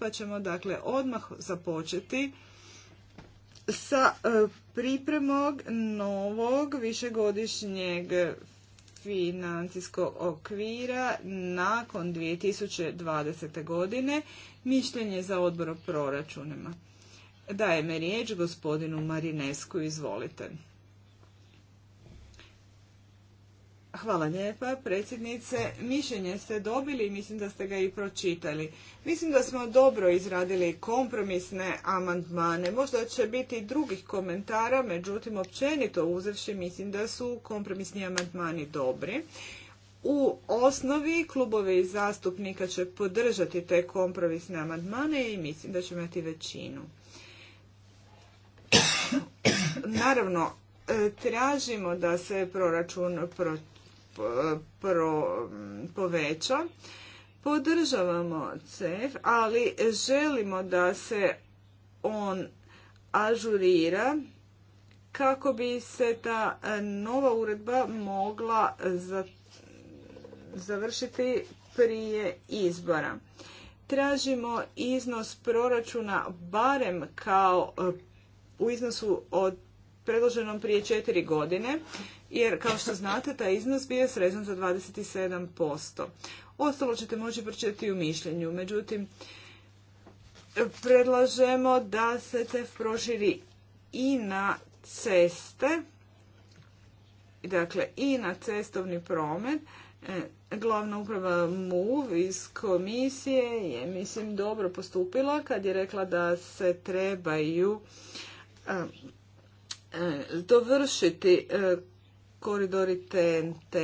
Pa ćemo dakle odmah započeti sa e, pripremog novog višegodišnjeg financijskog okvira nakon 2020. godine mišljenje za odbor o proračunima. Dajem riječ gospodinu Marinesku, izvolite. Hvala lijepa, predsjednice. Mišljenje ste dobili i mislim da ste ga i pročitali. Mislim da smo dobro izradili kompromisne amandmane. Možda će biti drugih komentara, međutim općenito uzevši mislim da su kompromisni amandmani dobri. U osnovi klubovi zastupnika će podržati te kompromisne amandmane i mislim da će imati većinu. Naravno, e, tražimo da se proračun pročita pro, poveća. Podržavamo CEF, ali želimo da se on ažurira kako bi se ta e, nova uredba mogla završiti prije izbora. Tražimo iznos proračuna barem kao e, u iznosu od predloženom prije četiri godine, jer kao što znate taj iznos bio je srezan za 27%. Ostalo ćete moći pročitati u mišljenju, međutim predlažemo da se CEF proširi i na ceste, dakle i na cestovni promet, e, Glavna uprava MUV iz komisije je, mislim, dobro postupila kad je rekla da se trebaju dovršiti e, koridori TNT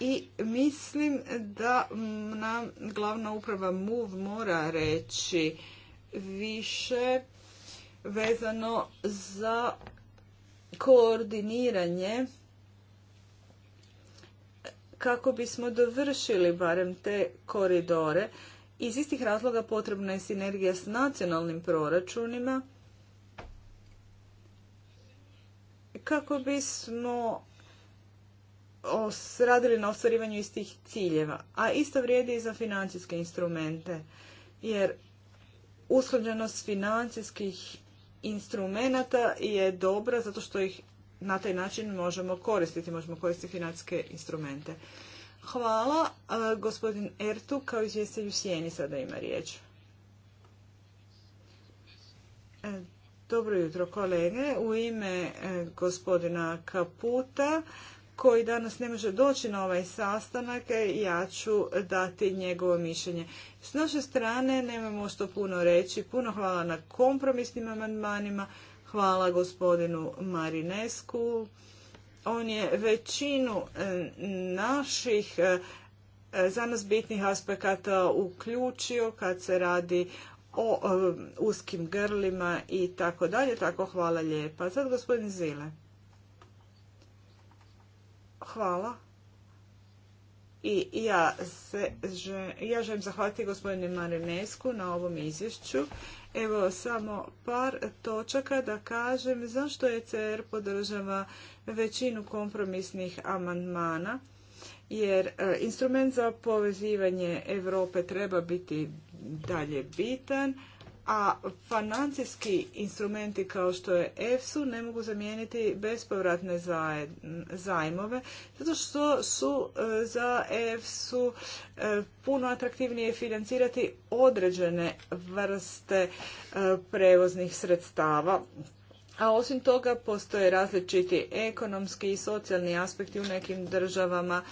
i mislim da nam glavna uprava MOVE mora reći više vezano za koordiniranje kako bismo dovršili barem te koridore. Iz istih razloga potrebna je sinergija s nacionalnim proračunima kako bismo radili na ostvarivanju istih ciljeva. A isto vrijedi i za financijske instrumente, jer usklađenost financijskih instrumenata je dobra zato što ih na taj način možemo koristiti, možemo koristiti financijske instrumente. Hvala. E, gospodin Ertu kao izvjestelj u Sjeni sada ima riječ. E, dobro jutro kolege. U ime e, gospodina Kaputa koji danas ne može doći na ovaj sastanak, e, ja ću dati njegovo mišljenje. S naše strane nemamo što puno reći. Puno hvala na kompromisnim amandmanima. Hvala gospodinu Marinesku. On je većinu e, naših za nas bitnih aspekata uključio kad se radi o uskim grlima i tako dalje. Tako hvala lijepa. Sad gospodin Zile. Hvala. I ja, se, ja želim zahvaliti gospodinu Marinesku na ovom izvješću. Evo samo par točaka da kažem zašto je CR podržava većinu kompromisnih amandmana jer e, instrument za povezivanje Europe treba biti dalje bitan, a financijski instrumenti kao što je EFSU ne mogu zamijeniti bespovratne zajmove, zato što su e, za EFSU e, puno atraktivnije financirati određene vrste e, prevoznih sredstava. A osim toga postoje različiti ekonomski i socijalni aspekti u nekim državama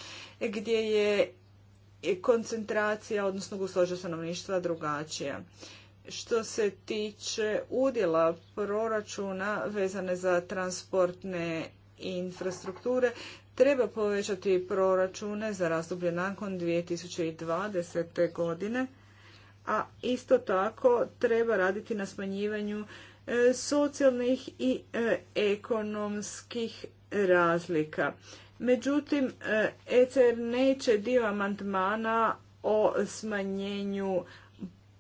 gdje je koncentracija, odnosno gustoća stanovništva drugačija. Što se tiče udjela proračuna vezane za transportne infrastrukture, treba povećati proračune za razdoblje nakon 2020. godine, a isto tako treba raditi na smanjivanju e, socijalnih i e, ekonomskih razlika. Međutim, ECR e neće dio amandmana o smanjenju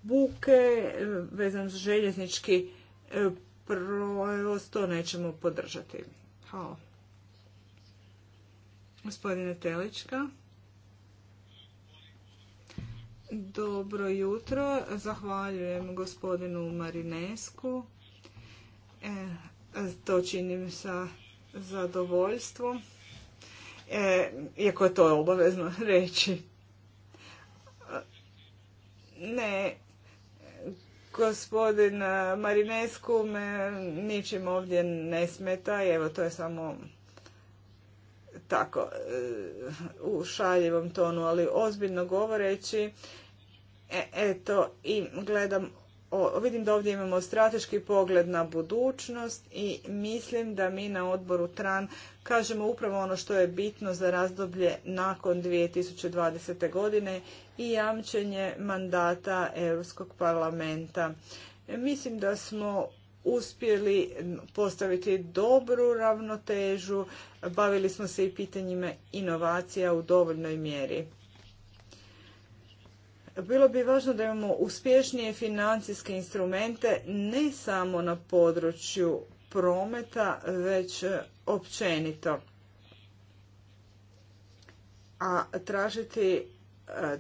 buke e, vezan za željeznički e, provoz, to nećemo podržati. Hvala. Gospodine Telička. Dobro jutro. Zahvaljujem gospodinu Marinesku. to činim sa zadovoljstvom e, iako je to obavezno reći. Ne, gospodin e, Marinesku me ničim ovdje ne smeta, evo to je samo tako e, u šaljivom tonu, ali ozbiljno govoreći, e, eto i gledam vidim da ovdje imamo strateški pogled na budućnost i mislim da mi na odboru TRAN kažemo upravo ono što je bitno za razdoblje nakon 2020. godine i jamčenje mandata Europskog parlamenta. Mislim da smo uspjeli postaviti dobru ravnotežu, bavili smo se i pitanjima inovacija u dovoljnoj mjeri. Bilo bi važno da imamo uspješnije financijske instrumente ne samo na području prometa, već e, općenito. A tražiti e,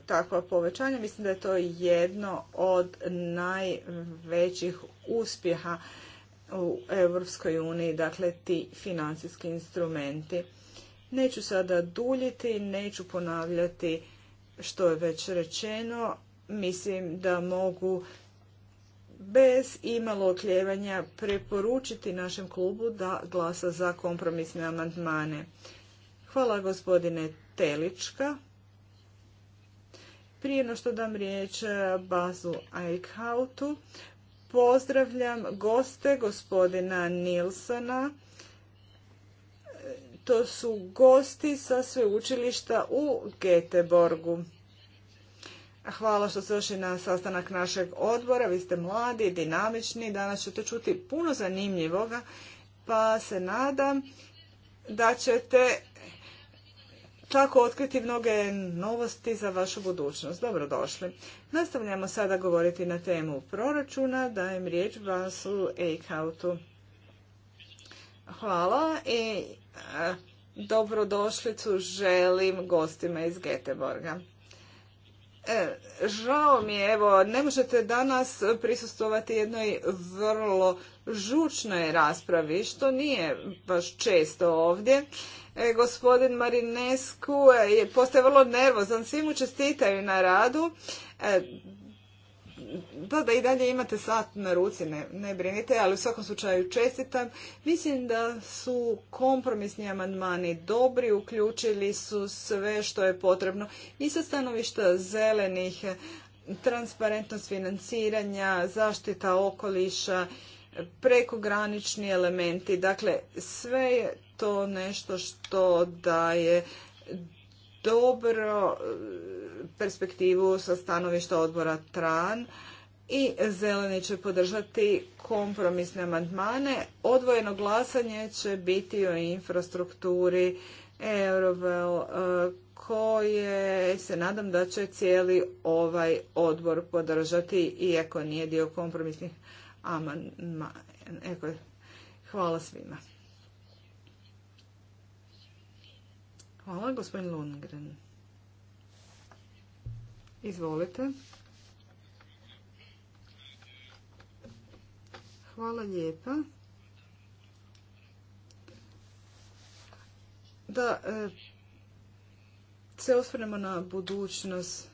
takva povećanja, mislim da je to jedno od najvećih uspjeha u Europskoj uniji, dakle ti financijski instrumenti. Neću sada duljiti, neću ponavljati što je već rečeno, mislim da mogu bez imalo okljevanja preporučiti našem klubu da glasa za kompromisne amandmane. Hvala gospodine Telička. Prije no što dam riječ eh, Bazu Eichhautu, pozdravljam goste gospodina Nilsona to su gosti sa sveučilišta u Geteborgu. Hvala što ste došli na sastanak našeg odbora. Vi ste mladi, dinamični. Danas ćete čuti puno zanimljivoga. Pa se nadam da ćete tako otkriti mnoge novosti za vašu budućnost. Dobrodošli. Nastavljamo sada govoriti na temu proračuna. Dajem riječ u Eichhautu. Hvala i dobrodošlicu želim gostima iz Geteborga. E, žao mi je, evo, ne možete danas prisustovati jednoj vrlo žučnoj raspravi, što nije baš često ovdje. E, gospodin Marinescu je postaje vrlo nervozan, svi mu čestitaju na radu. E, da, da i dalje imate sat na ruci, ne, ne brinite, ali u svakom slučaju čestitam. Mislim da su kompromisni amandmani dobri, uključili su sve što je potrebno i sa stanovišta zelenih, transparentnost financiranja, zaštita okoliša, prekogranični elementi. Dakle, sve je to nešto što daje dobro e, perspektivu sa stanovišta odbora TRAN i zeleni će podržati kompromisne amandmane. Odvojeno glasanje će biti o infrastrukturi Eurovel e, koje se nadam da će cijeli ovaj odbor podržati iako nije dio kompromisnih amandmana. E, Hvala svima. Hvala, gospodin Lundgren. Izvolite. Hvala lijepa. Da e, se osvrnemo na budućnost.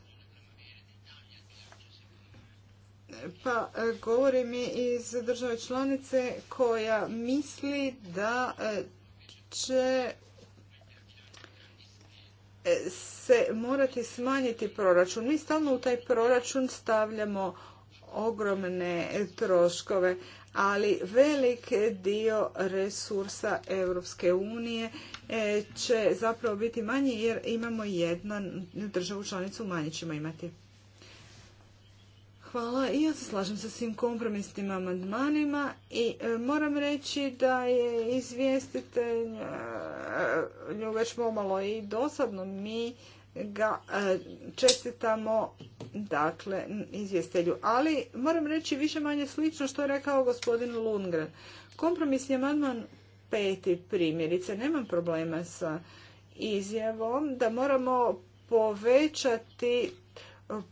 Pa e, govorim iz države članice koja misli da e, će E, se morati smanjiti proračun. Mi stalno u taj proračun stavljamo ogromne troškove, ali velik dio resursa Europske unije e, će zapravo biti manji jer imamo jednu državu članicu manje ćemo imati. Hvala i ja se slažem sa svim kompromisnim amandmanima i e, moram reći da je izvjestitelj e, nju već pomalo i dosadno mi ga e, čestitamo dakle izvjestelju. Ali moram reći više manje slično što je rekao gospodin Lundgren. Kompromisni amandman peti primjerice. Nemam problema sa izjavom da moramo povećati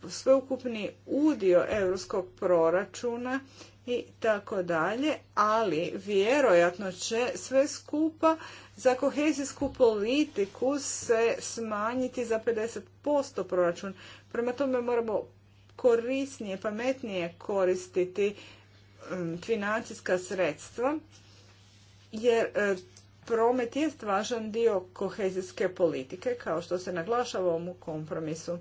sveukupni udio europskog proračuna i tako dalje, ali vjerojatno će sve skupa za kohezijsku politiku se smanjiti za 50% proračun. Prema tome moramo korisnije, pametnije koristiti um, financijska sredstva, jer e, promet je važan dio kohezijske politike, kao što se naglašava u kompromisu.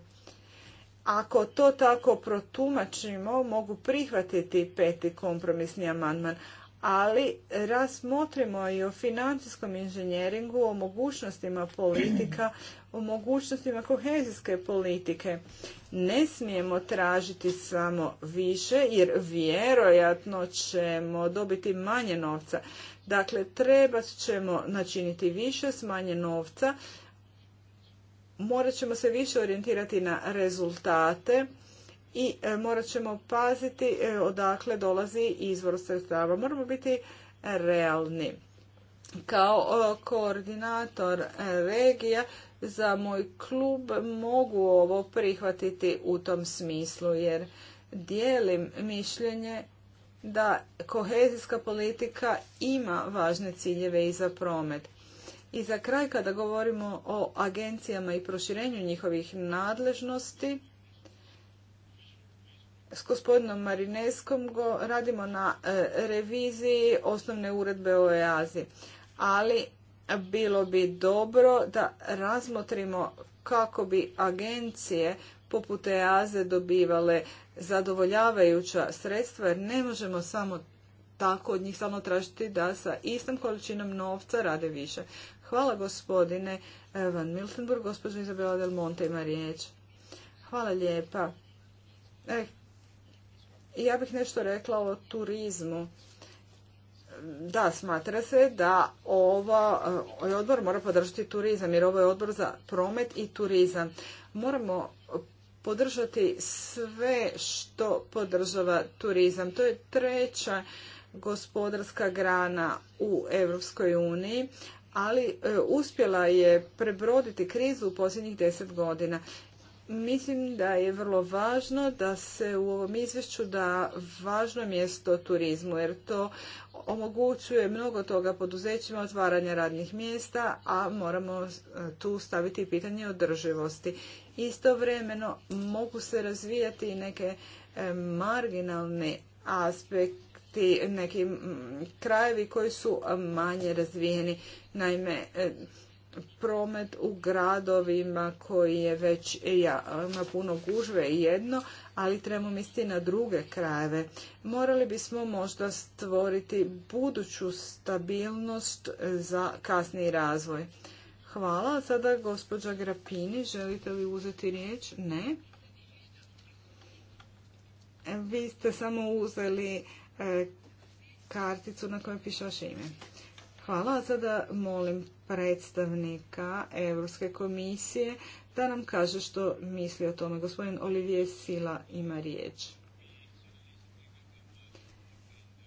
Ako to tako protumačimo, mogu prihvatiti peti kompromisni amandman, ali razmotrimo i o financijskom inženjeringu, o mogućnostima politika, o mogućnostima kohezijske politike. Ne smijemo tražiti samo više jer vjerojatno ćemo dobiti manje novca. Dakle, treba ćemo načiniti više s manje novca morat ćemo se više orijentirati na rezultate i e, morat ćemo paziti e, odakle dolazi izvor sredstava. Moramo biti realni. Kao e, koordinator regija za moj klub mogu ovo prihvatiti u tom smislu jer dijelim mišljenje da kohezijska politika ima važne ciljeve i za promet. I za kraj, kada govorimo o agencijama i proširenju njihovih nadležnosti, s gospodinom Marineskom radimo na e, reviziji osnovne uredbe o EAZI. Ali bilo bi dobro da razmotrimo kako bi agencije poput EAZE dobivale zadovoljavajuća sredstva jer ne možemo samo tako od njih samo tražiti da sa istom količinom novca rade više. Hvala gospodine eh, Van Miltenburg. Gospođa Izabela Del Monte ima riječ. Hvala lijepa. Eh, ja bih nešto rekla o turizmu. Da, smatra se da ova, eh, ovaj odbor mora podržati turizam, jer ovo je odbor za promet i turizam. Moramo podržati sve što podržava turizam. To je treća gospodarska grana u Europskoj uniji, ali e, uspjela je prebroditi krizu u posljednjih deset godina. Mislim da je vrlo važno da se u ovom izvješću da važno mjesto turizmu, jer to omogućuje mnogo toga poduzećima otvaranja radnih mjesta, a moramo e, tu staviti pitanje održivosti. Istovremeno mogu se razvijati i neke e, marginalne aspekte ti neki krajevi koji su manje razvijeni. Naime, e, promet u gradovima koji je već e, ima puno gužve i jedno, ali trebamo misliti na druge krajeve. Morali bismo možda stvoriti buduću stabilnost za kasni razvoj. Hvala. Sada gospođa Grapini, želite li uzeti riječ? Ne. Vi ste samo uzeli E, karticu na kojoj piše vaše ime. Hvala. za sada molim predstavnika Europske komisije da nam kaže što misli o tome. Gospodin Olivier Sila ima riječ.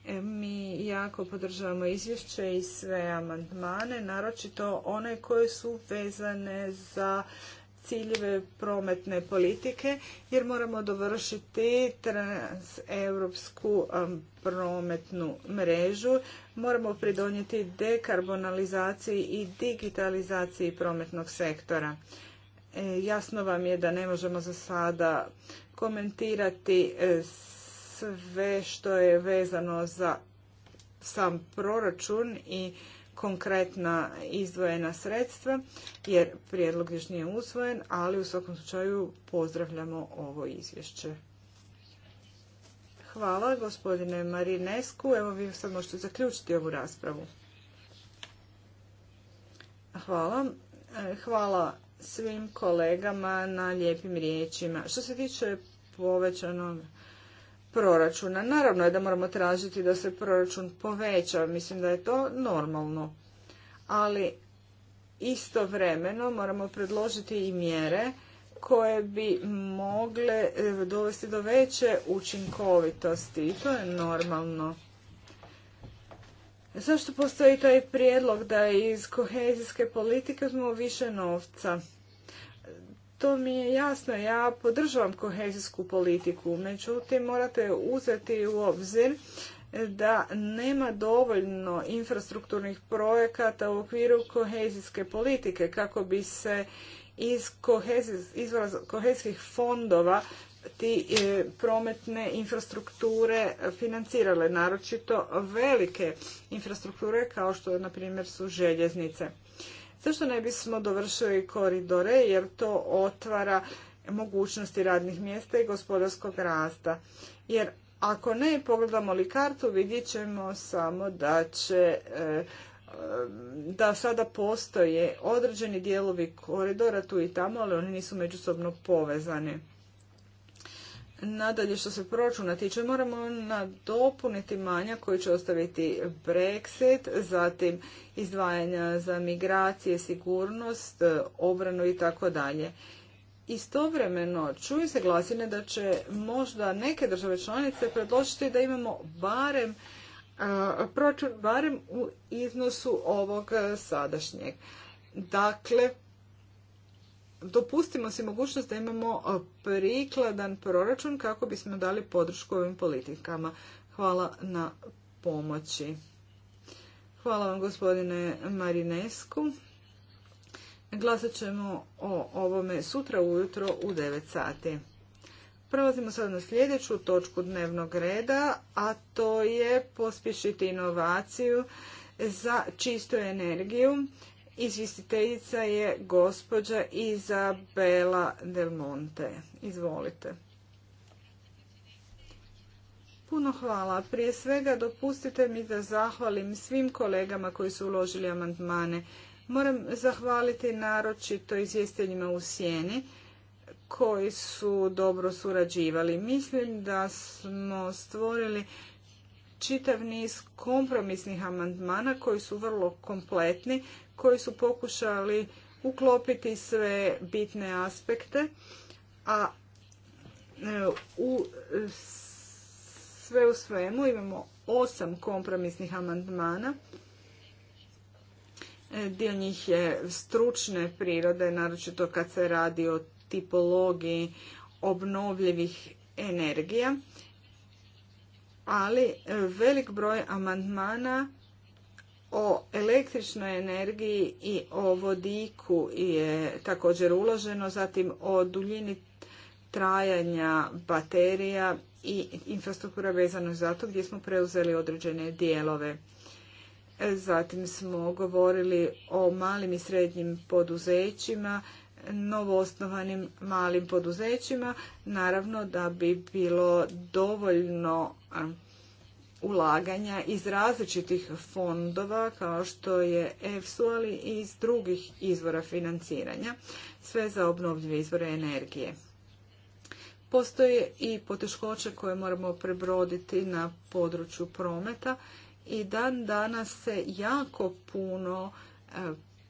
E, mi jako podržavamo izvješće i sve amandmane, naročito one koje su vezane za ciljeve prometne politike jer moramo dovršiti transeuropsku prometnu mrežu, moramo pridonijeti dekarbonalizaciji i digitalizaciji prometnog sektora. E, jasno vam je da ne možemo za sada komentirati e, sve što je vezano za sam proračun i konkretna izdvojena sredstva, jer prijedlog još nije usvojen, ali u svakom slučaju pozdravljamo ovo izvješće. Hvala gospodine Marinesku. Evo vi sad možete zaključiti ovu raspravu. Hvala. E, hvala svim kolegama na lijepim riječima. Što se tiče povećanog proračuna. Naravno je da moramo tražiti da se proračun poveća, mislim da je to normalno. Ali istovremeno moramo predložiti i mjere koje bi mogle e, dovesti do veće učinkovitosti i to je normalno. Zašto postoji taj prijedlog da iz kohezijske politike smo više novca? to mi je jasno, ja podržavam kohezijsku politiku, međutim morate uzeti u obzir da nema dovoljno infrastrukturnih projekata u okviru kohezijske politike kako bi se iz kohezijskih fondova ti e, prometne infrastrukture financirale, naročito velike infrastrukture kao što na primjer su željeznice. Zašto ne bismo dovršili koridore jer to otvara mogućnosti radnih mjesta i gospodarskog rasta. Jer ako ne pogledamo li kartu vidjet ćemo samo da će e, e, da sada postoje određeni dijelovi koridora tu i tamo, ali oni nisu međusobno povezani. Nadalje, što se proračuna tiče, moramo nadopuniti manja koji će ostaviti Brexit, zatim izdvajanja za migracije, sigurnost, obranu i tako dalje. Istovremeno, čuju se glasine da će možda neke države članice predložiti da imamo barem proračun barem u iznosu ovog sadašnjeg. Dakle, dopustimo si mogućnost da imamo e, prikladan proračun kako bismo dali podršku ovim politikama. Hvala na pomoći. Hvala vam gospodine Marinesku. Glasat ćemo o ovome sutra ujutro u 9 sati. Prelazimo sad na sljedeću točku dnevnog reda, a to je pospješiti inovaciju za čistu energiju. Izvjestiteljica je gospođa Izabela Del Monte. Izvolite. Puno hvala. Prije svega dopustite mi da zahvalim svim kolegama koji su uložili amandmane. Moram zahvaliti naročito izvjestiteljima u sjeni koji su dobro surađivali. Mislim da smo stvorili čitav niz kompromisnih amandmana koji su vrlo kompletni, koji su pokušali uklopiti sve bitne aspekte, a e, u sve u svemu imamo osam kompromisnih amandmana. E, dio njih je stručne prirode, naročito kad se radi o tipologiji obnovljivih energija ali e, velik broj amandmana o električnoj energiji i o vodiku je također uloženo, zatim o duljini trajanja baterija i infrastruktura vezano za to gdje smo preuzeli određene dijelove. E, zatim smo govorili o malim i srednjim poduzećima novoosnovanim malim poduzećima, naravno da bi bilo dovoljno ulaganja iz različitih fondova kao što je EFSU, ali i iz drugih izvora financiranja, sve za obnovljive izvore energije. Postoje i poteškoće koje moramo prebroditi na području prometa i dan danas se jako puno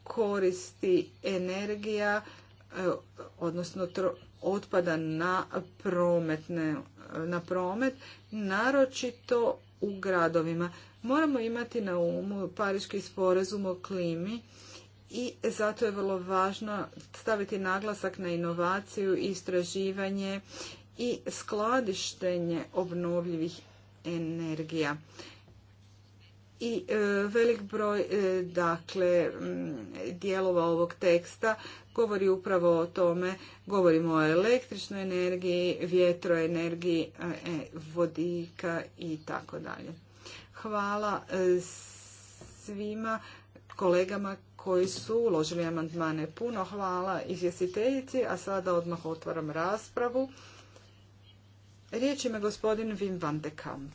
koristi energija E, odnosno otpada na, prometne, na promet, naročito u gradovima. Moramo imati na umu Pariški sporazum o klimi i zato je vrlo važno staviti naglasak na inovaciju, istraživanje i skladištenje obnovljivih energija. I e, velik broj e, dakle dijelova ovog teksta govori upravo o tome. Govorimo o električnoj energiji, vjetroenergiji, e, e, vodika i tako dalje. Hvala e, svima kolegama koji su uložili amandmane. Puno hvala izvjestiteljici, a sada odmah otvaram raspravu. Riječ ima gospodin Wim van de Kamp.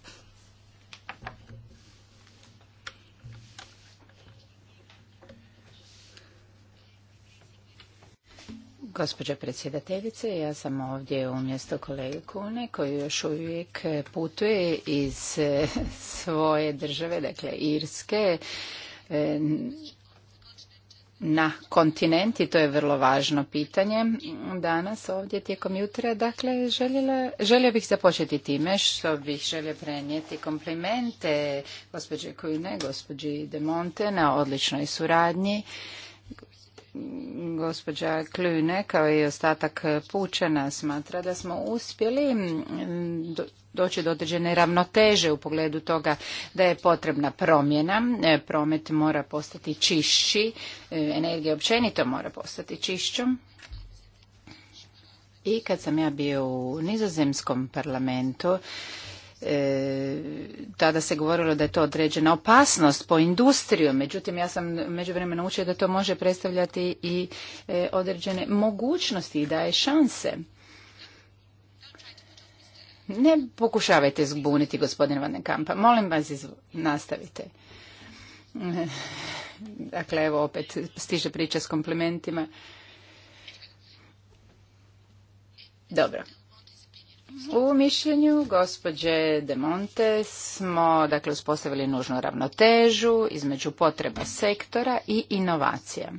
Gospođo predsjedateljice, ja sam ovdje umjesto kolege Kune koji još uvijek putuje iz e, svoje države, dakle Irske, e, na kontinent i to je vrlo važno pitanje danas ovdje tijekom jutra. Dakle, želio bih započeti time što bih želio prenijeti komplimente gospođe Kujne, gospođi De Monte na odličnoj suradnji gospođa Kljune kao i ostatak pučana smatra da smo uspjeli doći do određene ravnoteže u pogledu toga da je potrebna promjena. E, promet mora postati čišći, e, energija općenito mora postati čišćom. I kad sam ja bio u nizozemskom parlamentu, E, tada se govorilo da je to određena opasnost po industriju, međutim ja sam međuvremeno naučio da to može predstavljati i e, određene mogućnosti i daje šanse. Ne pokušavajte zbuniti gospodine Van Kampa, molim vas nastavite. dakle, evo opet stiže priča s komplimentima. Dobro. U mišljenju gospođe De Monte smo dakle, uspostavili nužnu ravnotežu između potreba sektora i inovacija.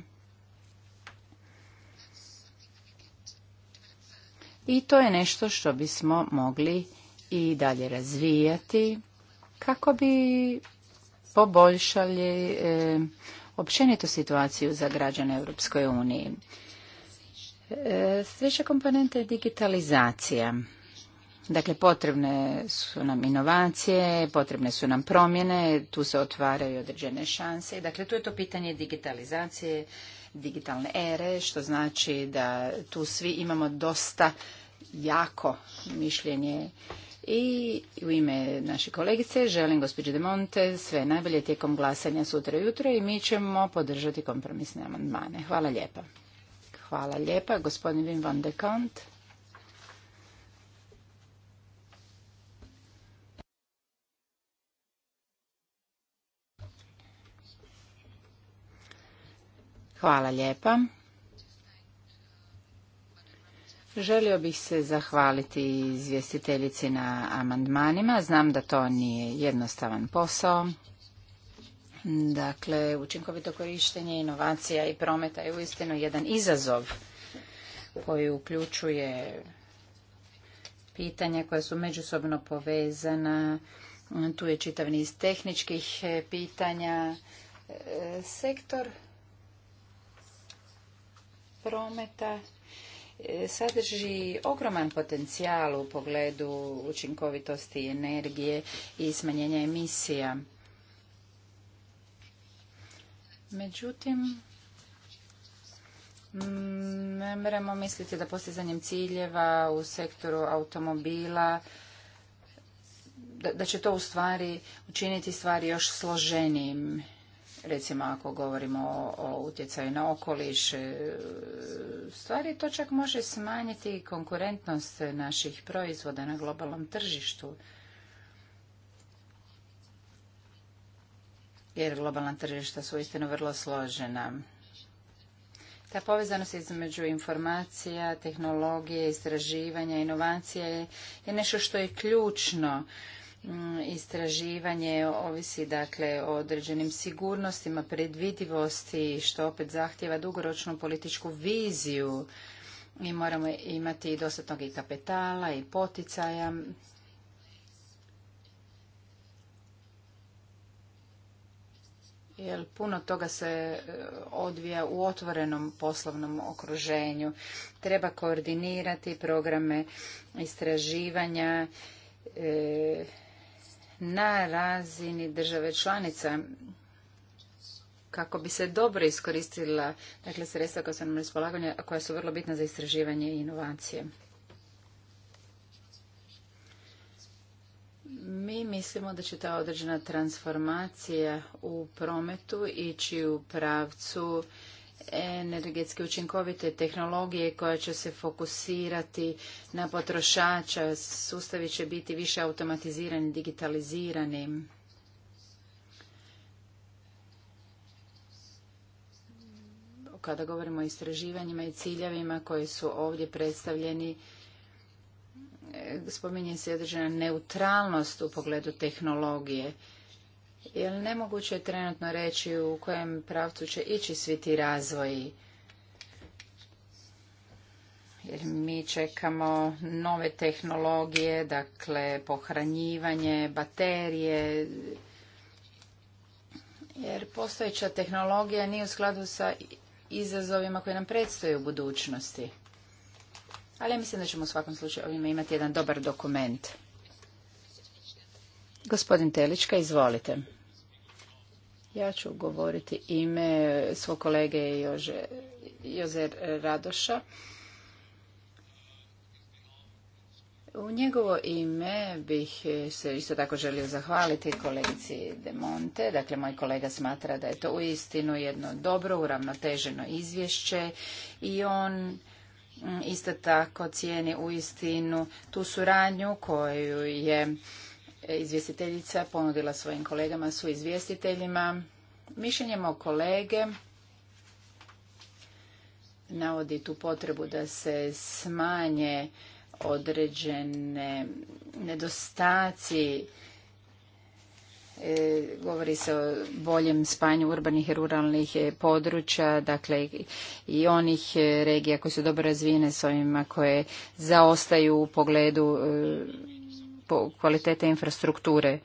I to je nešto što bismo mogli i dalje razvijati kako bi poboljšali e, općenito situaciju za građane Europskoj uniji. E, sljedeća komponenta je digitalizacija. Dakle, potrebne su nam inovacije, potrebne su nam promjene, tu se otvaraju određene šanse. Dakle, tu je to pitanje digitalizacije, digitalne ere, što znači da tu svi imamo dosta jako mišljenje i u ime naše kolegice želim gospođe De Monte sve najbolje tijekom glasanja sutra jutro i mi ćemo podržati kompromisne amandmane. Hvala lijepa. Hvala lijepa, gospodin Wim van de Kant. Hvala lijepa. Želio bih se zahvaliti izvjestiteljici na amandmanima. Znam da to nije jednostavan posao. Dakle, učinkovito korištenje inovacija i prometa je uistinu jedan izazov koji uključuje pitanja koja su međusobno povezana. Tu je čitav niz tehničkih eh, pitanja. Eh, sektor prometa e, sadrži ogroman potencijal u pogledu učinkovitosti energije i smanjenja emisija. Međutim, ne moramo misliti da postizanjem ciljeva u sektoru automobila da, će to u stvari učiniti stvari još složenijim recimo ako govorimo o, utjecaju na okoliš, e, stvari to čak može smanjiti konkurentnost naših proizvoda na globalnom tržištu. Jer globalna tržišta su istinu vrlo složena. Ta povezanost između informacija, tehnologije, istraživanja, inovacije je nešto što je ključno Mm, istraživanje ovisi dakle o određenim sigurnostima, predvidivosti, što opet zahtjeva dugoročnu političku viziju. Mi moramo imati i dostatnog i kapitala i poticaja. jer puno toga se e, odvija u otvorenom poslovnom okruženju. Treba koordinirati programe istraživanja, e, na razini države članica kako bi se dobro iskoristila dakle, sredstva koja su nam a koja su vrlo bitna za istraživanje i inovacije. Mi mislimo da će ta određena transformacija u prometu ići u pravcu energetske učinkovite tehnologije koja će se fokusirati na potrošača. Sustavi će biti više automatizirani, digitalizirani. Kada govorimo o istraživanjima i ciljevima koji su ovdje predstavljeni, e, spominje se određena neutralnost u pogledu tehnologije jer nemoguće je trenutno reći u kojem pravcu će ići svi ti razvoji. Jer mi čekamo nove tehnologije, dakle pohranjivanje, baterije, jer postojeća tehnologija nije u skladu sa izazovima koji nam predstoje u budućnosti. Ali ja mislim da ćemo u svakom slučaju ovime imati jedan dobar dokument. Gospodin Telička, izvolite. Ja ću govoriti ime svog kolege Jože, Jozer Radoša. U njegovo ime bih se isto tako želio zahvaliti kolegici De Monte. Dakle, moj kolega smatra da je to uistinu jedno dobro, uravnoteženo izvješće i on mm, isto tako cijeni uistinu tu suradnju koju je izvjestiteljica ponudila svojim kolegama su izvjestiteljima. Mišljenjem o kolege navodi tu potrebu da se smanje određene nedostaci e, govori se o boljem spanju urbanih i ruralnih e, područja, dakle i onih e, regija koje su dobro razvijene s ovima koje zaostaju u pogledu kvalitete infrastrukture.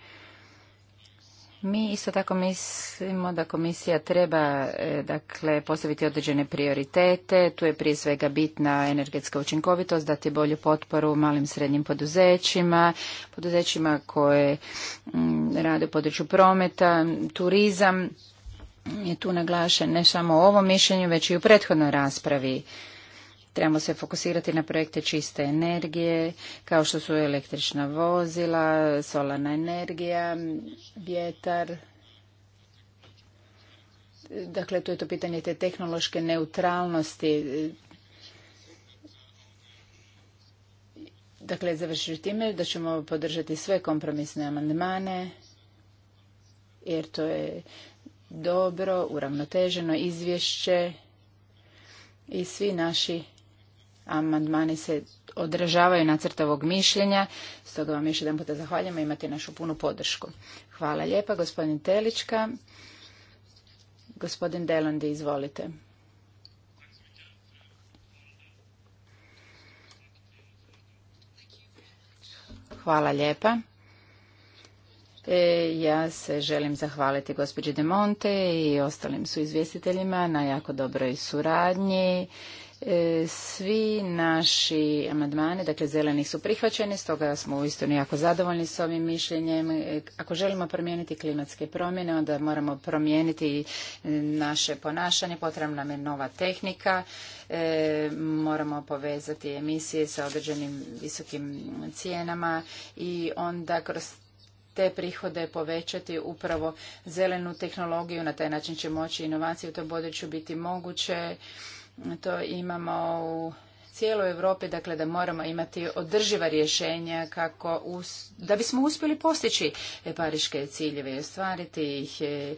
Mi isto tako mislimo da komisija treba e, dakle, postaviti određene prioritete. Tu je prije svega bitna energetska učinkovitost, dati bolju potporu malim srednjim poduzećima, poduzećima koje mm, rade u području prometa, turizam je tu naglašen ne samo u ovom mišljenju, već i u prethodnoj raspravi. Trebamo se fokusirati na projekte čiste energije, kao što su električna vozila, solarna energija, vjetar. Dakle, tu je to pitanje te tehnološke neutralnosti. Dakle, završiti time da ćemo podržati sve kompromisne amandmane, jer to je dobro, uravnoteženo izvješće i svi naši Amandmani se odražavaju nacrtovog mišljenja, stoga vam još jedan puta zahvaljamo i imate našu punu podršku. Hvala lijepa, gospodin Telička. Gospodin Delandi, izvolite. Hvala lijepa. E, ja se želim zahvaliti gospođi De Monte i ostalim su izvjestiteljima na jako dobroj suradnji E, svi naši amandmani, dakle zeleni su prihvaćeni, stoga smo uistinu jako zadovoljni s ovim mišljenjem. E, ako želimo promijeniti klimatske promjene, onda moramo promijeniti e, naše ponašanje, potrebna nam je nova tehnika, moramo povezati emisije sa određenim visokim cijenama i onda kroz te prihode povećati upravo zelenu tehnologiju, na taj način će moći inovacije u tom području biti moguće to imamo u cijeloj Europi, dakle da moramo imati održiva rješenja kako us, da bismo uspjeli postići pariške ciljeve i ostvariti ih. E, e,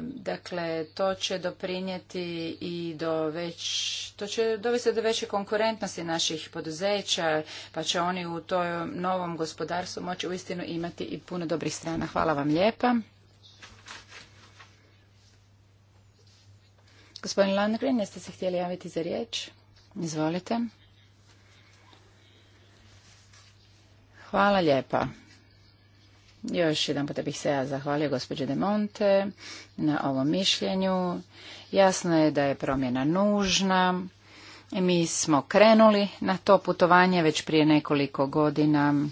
dakle, to će doprinijeti i do već, to će dovesti do veće konkurentnosti naših poduzeća, pa će oni u tom novom gospodarstvu moći uistinu imati i puno dobrih strana. Hvala vam lijepa. Gospodin Landgren, jeste se htjeli javiti za riječ? Izvolite. Hvala lijepa. Još jedan puta bih se ja zahvalio gospođe De Monte na ovom mišljenju. Jasno je da je promjena nužna. Mi smo krenuli na to putovanje već prije nekoliko godina.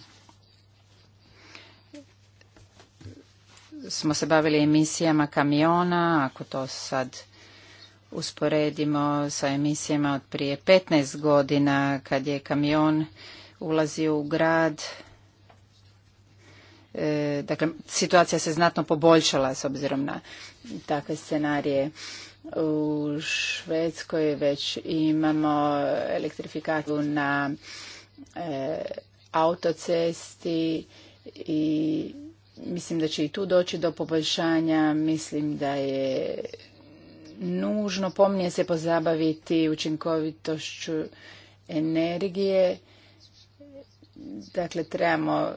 Smo se bavili emisijama kamiona, ako to sad usporedimo sa emisijama od prije 15 godina kad je kamion ulazio u grad. E, dakle, situacija se znatno poboljšala s obzirom na takve scenarije. U Švedskoj već imamo elektrifikaciju na e, autocesti i mislim da će i tu doći do poboljšanja. Mislim da je nužno pomnije se pozabaviti učinkovitošću energije. Dakle, trebamo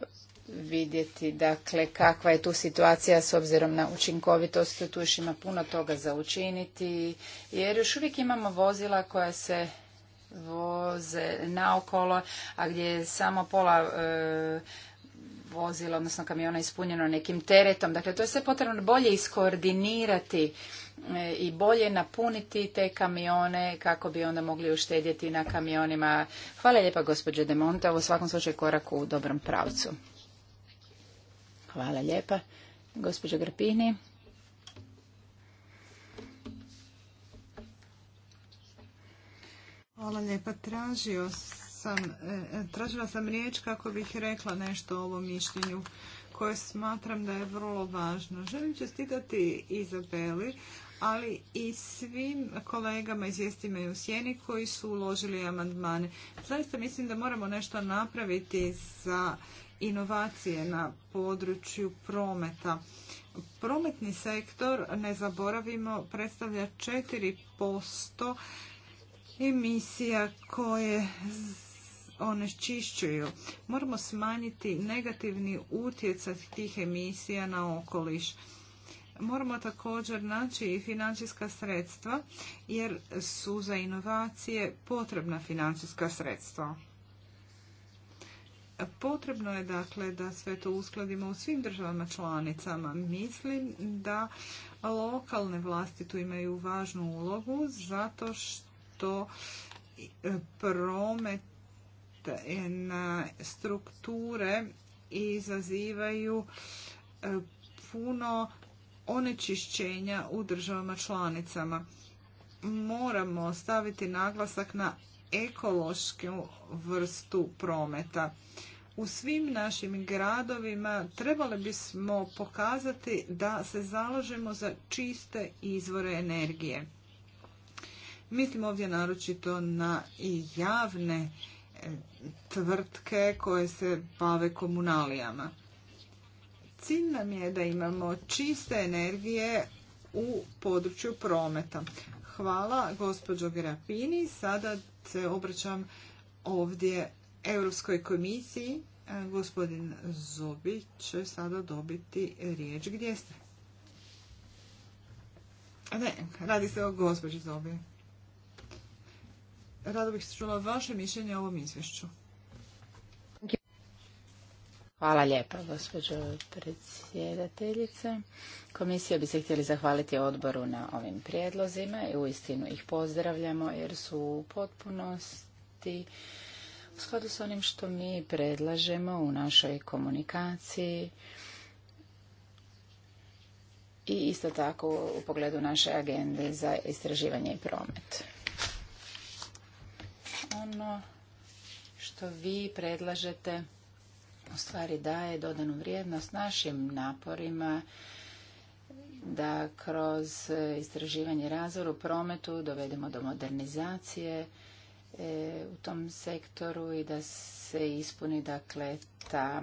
vidjeti dakle, kakva je tu situacija s obzirom na učinkovitost. Tu još ima puno toga za učiniti jer još uvijek imamo vozila koja se voze naokolo, a gdje je samo pola e, vozila, odnosno kamiona ispunjeno nekim teretom. Dakle, to je sve potrebno bolje iskoordinirati E, i bolje napuniti te kamione kako bi onda mogli uštedjeti na kamionima. Hvala lijepa gospođe De Monte, u svakom slučaju korak u dobrom pravcu. Hvala lijepa. Gospođo Grpini. Hvala lijepa. Tražio sam, e, tražila sam riječ kako bih rekla nešto o ovom mišljenju koje smatram da je vrlo važno. Želim čestitati Izabeli, ali i svim kolegama izvijestime i u sjeni koji su uložili amandmane. Zaista mislim da moramo nešto napraviti za inovacije na području prometa. Prometni sektor, ne zaboravimo, predstavlja 4% emisija koje onečišćuju. Moramo smanjiti negativni utjecaj tih emisija na okoliš. Moramo također naći i financijska sredstva jer su za inovacije potrebna financijska sredstva. Potrebno je dakle da sve to uskladimo u svim državama članicama. Mislim da lokalne vlasti tu imaju važnu ulogu zato što e, promet na strukture izazivaju e, puno onečišćenja u državama članicama. Moramo staviti naglasak na ekološku vrstu prometa. U svim našim gradovima trebali bismo pokazati da se zalažemo za čiste izvore energije. Mislim ovdje naročito na javne e, tvrtke koje se bave komunalijama. Cilj nam je da imamo čiste energije u području prometa. Hvala gospođo Grapini. Sada se obraćam ovdje Europskoj komisiji. Gospodin Zobi će sada dobiti riječ. Gdje ste? Ne, radi se o gospođi Zobi. Rado bih se čula vaše mišljenje o ovom izvješću. Hvala lijepa, gospođo predsjedateljice. Komisija bi se htjeli zahvaliti odboru na ovim prijedlozima i uistinu ih pozdravljamo jer su u potpunosti u skladu s onim što mi predlažemo u našoj komunikaciji i isto tako u pogledu naše agende za istraživanje i promet. Ono što vi predlažete u stvari daje dodanu vrijednost našim naporima da kroz istraživanje razvoru u prometu dovedemo do modernizacije e, u tom sektoru i da se ispuni dakle ta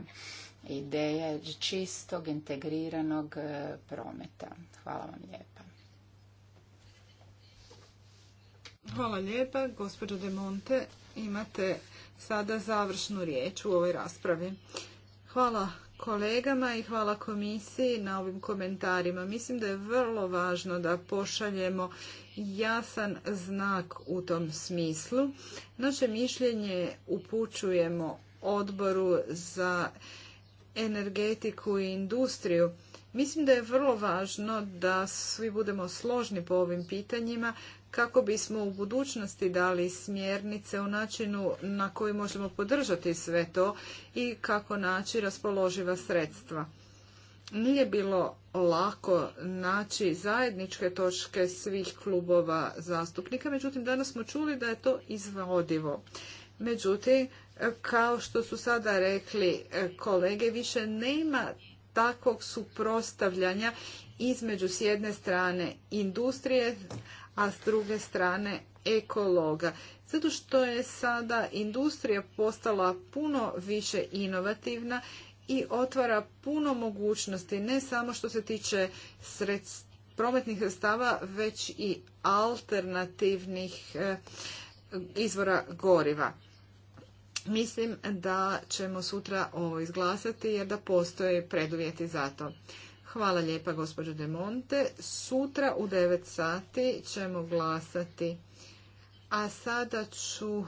ideja čistog integriranog e, prometa. Hvala vam lijepa. Hvala lijepa, gospođo De Monte. Imate sada završnu riječ u ovoj raspravi. Hvala kolegama i hvala komisiji na ovim komentarima. Mislim da je vrlo važno da pošaljemo jasan znak u tom smislu. Naše mišljenje upućujemo odboru za energetiku i industriju. Mislim da je vrlo važno da svi budemo složni po ovim pitanjima kako bismo u budućnosti dali smjernice u načinu na koji možemo podržati sve to i kako naći raspoloživa sredstva. Nije bilo lako naći zajedničke točke svih klubova zastupnika, međutim danas smo čuli da je to izvodivo. Međutim, kao što su sada rekli e, kolege, više nema takvog suprostavljanja između s jedne strane industrije, a s druge strane ekologa. Zato što je sada industrija postala puno više inovativna i otvara puno mogućnosti, ne samo što se tiče prometnih sredstava već i alternativnih eh, izvora goriva. Mislim da ćemo sutra ovo izglasati jer da postoje preduvjeti za to. Hvala lijepa gospođo De Monte. Sutra u 9 sati ćemo glasati. A sada ću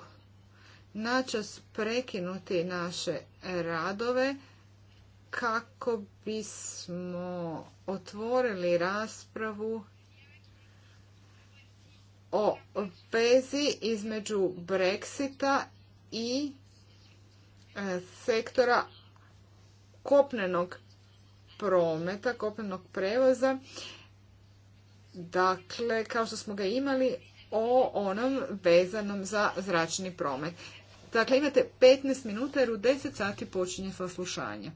načas prekinuti naše radove kako bismo otvorili raspravu o vezi između Brexita i e, sektora kopnenog prometa, kopnenog prevoza, dakle, kao što smo ga imali, o onom vezanom za zračni promet. Dakle, imate 15 minuta jer u 10 sati počinje saslušanje.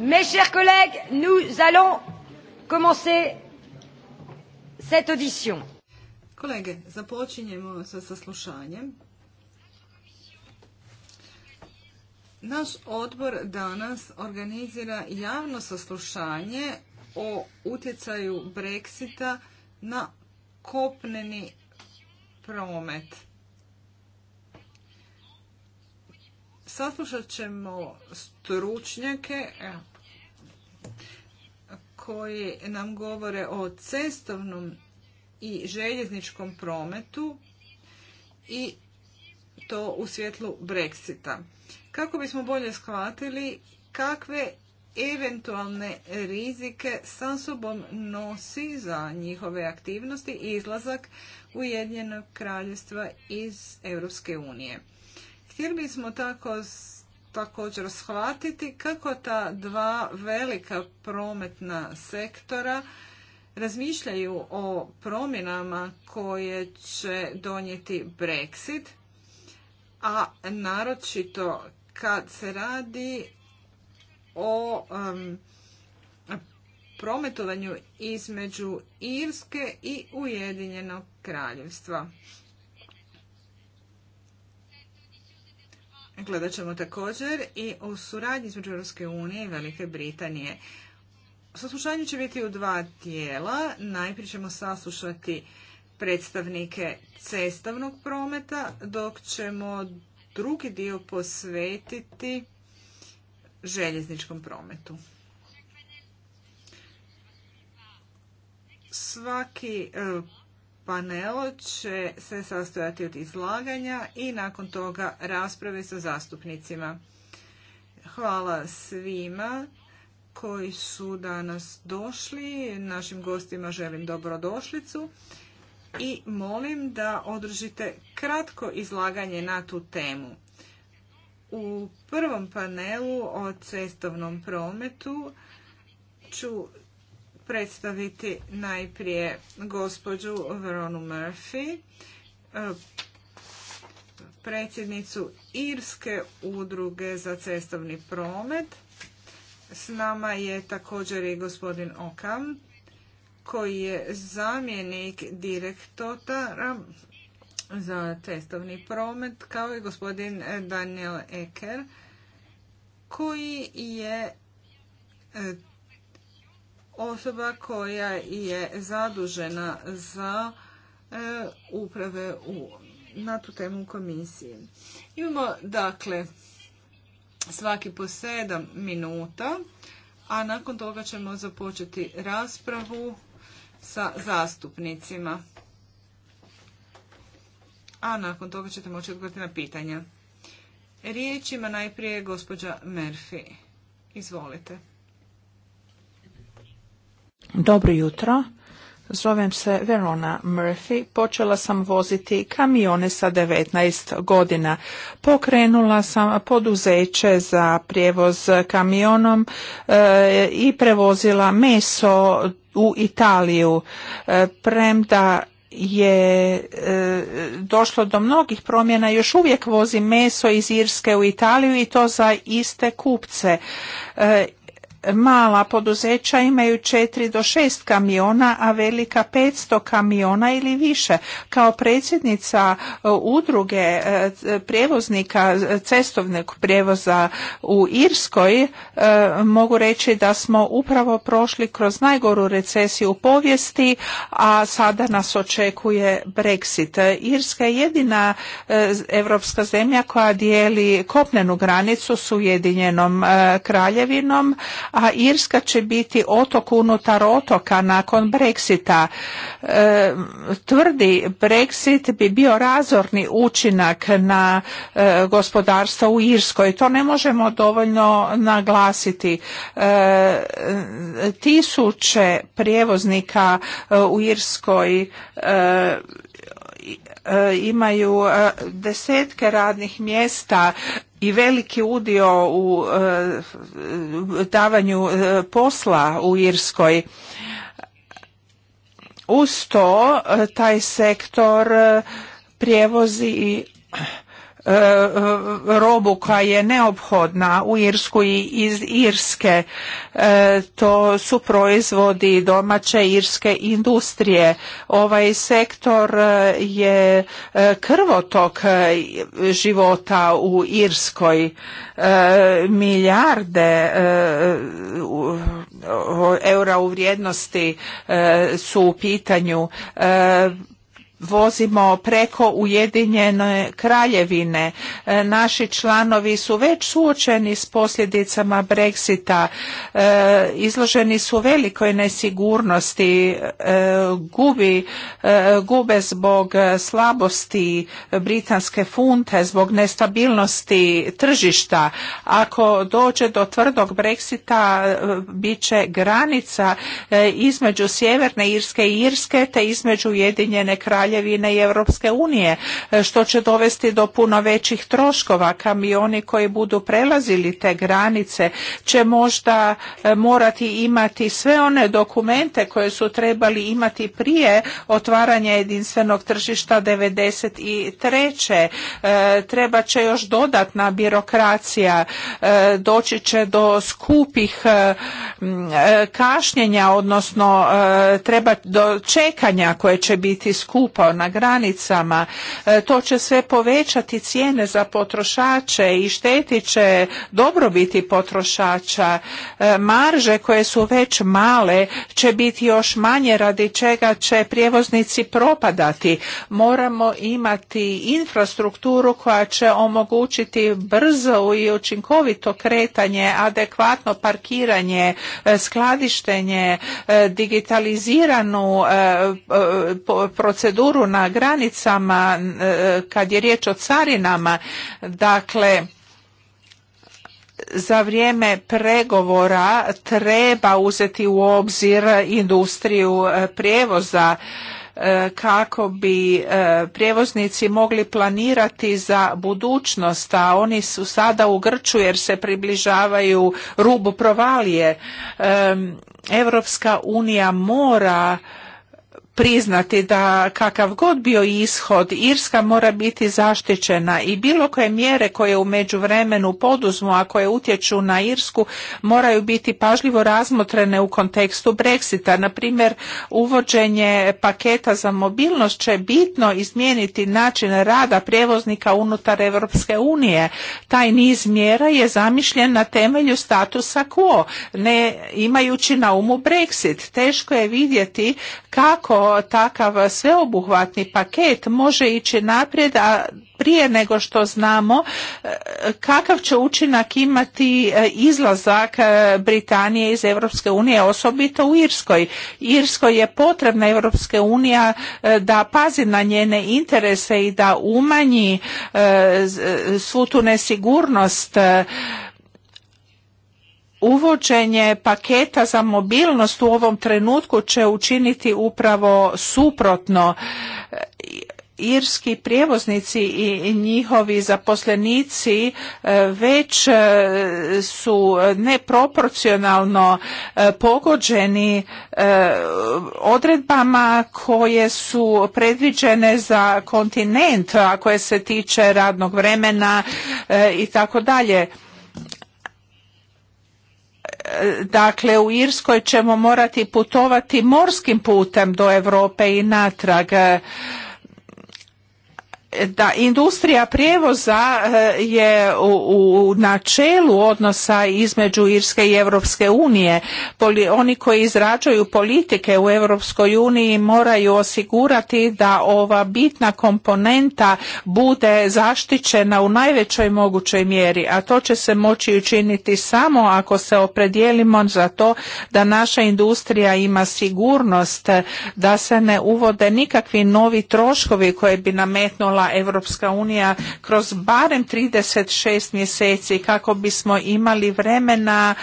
Mes chers collègues, nous allons commencer cette audition. Kolege, započinjemo sa saslušanjem. Naš odbor danas organizira javno saslušanje o utjecaju Brexita na kopneni promet. Saslušat ćemo stručnjake koji nam govore o cestovnom i željezničkom prometu i to u svjetlu Brexita. Kako bismo bolje shvatili kakve eventualne rizike sa sobom nosi za njihove aktivnosti i izlazak Ujedinjenog Kraljevstva iz Europske unije. Htjeli smo tako također shvatiti kako ta dva velika prometna sektora razmišljaju o promjenama koje će donijeti Brexit, a naročito kad se radi o um, prometovanju između Irske i Ujedinjenog kraljevstva. Gledat ćemo također i o suradnji između Europske unije i Velike Britanije. Saslušanje će biti u dva tijela. Najprije ćemo saslušati predstavnike cestavnog prometa, dok ćemo drugi dio posvetiti željezničkom prometu. Svaki eh, panelo će se sastojati od izlaganja i nakon toga rasprave sa zastupnicima. Hvala svima koji su danas došli. Našim gostima želim dobrodošlicu i molim da održite kratko izlaganje na tu temu. U prvom panelu o cestovnom prometu ću predstaviti najprije gospođu Veronu Murphy, e, predsjednicu Irske udruge za cestovni promet. S nama je također i gospodin Okam, koji je zamjenik direktora za cestovni promet, kao i gospodin Daniel Eker, koji je e, osoba koja je zadužena za e, uprave na tu temu komisiji. Imamo dakle svaki po sedam minuta, a nakon toga ćemo započeti raspravu sa zastupnicima. A nakon toga ćete moći odgovoriti na pitanja. Riječ ima najprije gospođa Murphy. Izvolite. Dobro jutro. Zovem se Verona Murphy. Počela sam voziti kamione sa 19 godina. Pokrenula sam poduzeće za prijevoz kamionom e, i prevozila meso u Italiju. E, premda je e, došlo do mnogih promjena, još uvijek vozi meso iz Irske u Italiju i to za iste kupce. E, mala poduzeća imaju 4 do 6 kamiona, a velika 500 kamiona ili više. Kao predsjednica e, udruge e, prijevoznika e, cestovnog prijevoza u Irskoj mogu reći da smo upravo prošli kroz najgoru recesiju u povijesti, a sada nas očekuje Brexit. Irska je jedina evropska zemlja koja dijeli kopnenu granicu s Ujedinjenom kraljevinom, a Irska će biti otok unutar otoka nakon Brexita. E, tvrdi Brexit bi bio razorni učinak na e, gospodarstvo u Irskoj. To ne možemo dovoljno naglasiti. E, tisuće prijevoznika u Irskoj E, imaju e, desetke radnih mjesta i veliki udio u e, davanju posla u Irskoj. Uz to taj sektor prijevozi i E, e, robu koja je neophodna u Irsku i iz Irske. E, to su proizvodi domaće irske industrije. Ovaj sektor je krvotok života u Irskoj. Milijarde eura u vrijednosti su u pitanju vozimo preko Ujedinjene kraljevine. E, naši članovi su već suočeni s posljedicama Brexita, e, izloženi su velikoj nesigurnosti, e, gubi, gube zbog slabosti britanske funte, zbog nestabilnosti tržišta. Ako dođe do tvrdog Brexita, bit će granica između Sjeverne Irske i Irske, te između Ujedinjene kraljevine kraljevine i Europske unije, e, što će dovesti do puno većih troškova. Kamioni koji budu prelazili te granice će možda e, morati imati sve one dokumente koje su trebali imati prije otvaranja jedinstvenog tržišta 1993. E, treba će još dodatna birokracija, doći će do skupih kašnjenja, odnosno treba do čekanja koje će biti skupa na granicama. E, to će sve povećati cijene za potrošače i štetit će dobrobiti potrošača. E, marže koje su već male će biti još manje radi čega će prijevoznici propadati. Moramo imati infrastrukturu koja će omogućiti brzo i učinkovito kretanje, adekvatno parkiranje, e, skladištenje, digitaliziranu proceduru proceduru na granicama e, kad je riječ o carinama. Dakle, za vrijeme pregovora treba uzeti u obzir industriju e, prijevoza e, kako bi prijevoznici mogli planirati za budućnost, a oni su sada u Grču jer se približavaju rubu provalije. Europska unija mora priznati da kakav god bio ishod, Irska mora biti zaštićena i bilo koje mjere koje u međuvremenu poduzmu, a koje utječu na Irsku, moraju biti pažljivo razmotrene u kontekstu Brexita. Naprimjer, uvođenje paketa za mobilnost će bitno izmijeniti način rada prijevoznika unutar Europske unije. Taj niz mjera je zamišljen na temelju statusa quo, ne imajući na umu Brexit. Teško je vidjeti kako takav sveobuhvatni paket može ići naprijed, a prije nego što znamo e, kakav će učinak imati e, izlazak e, Britanije iz Europske unije, osobito u Irskoj. Irskoj je potrebna EU unija da pazi na njene interese i da umanji svu tu nesigurnost uvođenje paketa za mobilnost u ovom trenutku će učiniti upravo suprotno irski prijevoznici i njihovi zaposlenici e, već e, su neproporcionalno e, pogođeni odredbama koje su predviđene za kontinent, a koje se tiče radnog vremena i tako dalje. Dakle, u Irskoj ćemo morati putovati morskim putem do Europe i natrag da industrija prijevoza e, je u, načelu odnosa između Irske i Europske unije. oni koji izrađuju politike u Europskoj uniji moraju osigurati da ova bitna komponenta bude zaštićena u najvećoj mogućoj mjeri, a to će se moći učiniti samo ako se opredijelimo za to da naša industrija ima sigurnost, da se ne uvode nikakvi novi troškovi koje bi nametnula EU Europska unija kroz barem 36 mjeseci kako bismo imali vremena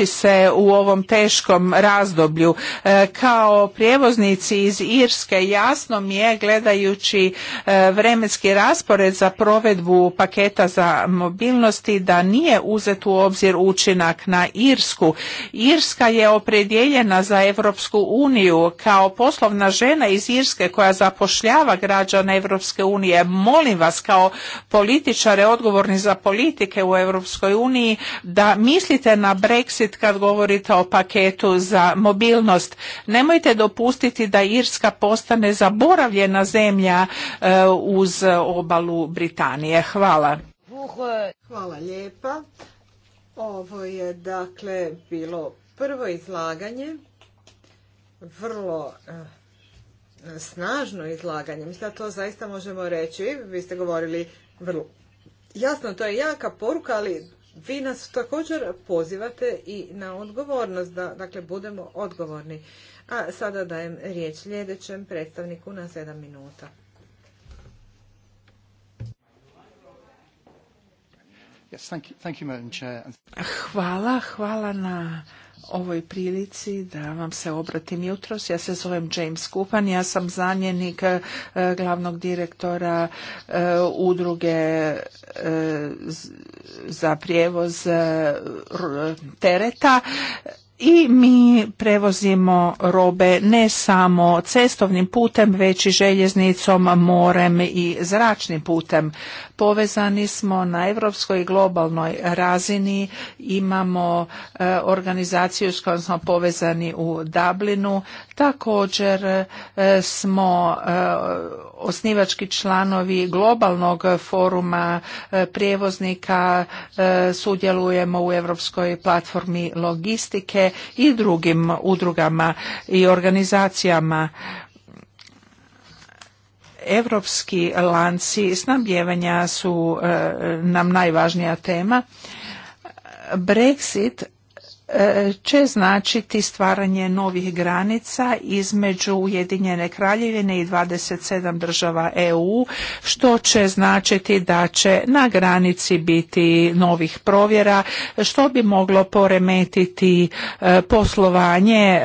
e, se u ovom teškom razdoblju. E, kao prijevoznici iz Irske jasno mi je gledajući e, vremenski raspored za provedbu paketa za mobilnosti da nije uzet u obzir učinak na Irsku. Irska je opredijeljena za Europsku uniju kao poslovna žena iz Irske koja zapošljava građana građana Europske unije. Molim vas kao političare odgovorni za politike u Europskoj uniji da mislite na Brexit kad govorite o paketu za mobilnost. Nemojte dopustiti da Irska postane zaboravljena zemlja e, uz obalu Britanije. Hvala. Hvala lijepa. Ovo je dakle bilo prvo izlaganje, vrlo e, snažno izlaganje. Mislim da to zaista možemo reći. Vi ste govorili vrlo jasno, to je jaka poruka, ali vi nas također pozivate i na odgovornost, da dakle, budemo odgovorni. A sada dajem riječ sljedećem predstavniku na 7 minuta. Hvala, hvala na ovoj prilici da vam se obratim jutros. Ja se zovem James Kupan, ja sam zamjenik e, glavnog direktora e, udruge e, za prijevoz tereta i mi prevozimo robe ne samo cestovnim putem, već i željeznicom, morem i zračnim putem. Povezani smo na europskoj i globalnoj razini, imamo e, organizaciju s kojom smo povezani u Dublinu, Također e, smo e, osnivački članovi globalnog foruma e, prijevoznika, sudjelujemo u Europskoj platformi logistike i drugim udrugama i organizacijama europski lanci snabdjevanja su nam najvažnija tema. Brexit E, će značiti stvaranje novih granica između Ujedinjene kraljevine i 27 država EU, što će značiti da će na granici biti novih provjera, što bi moglo poremetiti e, poslovanje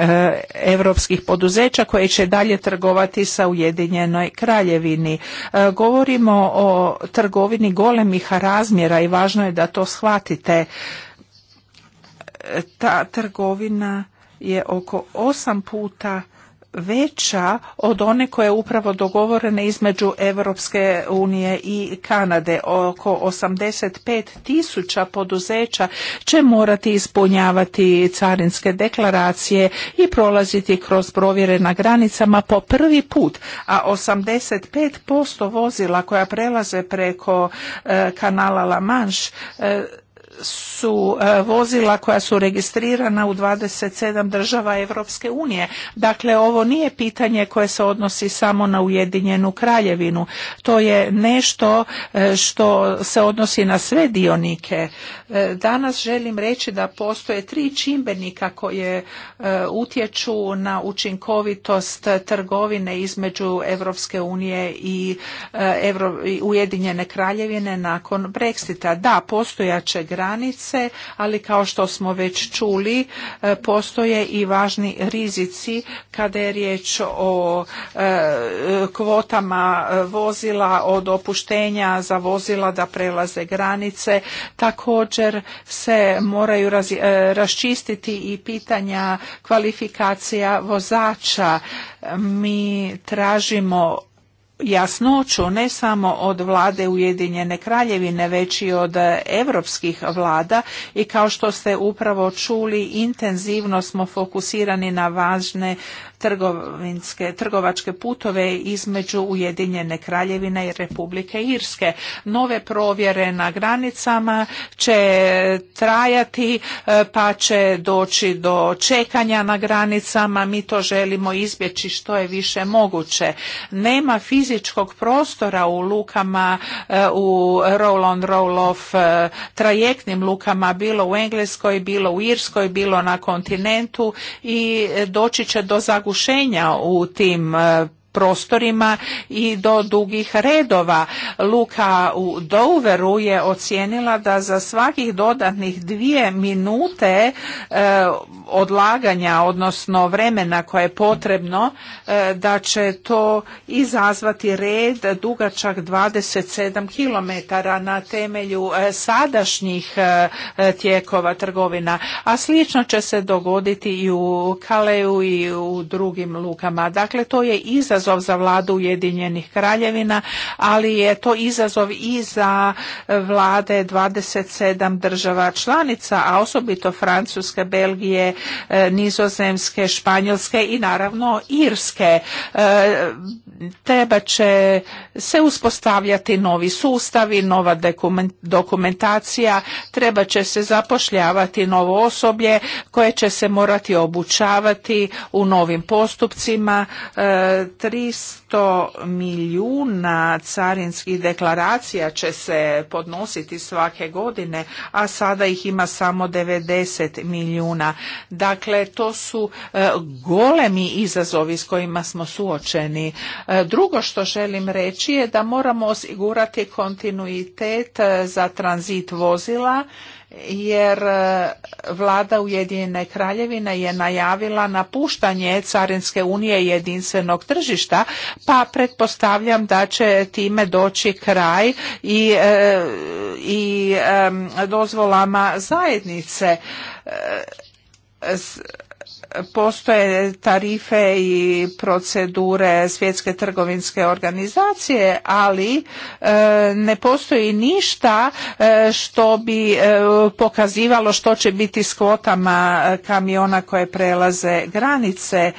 europskih poduzeća koje će dalje trgovati sa Ujedinjenoj kraljevini. E, govorimo o trgovini golemih razmjera i važno je da to shvatite ta trgovina je oko osam puta veća od one koja je upravo dogovorena između Europske unije i Kanade. Oko 85 tisuća poduzeća će morati ispunjavati carinske deklaracije i prolaziti kroz provjere na granicama po prvi put, a 85% vozila koja prelaze preko e, kanala La Manche e, su e, vozila koja su registrirana u 27 država Europske unije. Dakle, ovo nije pitanje koje se odnosi samo na Ujedinjenu kraljevinu. To je nešto e, što se odnosi na sve dionike. E, danas želim reći da postoje tri čimbenika koje utječu na učinkovitost trgovine između Europske unije i Ujedinjene kraljevine nakon Brexita. Da, postojaće granice, ali kao što smo već čuli, e, postoje i važni rizici kada je riječ o e, kvotama vozila, o dopuštenja za vozila da prelaze granice. Također se moraju e, raščistiti i pitanja kvalifikacija vozača. Mi tražimo jasnoću ne samo od vlade Ujedinjene kraljevine već i od europskih vlada i kao što ste upravo čuli intenzivno smo fokusirani na važne trgovinske, trgovačke putove između Ujedinjene kraljevine i Republike Irske. Nove provjere na granicama će trajati e, pa će doći do čekanja na granicama. Mi to želimo izbjeći što je više moguće. Nema fizičkog prostora u lukama e, u roll on roll off e, trajektnim lukama bilo u Engleskoj, bilo u Irskoj, bilo na kontinentu i doći će do zagušenja iskušenja u tim e, prostorima i do dugih redova. Luka u Doveru je ocijenila da za svakih dodatnih dvije minute e, odlaganja, odnosno vremena koje je potrebno, e, da će to izazvati red dugačak 27 km na temelju e, sadašnjih tijekova trgovina. A slično će se dogoditi i u Kaleju i u drugim lukama. Dakle, to je iza za vladu Ujedinjenih kraljevina, ali je to izazov i za vlade 27 država članica, a osobito Francuske, Belgije, e, Nizozemske, Španjolske i naravno Irske. E, treba će se uspostavljati novi sustavi, nova dokumentacija, treba će se zapošljavati novo osoblje koje će se morati obučavati u novim postupcima, e, 300 milijuna carinskih deklaracija će se podnositi svake godine, a sada ih ima samo 90 milijuna. Dakle, to su e, golemi izazovi s kojima smo suočeni. E, drugo što želim reći je da moramo osigurati kontinuitet e, za tranzit vozila jer e, vlada Ujedinjene kraljevine je najavila napuštanje Carinske unije i jedinstvenog tržišta, pa pretpostavljam da će time doći kraj i, e, i e, dozvolama zajednice postoje tarife i procedure svjetske trgovinske organizacije, ali e, ne postoji ništa e, što bi e, pokazivalo što će biti s kvotama kamiona koje prelaze granice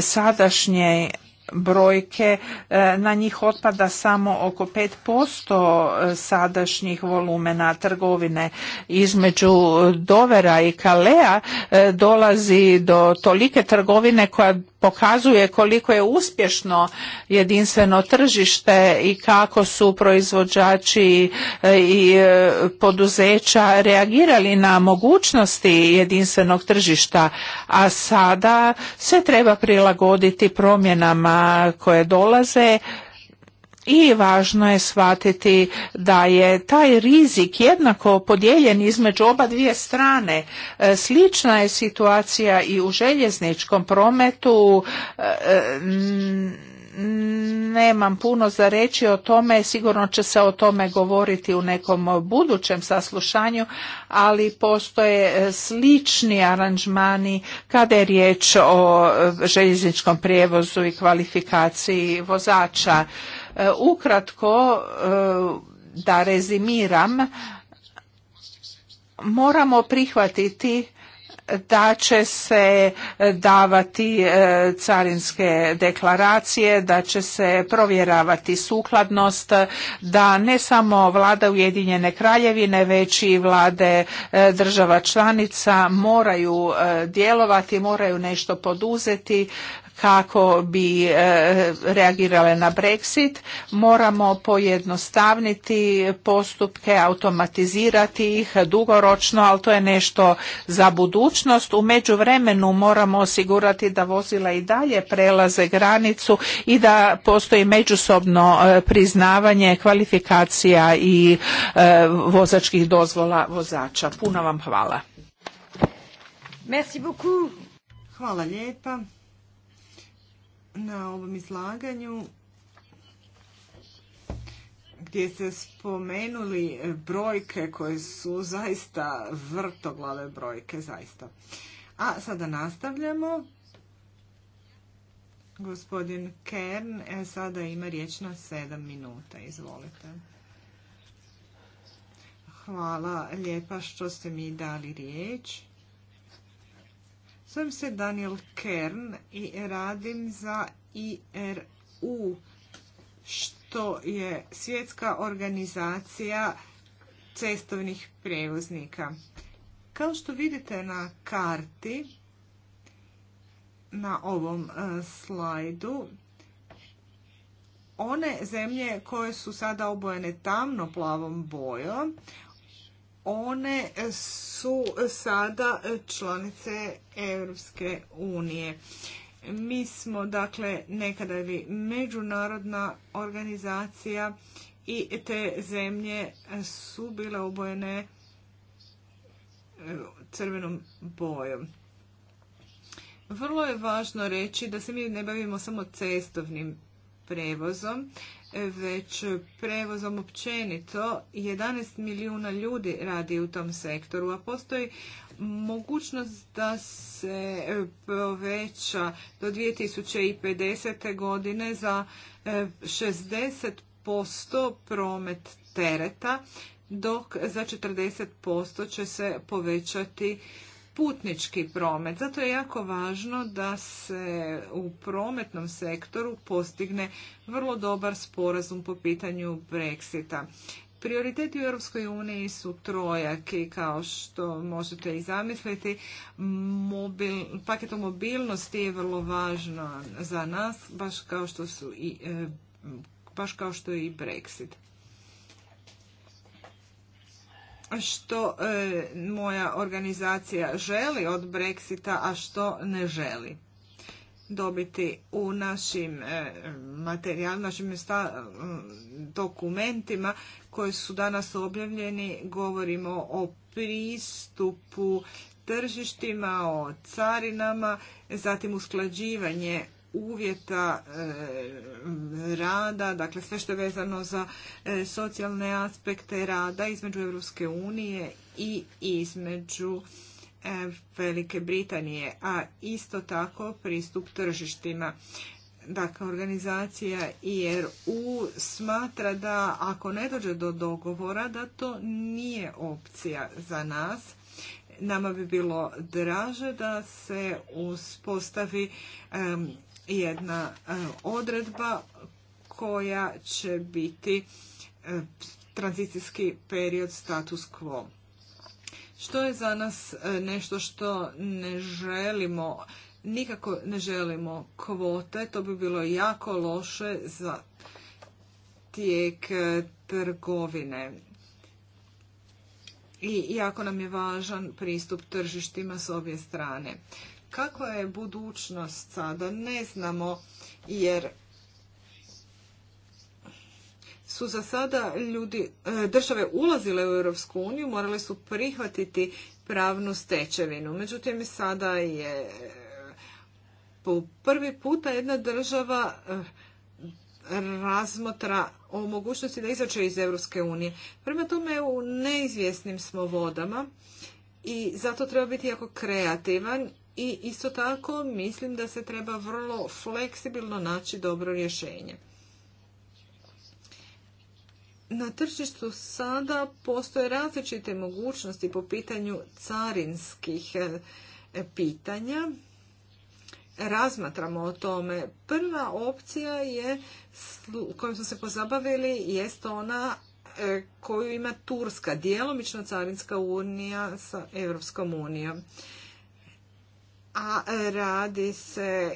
sadašnje brojke, e, na njih otpada samo oko 5% e, sadašnjih volumena trgovine između Dovera i Kalea e, dolazi do tolike trgovine koja pokazuje koliko je uspješno jedinstveno tržište i kako su proizvođači i poduzeća reagirali na mogućnosti jedinstvenog tržišta, a sada se treba prilagoditi promjenama koje dolaze i važno je shvatiti da je taj rizik jednako podijeljen između oba dvije strane. E, slična je situacija i u željezničkom prometu e, e, nemam puno za reći o tome, sigurno će se o tome govoriti u nekom budućem saslušanju, ali postoje e, slični aranžmani kada je riječ o e, željezničkom prijevozu i kvalifikaciji vozača. E, ukratko, da rezimiram, moramo prihvatiti da će se e, davati e, carinske deklaracije, da će se provjeravati sukladnost, da ne samo vlada Ujedinjene kraljevine, već i vlade e, država članica moraju djelovati, moraju nešto poduzeti kako bi e, reagirale na Brexit. Moramo pojednostavniti postupke, automatizirati ih dugoročno, ali to je nešto za budućnost. U međuvremenu moramo osigurati da vozila i dalje prelaze granicu i da postoji međusobno e, priznavanje kvalifikacija i e, vozačkih dozvola vozača. Puno vam hvala. Merci beaucoup. Hvala lijepa na ovom izlaganju gdje ste spomenuli brojke koje su zaista vrtoglave brojke, zaista. A sada nastavljamo. Gospodin Kern e, sada ima riječ na sedam minuta. Izvolite. Hvala lijepa što ste mi dali riječ. Zovem se Daniel Kern i radim za IRU, što je svjetska organizacija cestovnih prevoznika. Kao što vidite na karti, na ovom e, slajdu, one zemlje koje su sada obojene tamno plavom bojom, one su sada članice Europske unije. Mi smo dakle nekada ili međunarodna organizacija i te zemlje su bile obojene e, crvenom bojom. Vrlo je važno reći da se mi ne bavimo samo cestovnim prevozom, već prevozom općenito. 11 milijuna ljudi radi u tom sektoru, a postoji mogućnost da se e, poveća do 2050. godine za 60% e, promet tereta, dok za 40% će se povećati putnički promet. Zato je jako važno da se u prometnom sektoru postigne vrlo dobar sporazum po pitanju Brexita. Prioriteti u Europskoj uniji su trojaki, kao što možete i zamisliti. Mobil, paket mobilnosti je vrlo važno za nas, baš kao što su i e, baš kao što je i Brexit što e, moja organizacija želi od Brexita, a što ne želi dobiti u našim e, materijalima, našim e, dokumentima koji su danas objavljeni. Govorimo o pristupu tržištima, o carinama, zatim usklađivanje uvjeta e, rada, dakle sve što je vezano za e, socijalne aspekte rada između Europske unije i između e, Velike Britanije, a isto tako pristup tržištima. Dakle, organizacija IRU smatra da ako ne dođe do dogovora da to nije opcija za nas. Nama bi bilo draže da se uspostavi jedna e, odredba koja će biti e, tranzicijski period status quo. Što je za nas e, nešto što ne želimo, nikako ne želimo kvote, to bi bilo jako loše za tijek trgovine. I jako nam je važan pristup tržištima s obje strane. Kakva je budućnost sada? Ne znamo jer su za sada ljudi, e, države ulazile u Europsku uniju, morale su prihvatiti pravnu stečevinu. Međutim, sada je po e, prvi puta jedna država e, razmotra o mogućnosti da izače iz Europske unije. Prema tome, u neizvjesnim smo vodama i zato treba biti jako kreativan i isto tako mislim da se treba vrlo fleksibilno naći dobro rješenje. Na tržištu sada postoje različite mogućnosti po pitanju carinskih e, pitanja. Razmatramo o tome. Prva opcija je, kojom smo se pozabavili, jest ona e, koju ima Turska, djelomično carinska unija sa Europskom unijom a radi se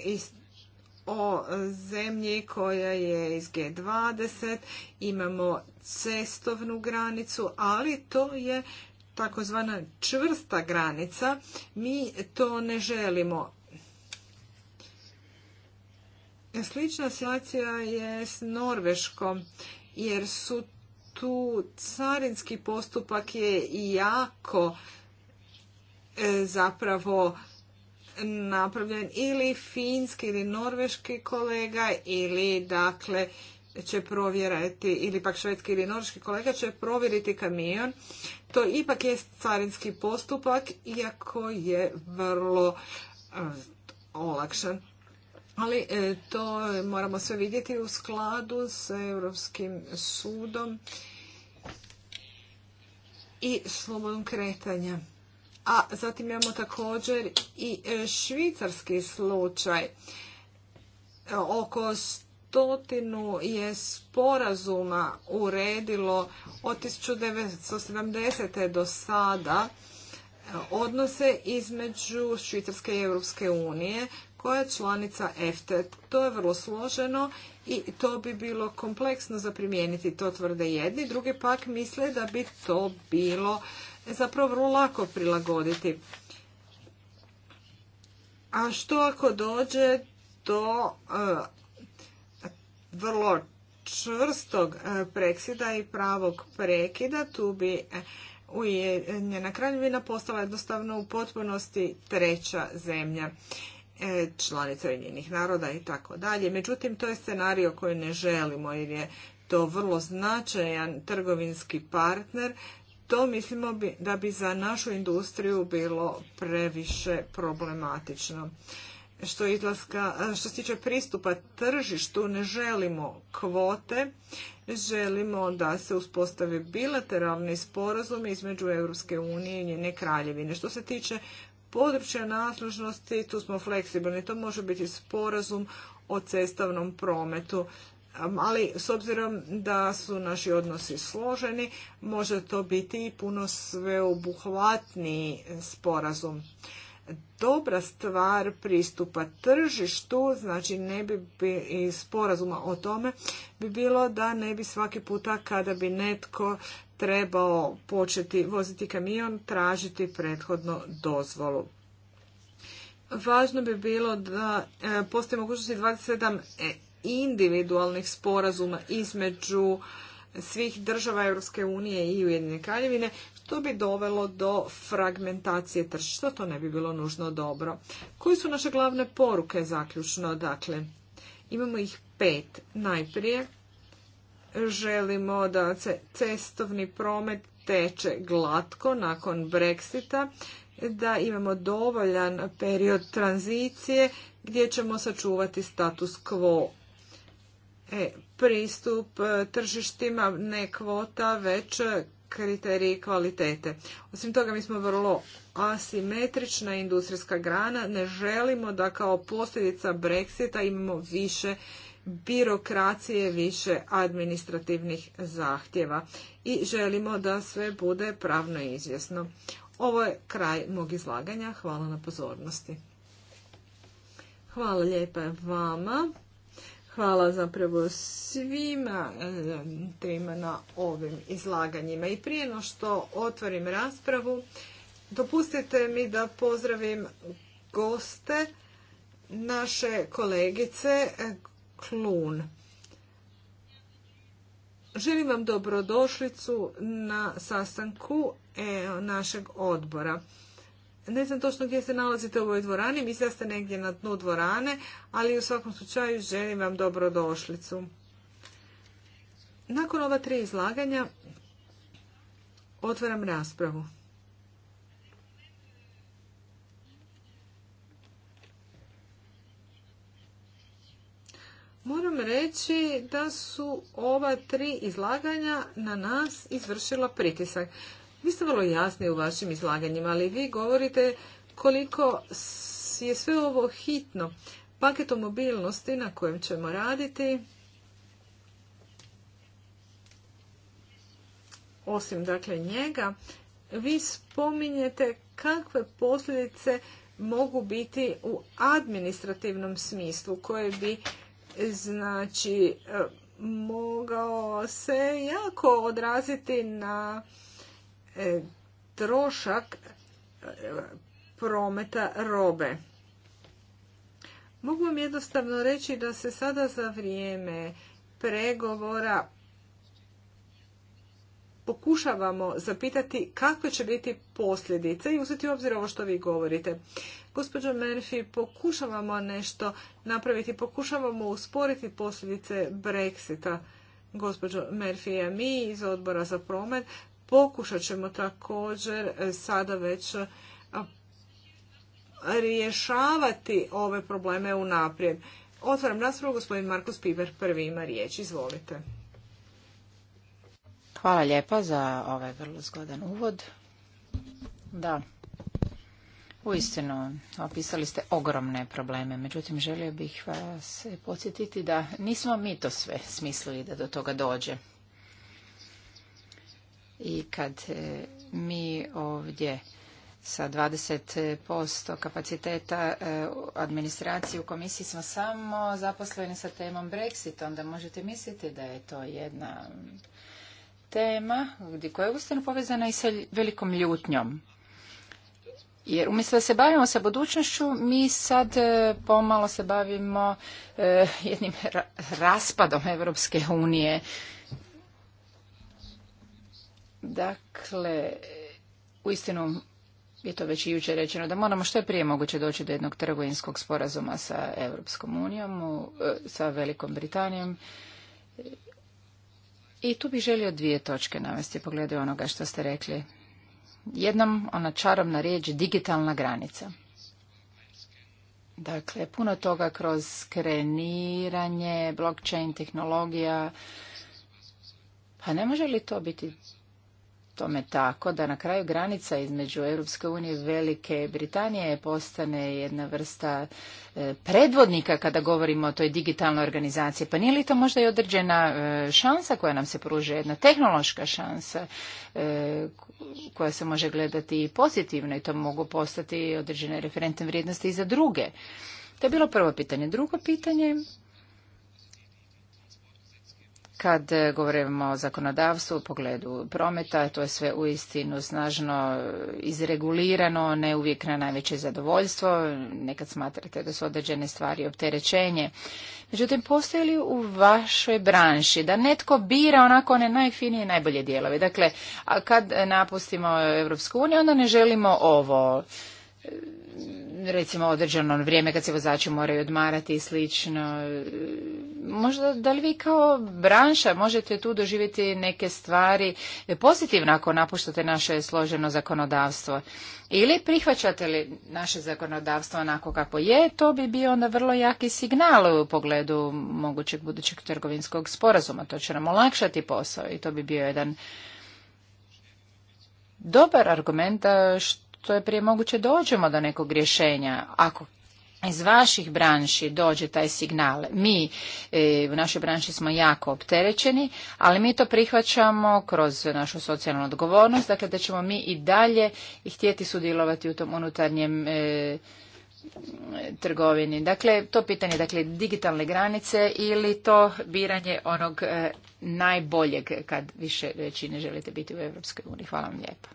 o zemlji koja je iz G20, imamo cestovnu granicu, ali to je takozvana čvrsta granica. Mi to ne želimo. Slična situacija je s Norveškom, jer su tu carinski postupak je jako e, zapravo napravljen ili finski ili norveški kolega ili dakle će provjerati ili pak švedski ili norveški kolega će provjeriti kamion. To ipak je carinski postupak iako je vrlo eh, olakšan. Ali eh, to moramo sve vidjeti u skladu s Europskim sudom i slobodom kretanja a zatim imamo također i e, švicarski slučaj. E, oko stotinu je sporazuma uredilo od 1970. do sada e, odnose između Švicarske i Europske unije koja je članica EFTE. To je vrlo složeno i to bi bilo kompleksno za primijeniti, to tvrde jedni. Drugi pak misle da bi to bilo zapravo vrlo lako prilagoditi. A što ako dođe do e, vrlo čvrstog e, preksida i pravog prekida, tu bi e, Ujedinjena kraljevina postala jednostavno u potpunosti treća zemlja članica Ujedinjenih naroda i tako dalje. Međutim, to je scenario koji ne želimo jer je to vrlo značajan trgovinski partner to mislimo bi, da bi za našu industriju bilo previše problematično. Što, izlaska, što se tiče pristupa tržištu, ne želimo kvote, želimo da se uspostavi bilateralni sporazum između Europske unije i njene kraljevine. Što se tiče područja naslužnosti, tu smo fleksibilni, to može biti sporazum o cestovnom prometu ali s obzirom da su naši odnosi složeni, može to biti i puno sveobuhvatniji sporazum. Dobra stvar pristupa tržištu, znači ne bi, bi i sporazuma o tome, bi bilo da ne bi svaki puta kada bi netko trebao početi voziti kamion, tražiti prethodno dozvolu. Važno bi bilo da e, postoji mogućnosti 27 individualnih sporazuma između svih država Europske unije i Ujedinjene kraljevine, što bi dovelo do fragmentacije tržišta. To ne bi bilo nužno dobro. Koji su naše glavne poruke zaključno? Dakle, imamo ih pet. Najprije želimo da se cestovni promet teče glatko nakon Brexita, da imamo dovoljan period tranzicije gdje ćemo sačuvati status quo E, pristup e, tržištima, ne kvota, već kriteriji kvalitete. Osim toga, mi smo vrlo asimetrična industrijska grana. Ne želimo da kao posljedica Brexita imamo više birokracije, više administrativnih zahtjeva i želimo da sve bude pravno izvjesno. Ovo je kraj mog izlaganja. Hvala na pozornosti. Hvala lijepa vama. Hvala zapravo svima trima na ovim izlaganjima. I prije no što otvorim raspravu, dopustite mi da pozdravim goste naše kolegice e, Klun. Želim vam dobrodošlicu na sastanku e, našeg odbora. Ne znam točno gdje se nalazite u ovoj dvorani, mislim da ste negdje na dnu dvorane, ali u svakom slučaju želim vam dobrodošlicu. Nakon ova tri izlaganja otvaram raspravu. Moram reći da su ova tri izlaganja na nas izvršila pritisak. Vi ste vrlo jasni u vašim izlaganjima, ali vi govorite koliko je sve ovo hitno. Paket o mobilnosti na kojem ćemo raditi, osim dakle njega, vi spominjete kakve posljedice mogu biti u administrativnom smislu koje bi znači eh, mogao se jako odraziti na E, trošak e, prometa robe. Mogu vam jednostavno reći da se sada za vrijeme pregovora pokušavamo zapitati kakve će biti posljedice i uzeti u obzir ovo što vi govorite. Gospođo Murphy, pokušavamo nešto napraviti, pokušavamo usporiti posljedice Brexita. Gospođo Murphy, a mi iz odbora za promet Pokušat ćemo također e, sada već e, rješavati ove probleme unaprijed. Otvaram raspravu, gospodin Markus Piber prvi ima riječ, izvolite. Hvala lijepa za ovaj vrlo zgodan uvod. Da, uistinu opisali ste ogromne probleme, međutim želio bih vas podsjetiti da nismo mi to sve smislili da do toga dođe i kad e, mi ovdje sa 20% kapaciteta e, administracije u komisiji smo samo zaposleni sa temom Brexit, onda možete misliti da je to jedna tema koja je ustavno povezana i sa velikom ljutnjom. Jer umjesto da se bavimo sa budućnošću, mi sad e, pomalo se bavimo jednim raspadom Europske unije. Dakle, istinu je to već i jučer rečeno da moramo što je prije moguće doći do jednog trgovinskog sporazuma sa Europskom unijom, e, sa Velikom Britanijom. I tu bih želio dvije točke navesti pogledaju onoga što ste rekli. Jednom, ona čarobna riječ, digitalna granica. Dakle, puno toga kroz skreniranje, blockchain tehnologija. Pa ne može li to biti tome tako da na kraju granica između Europske unije i Velike Britanije postane jedna vrsta e, predvodnika kada govorimo o toj digitalnoj organizaciji. Pa nije li to možda i određena e, šansa koja nam se pruža, jedna tehnološka šansa e, koja se može gledati i pozitivno i to mogu postati određene referentne vrijednosti i za druge. To je bilo prvo pitanje. Drugo pitanje kad e, govorimo o zakonodavstvu u pogledu prometa, to je sve uistinu snažno izregulirano, ne uvijek na najveće zadovoljstvo, nekad smatrate da su određene stvari opterećenje. Međutim, postoji li u vašoj branši da netko bira onako one najfinije i najbolje dijelove? Dakle, a kad napustimo Europsku uniju, onda ne želimo ovo recimo određeno vrijeme kad se vozači moraju odmarati i slično. Možda da li vi kao branša možete tu doživjeti neke stvari pozitivno ako napuštate naše složeno zakonodavstvo? Ili prihvaćate li naše zakonodavstvo onako kako je, to bi bio onda vrlo jaki signal u pogledu mogućeg budućeg trgovinskog sporazuma. To će nam olakšati posao i to bi bio jedan dobar argument što to je prije moguće dođemo do nekog rješenja. Ako iz vaših branši dođe taj signal. Mi e, u našoj branši smo jako opterećeni, ali mi to prihvaćamo kroz našu socijalnu odgovornost, dakle da ćemo mi i dalje i htjeti sudjelovati u tom unutarnjem e, trgovini. Dakle, to pitanje, dakle, digitalne granice ili to biranje onog e, najboljeg kad više većine želite biti u EU. Hvala vam lijepa.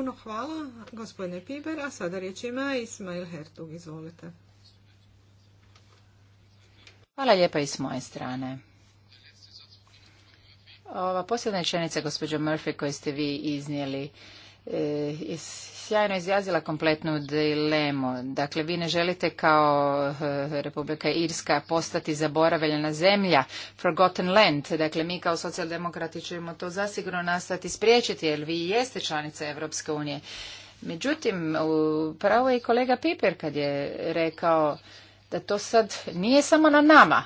Puno hvala, gospodine Piber, a sada riječ ima Ismail Hertug, izvolite. Hvala lijepa i s moje strane. Ova posljedna rečenica, gospođo Murphy, koju ste vi iznijeli, je sjajno izjazila kompletnu dilemu. Dakle, vi ne želite kao e, Republika Irska postati zaboravljena zemlja, forgotten land. Dakle, mi kao socijaldemokrati ćemo to zasigurno nastati spriječiti, jer vi jeste članica Evropske unije. Međutim, pravo je i kolega Piper kad je rekao da to sad nije samo na nama,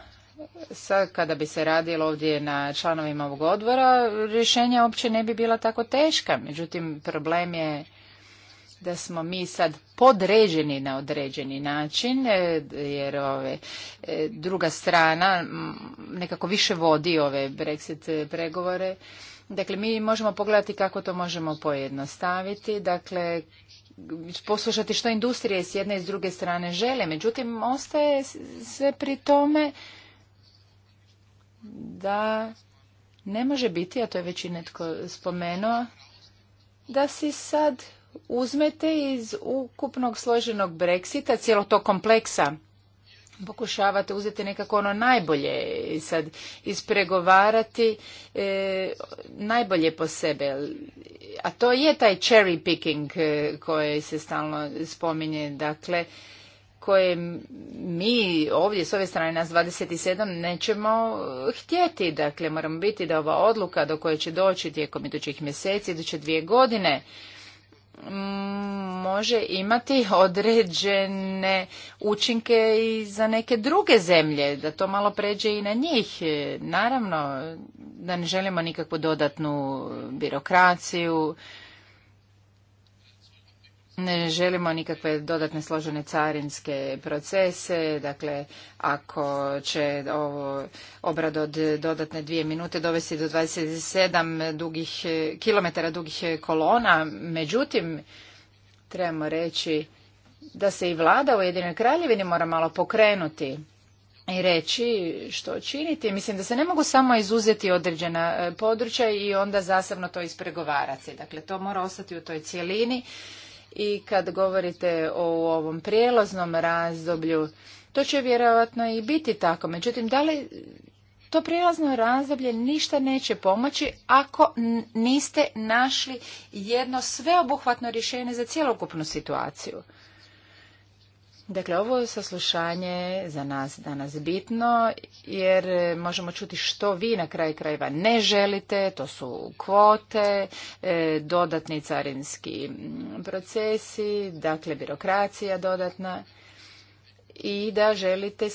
sad kada bi se radilo ovdje na članovima ovog odbora, rješenja uopće ne bi bila tako teška. Međutim, problem je da smo mi sad podređeni na određeni način, e, jer ove, e, druga strana nekako više vodi ove Brexit pregovore. Dakle, mi možemo pogledati kako to možemo pojednostaviti, dakle, poslušati što industrije s jedne i s druge strane žele, međutim, ostaje sve pri tome da ne može biti, a to je već i netko spomenuo, da si sad uzmete iz ukupnog složenog Brexita, cijelo to kompleksa, pokušavate uzeti nekako ono najbolje i sad ispregovarati e, najbolje po sebe. A to je taj cherry picking e, koji se stalno spominje. Dakle, koje mi ovdje s ove strane nas 27 nećemo htjeti. Dakle, moramo biti da ova odluka do koje će doći tijekom idućih mjeseci, iduće dvije godine, mm, može imati određene učinke i za neke druge zemlje, da to malo pređe i na njih. Naravno, da ne želimo nikakvu dodatnu birokraciju, ne želimo nikakve dodatne složene carinske procese, dakle ako će ovo obrad od dodatne dvije minute dovesti do 27 dugih, kilometara dugih kolona, međutim trebamo reći da se i vlada u Jedinoj Kraljevini mora malo pokrenuti i reći što činiti. Mislim da se ne mogu samo izuzeti određena e, područja i onda zasebno to ispregovarati. Dakle, to mora ostati u toj cjelini i kad govorite o ovom prijelaznom razdoblju, to će vjerojatno i biti tako. Međutim, da li to prijelazno razdoblje ništa neće pomoći ako niste našli jedno sveobuhvatno rješenje za cjelokupnu situaciju? Dakle, ovo je saslušanje za nas danas bitno, jer možemo čuti što vi na kraj krajeva ne želite, to su kvote, e, dodatni carinski mm, procesi, dakle, birokracija dodatna i da želite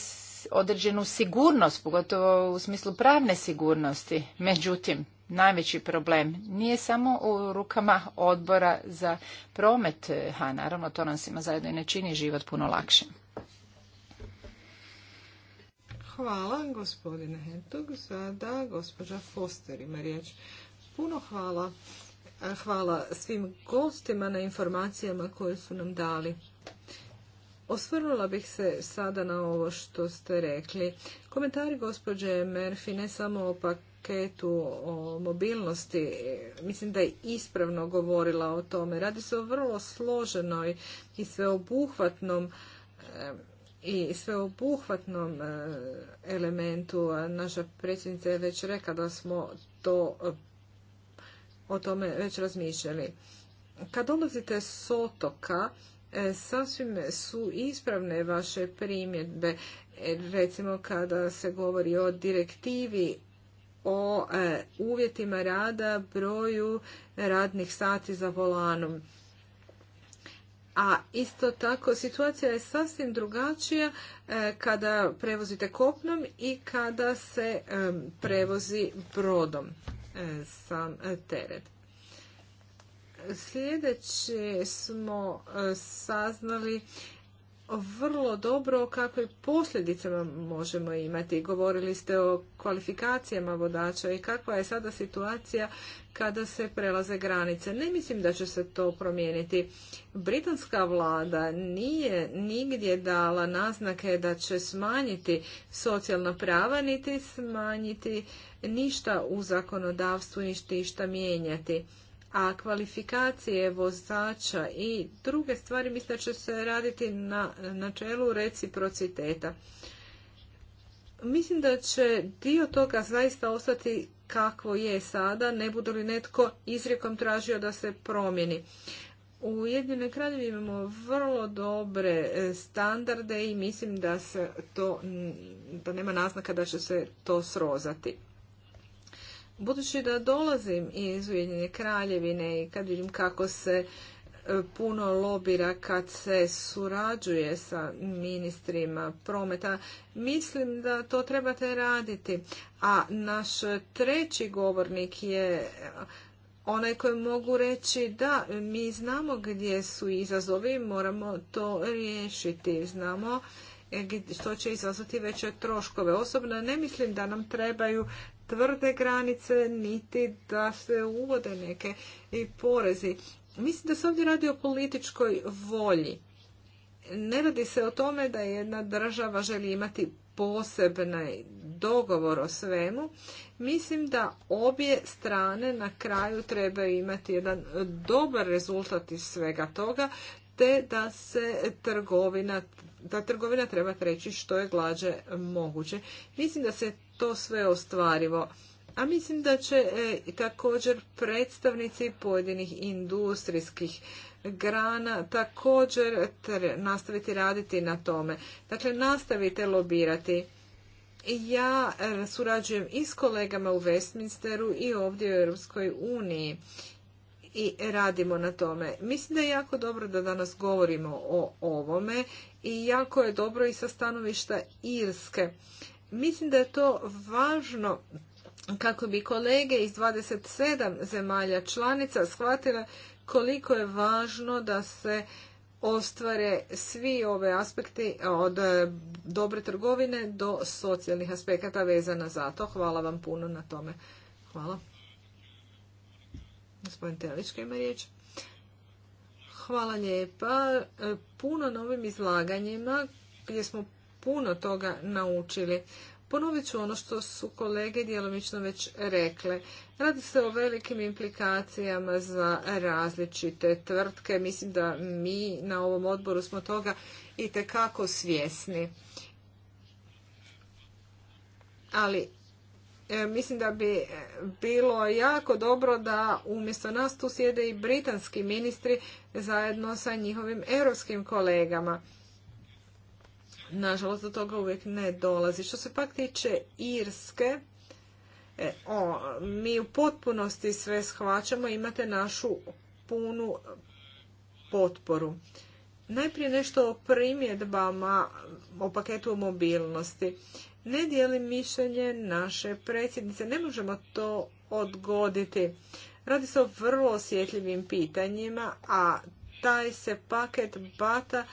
određenu sigurnost, pogotovo u smislu pravne sigurnosti. Međutim, najveći problem nije samo u rukama odbora za promet, a naravno to nam ima zajedno i ne čini život puno lakše. Hvala gospodine Hentog. Sada gospođa Foster ima riječ. Puno hvala. Hvala svim gostima na informacijama koje su nam dali. Osvrnula bih se sada na ovo što ste rekli. Komentari gospođe Merfi ne samo opak paketu o mobilnosti, mislim da je ispravno govorila o tome. Radi se o vrlo složenoj i sveobuhvatnom e, i sveobuhvatnom e, elementu. Naša predsjednica je već rekla da smo to o tome već razmišljali. Kad dolazite s otoka, e, sasvim su ispravne vaše primjedbe. Recimo kada se govori o direktivi o e, uvjetima rada, broju radnih sati za volanom. A isto tako situacija je sasvim drugačija e, kada prevozite kopnom i kada se e, prevozi brodom sam teret. Sljedeće smo saznali vrlo dobro kakve posljedice možemo imati. Govorili ste o kvalifikacijama vodača i kakva je sada situacija kada se prelaze granice. Ne mislim da će se to promijeniti. Britanska vlada nije nigdje dala naznake da će smanjiti socijalna prava, niti smanjiti ništa u zakonodavstvu, ništa mijenjati a kvalifikacije vozača i druge stvari mislim da će se raditi na načelu reciprociteta. Mislim da će dio toga zaista ostati kakvo je sada, ne budu li netko izrijekom tražio da se promjeni. U Ujedinjenoj kraljevi imamo vrlo dobre e, standarde i mislim da se to, da nema naznaka da će se to srozati. Budući da dolazim iz Ujedinjene kraljevine i kad vidim kako se e, puno lobira kad se surađuje sa ministrima prometa. Mislim da to trebate raditi. A naš treći govornik je onaj koji mogu reći da mi znamo gdje su izazovi, moramo to riješiti. Znamo što će izazvati veće troškove. Osobno ne mislim da nam trebaju tvrde granice, niti da se uvode neke i porezi. Mislim da se ovdje radi o političkoj volji. Ne radi se o tome da jedna država želi imati posebni dogovor o svemu. Mislim da obje strane na kraju trebaju imati jedan dobar rezultat iz svega toga, te da se trgovina da trgovina treba treći što je glađe moguće. Mislim da se to sve ostvarivo. A mislim da će e, također predstavnici pojedinih industrijskih grana također nastaviti raditi na tome. Dakle, nastavite lobirati. Ja e, surađujem i s kolegama u Westminsteru i ovdje u Europskoj uniji i radimo na tome. Mislim da je jako dobro da danas govorimo o ovome i jako je dobro i sa stanovišta Irske. Mislim da je to važno kako bi kolege iz 27 zemalja članica shvatile koliko je važno da se ostvare svi ove aspekti od e, dobre trgovine do socijalnih aspekata vezana za to. Hvala vam puno na tome. Hvala. Gospodin Telička ima riječ. Hvala lijepa. E, puno novim izlaganjima gdje smo puno toga naučili. Ponovit ću ono što su kolege djelomično već rekle. Radi se o velikim implikacijama za različite tvrtke. Mislim da mi na ovom odboru smo toga i tekako svjesni. Ali E, mislim da bi e, bilo jako dobro da umjesto nas tu sjede i britanski ministri zajedno sa njihovim europskim kolegama. Nažalost, do toga uvijek ne dolazi. Što se pak tiče Irske, e, o, mi u potpunosti sve shvaćamo, imate našu punu potporu. Najprije nešto o primjedbama o paketu mobilnosti ne dijeli mišljenje naše predsjednice. Ne možemo to odgoditi. Radi se o vrlo osjetljivim pitanjima, a taj se paket bata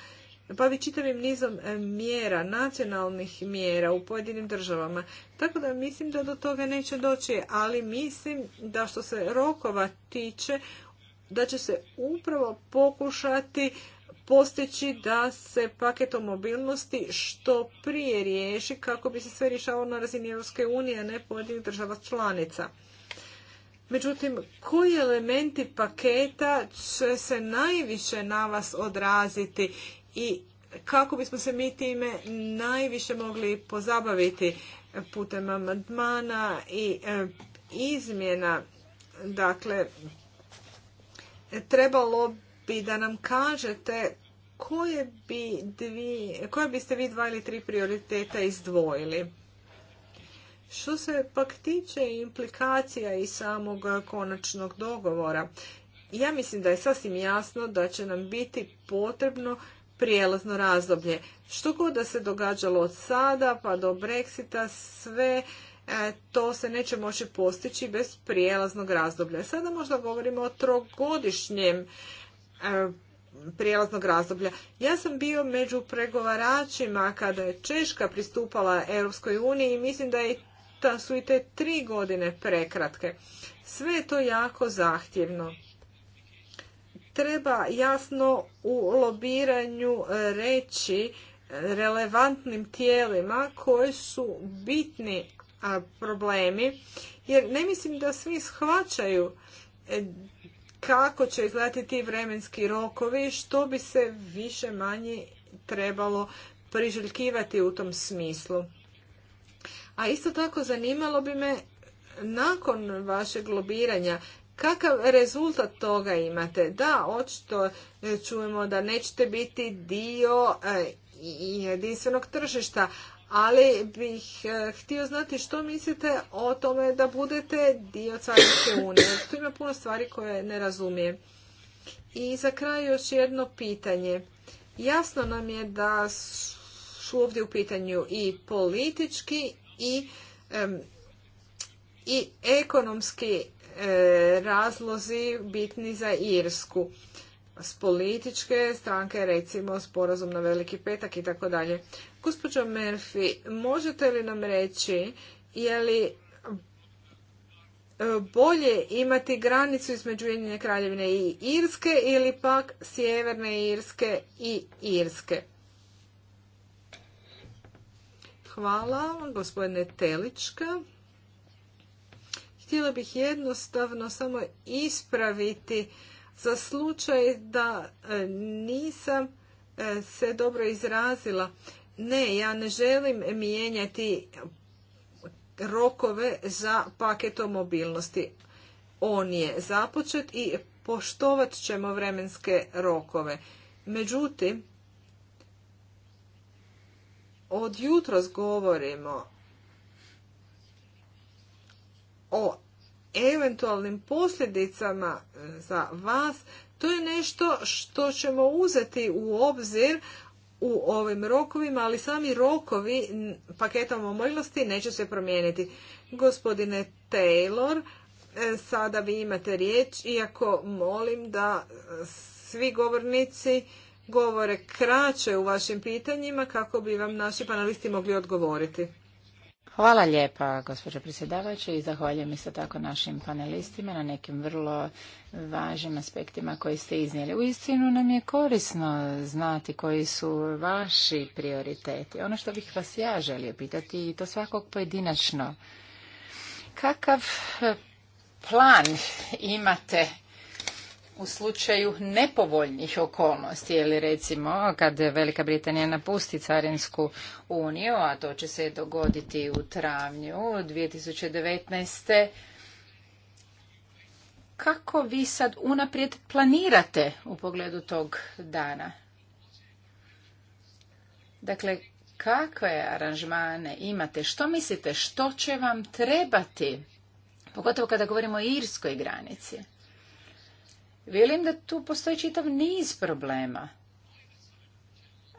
bavi čitavim nizom e, mjera, nacionalnih mjera u pojedinim državama. Tako da mislim da do toga neće doći, ali mislim da što se rokova tiče, da će se upravo pokušati postići da se paket o mobilnosti što prije riješi kako bi se sve rješavalo na razini Europske unije, a ne pojedinih država članica. Međutim, koji elementi paketa će se najviše na vas odraziti i kako bismo se mi time najviše mogli pozabaviti putem amandmana i e, izmjena. Dakle, trebalo i da nam kažete koje, bi dvi, koje biste vi dva ili tri prioriteta izdvojili. Što se pak tiče implikacija i samog konačnog dogovora, ja mislim da je sasvim jasno da će nam biti potrebno prijelazno razdoblje. Što god da se događalo od sada pa do Brexita, sve e, to se neće moći postići bez prijelaznog razdoblja. Sada možda govorimo o trogodišnjem E, prijelaznog razdoblja. Ja sam bio među pregovaračima kada je Češka pristupala Europskoj uniji i mislim da su i te tri godine prekratke. Sve je to jako zahtjevno. Treba jasno u lobiranju reći relevantnim tijelima koji su bitni problemi, jer ne mislim da svi shvaćaju e, kako će izgledati ti vremenski rokovi, što bi se više manje trebalo priželjkivati u tom smislu. A isto tako zanimalo bi me nakon vašeg lobiranja Kakav rezultat toga imate? Da, očito e, čujemo da nećete biti dio e, jedinstvenog tržišta, ali bih e, htio znati što mislite o tome da budete dio Carinske unije. Tu ima puno stvari koje ne razumijem. I za kraj još jedno pitanje. Jasno nam je da su ovdje u pitanju i politički i, i ekonomski e, razlozi bitni za Irsku. S političke stranke, recimo sporazum na veliki petak i tako dalje. Gospođo Murphy, možete li nam reći je li e, bolje imati granicu između Ujedinjene kraljevine i Irske ili pak Sjeverne Irske i Irske? Hvala, gospodine Telička. Htjela bih jednostavno samo ispraviti za slučaj da e, nisam e, se dobro izrazila. Ne, ja ne želim mijenjati rokove za paket o mobilnosti. On je započet i poštovat ćemo vremenske rokove. Međutim, od jutros govorimo o eventualnim posljedicama e, za vas, to je nešto što ćemo uzeti u obzir u ovim rokovima, ali sami rokovi paketom omojlosti neće se promijeniti. Gospodine Taylor, e, sada vi imate riječ, iako molim da e, svi govornici govore kraće u vašim pitanjima kako bi vam naši panelisti mogli odgovoriti. Hvala lijepa, gospođo predsjedavajući, i zahvaljujem isto tako našim panelistima na nekim vrlo važnim aspektima koji ste iznijeli. U istinu nam je korisno znati koji su vaši prioriteti. Ono što bih vas ja želio pitati, i to svakog pojedinačno, kakav plan imate u slučaju nepovoljnih okolnosti ili recimo kad Velika Britanija napusti carinsku uniju, a to će se dogoditi u travnju 2019. Kako vi sad unaprijed planirate u pogledu tog dana? Dakle, kakve aranžmane imate? Što mislite? Što će vam trebati? Pogotovo kada govorimo o irskoj granici. Velim da tu postoji čitav niz problema.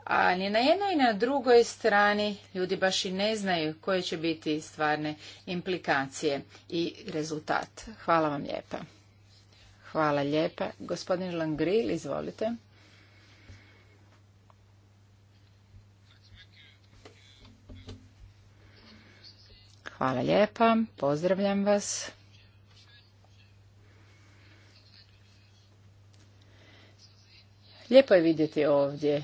A ni na jednoj i na drugoj strani ljudi baš i ne znaju koje će biti stvarne implikacije i rezultat. Hvala vam lijepa. Hvala lijepa. Gospodin Langril, izvolite. Hvala lijepa. Pozdravljam vas. Lijepo je vidjeti ovdje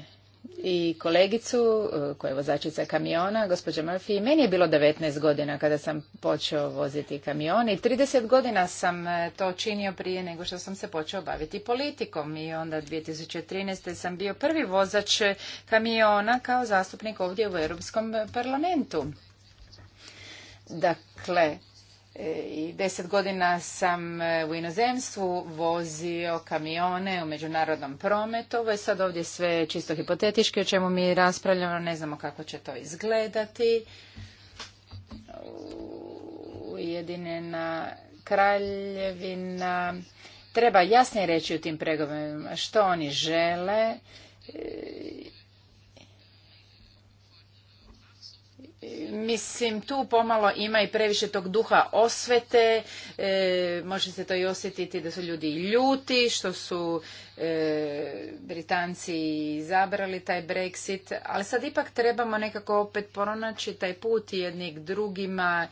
i kolegicu e, koja je vozačica kamiona, gospođa Murphy. Meni je bilo 19 godina kada sam počeo voziti kamion i 30 godina sam e, to činio prije nego što sam se počeo baviti politikom i onda 2013. sam bio prvi vozač kamiona kao zastupnik ovdje u Europskom parlamentu. Dakle, E, i deset godina sam e, u inozemstvu vozio kamione u međunarodnom prometu. Ovo je sad ovdje sve čisto hipotetički o čemu mi raspravljamo, ne znamo kako će to izgledati. Ujedinjena kraljevina. Treba jasnije reći u tim pregovorima što oni žele e, Mislim, tu pomalo ima i previše tog duha osvete, e, može se to i osjetiti da su ljudi ljuti, što su e, Britanci izabrali taj Brexit, ali sad ipak trebamo nekako opet pronaći taj put jednih drugima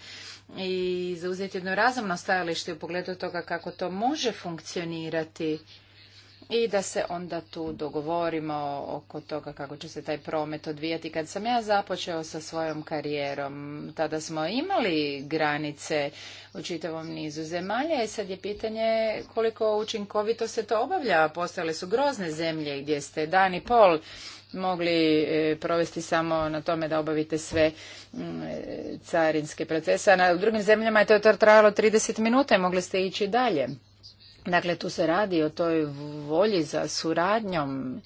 i zauzeti jedno razumno stajalište u pogledu toga kako to može funkcionirati i da se onda tu dogovorimo oko toga kako će se taj promet odvijati. Kad sam ja započeo sa svojom karijerom, tada smo imali granice u čitavom nizu zemalja i sad je pitanje koliko učinkovito se to obavlja. Postale su grozne zemlje gdje ste dan i pol mogli e, provesti samo na tome da obavite sve e, carinske procese, a u drugim zemljama je to trajalo 30 minuta i mogli ste ići dalje. Dakle, tu se radi o toj volji za suradnjom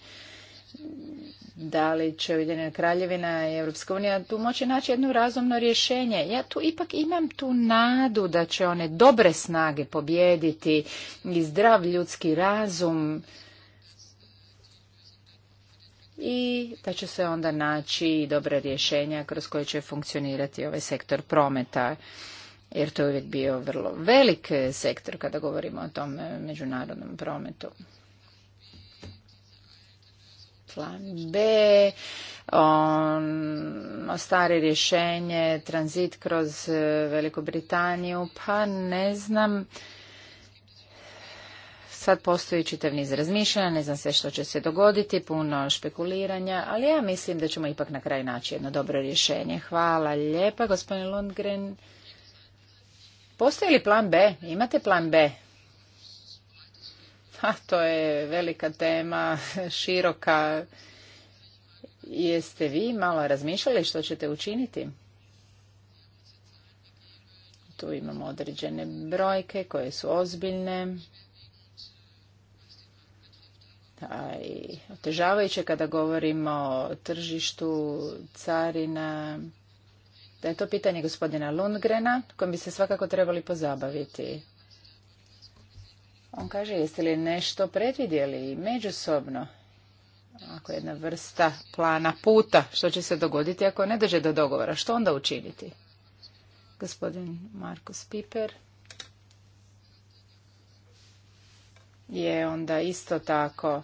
da li će Ujedinjena kraljevina i Europska unija tu moći naći jedno razumno rješenje. Ja tu ipak imam tu nadu da će one dobre snage pobijediti i zdrav ljudski razum i da će se onda naći dobra rješenja kroz koje će funkcionirati ovaj sektor prometa jer to je uvijek bio vrlo velik e, sektor kada govorimo o tom e, međunarodnom prometu. Plan B, on, stare rješenje, tranzit kroz e, Veliku Britaniju, pa ne znam, sad postoji čitav niz razmišljanja, ne znam sve što će se dogoditi, puno špekuliranja, ali ja mislim da ćemo ipak na kraj naći jedno dobro rješenje. Hvala lijepa, gospodin Lundgren. Postoji li plan B? Imate plan B? Ha, to je velika tema, široka. Jeste vi malo razmišljali što ćete učiniti? Tu imamo određene brojke koje su ozbiljne. otežavajuće kada govorimo o tržištu carina, da je to pitanje gospodina Lundgrena kojim bi se svakako trebali pozabaviti. On kaže, jeste li nešto predvidjeli međusobno? Ako je jedna vrsta plana puta, što će se dogoditi ako ne dođe do dogovora? Što onda učiniti? Gospodin Markus Piper je onda isto tako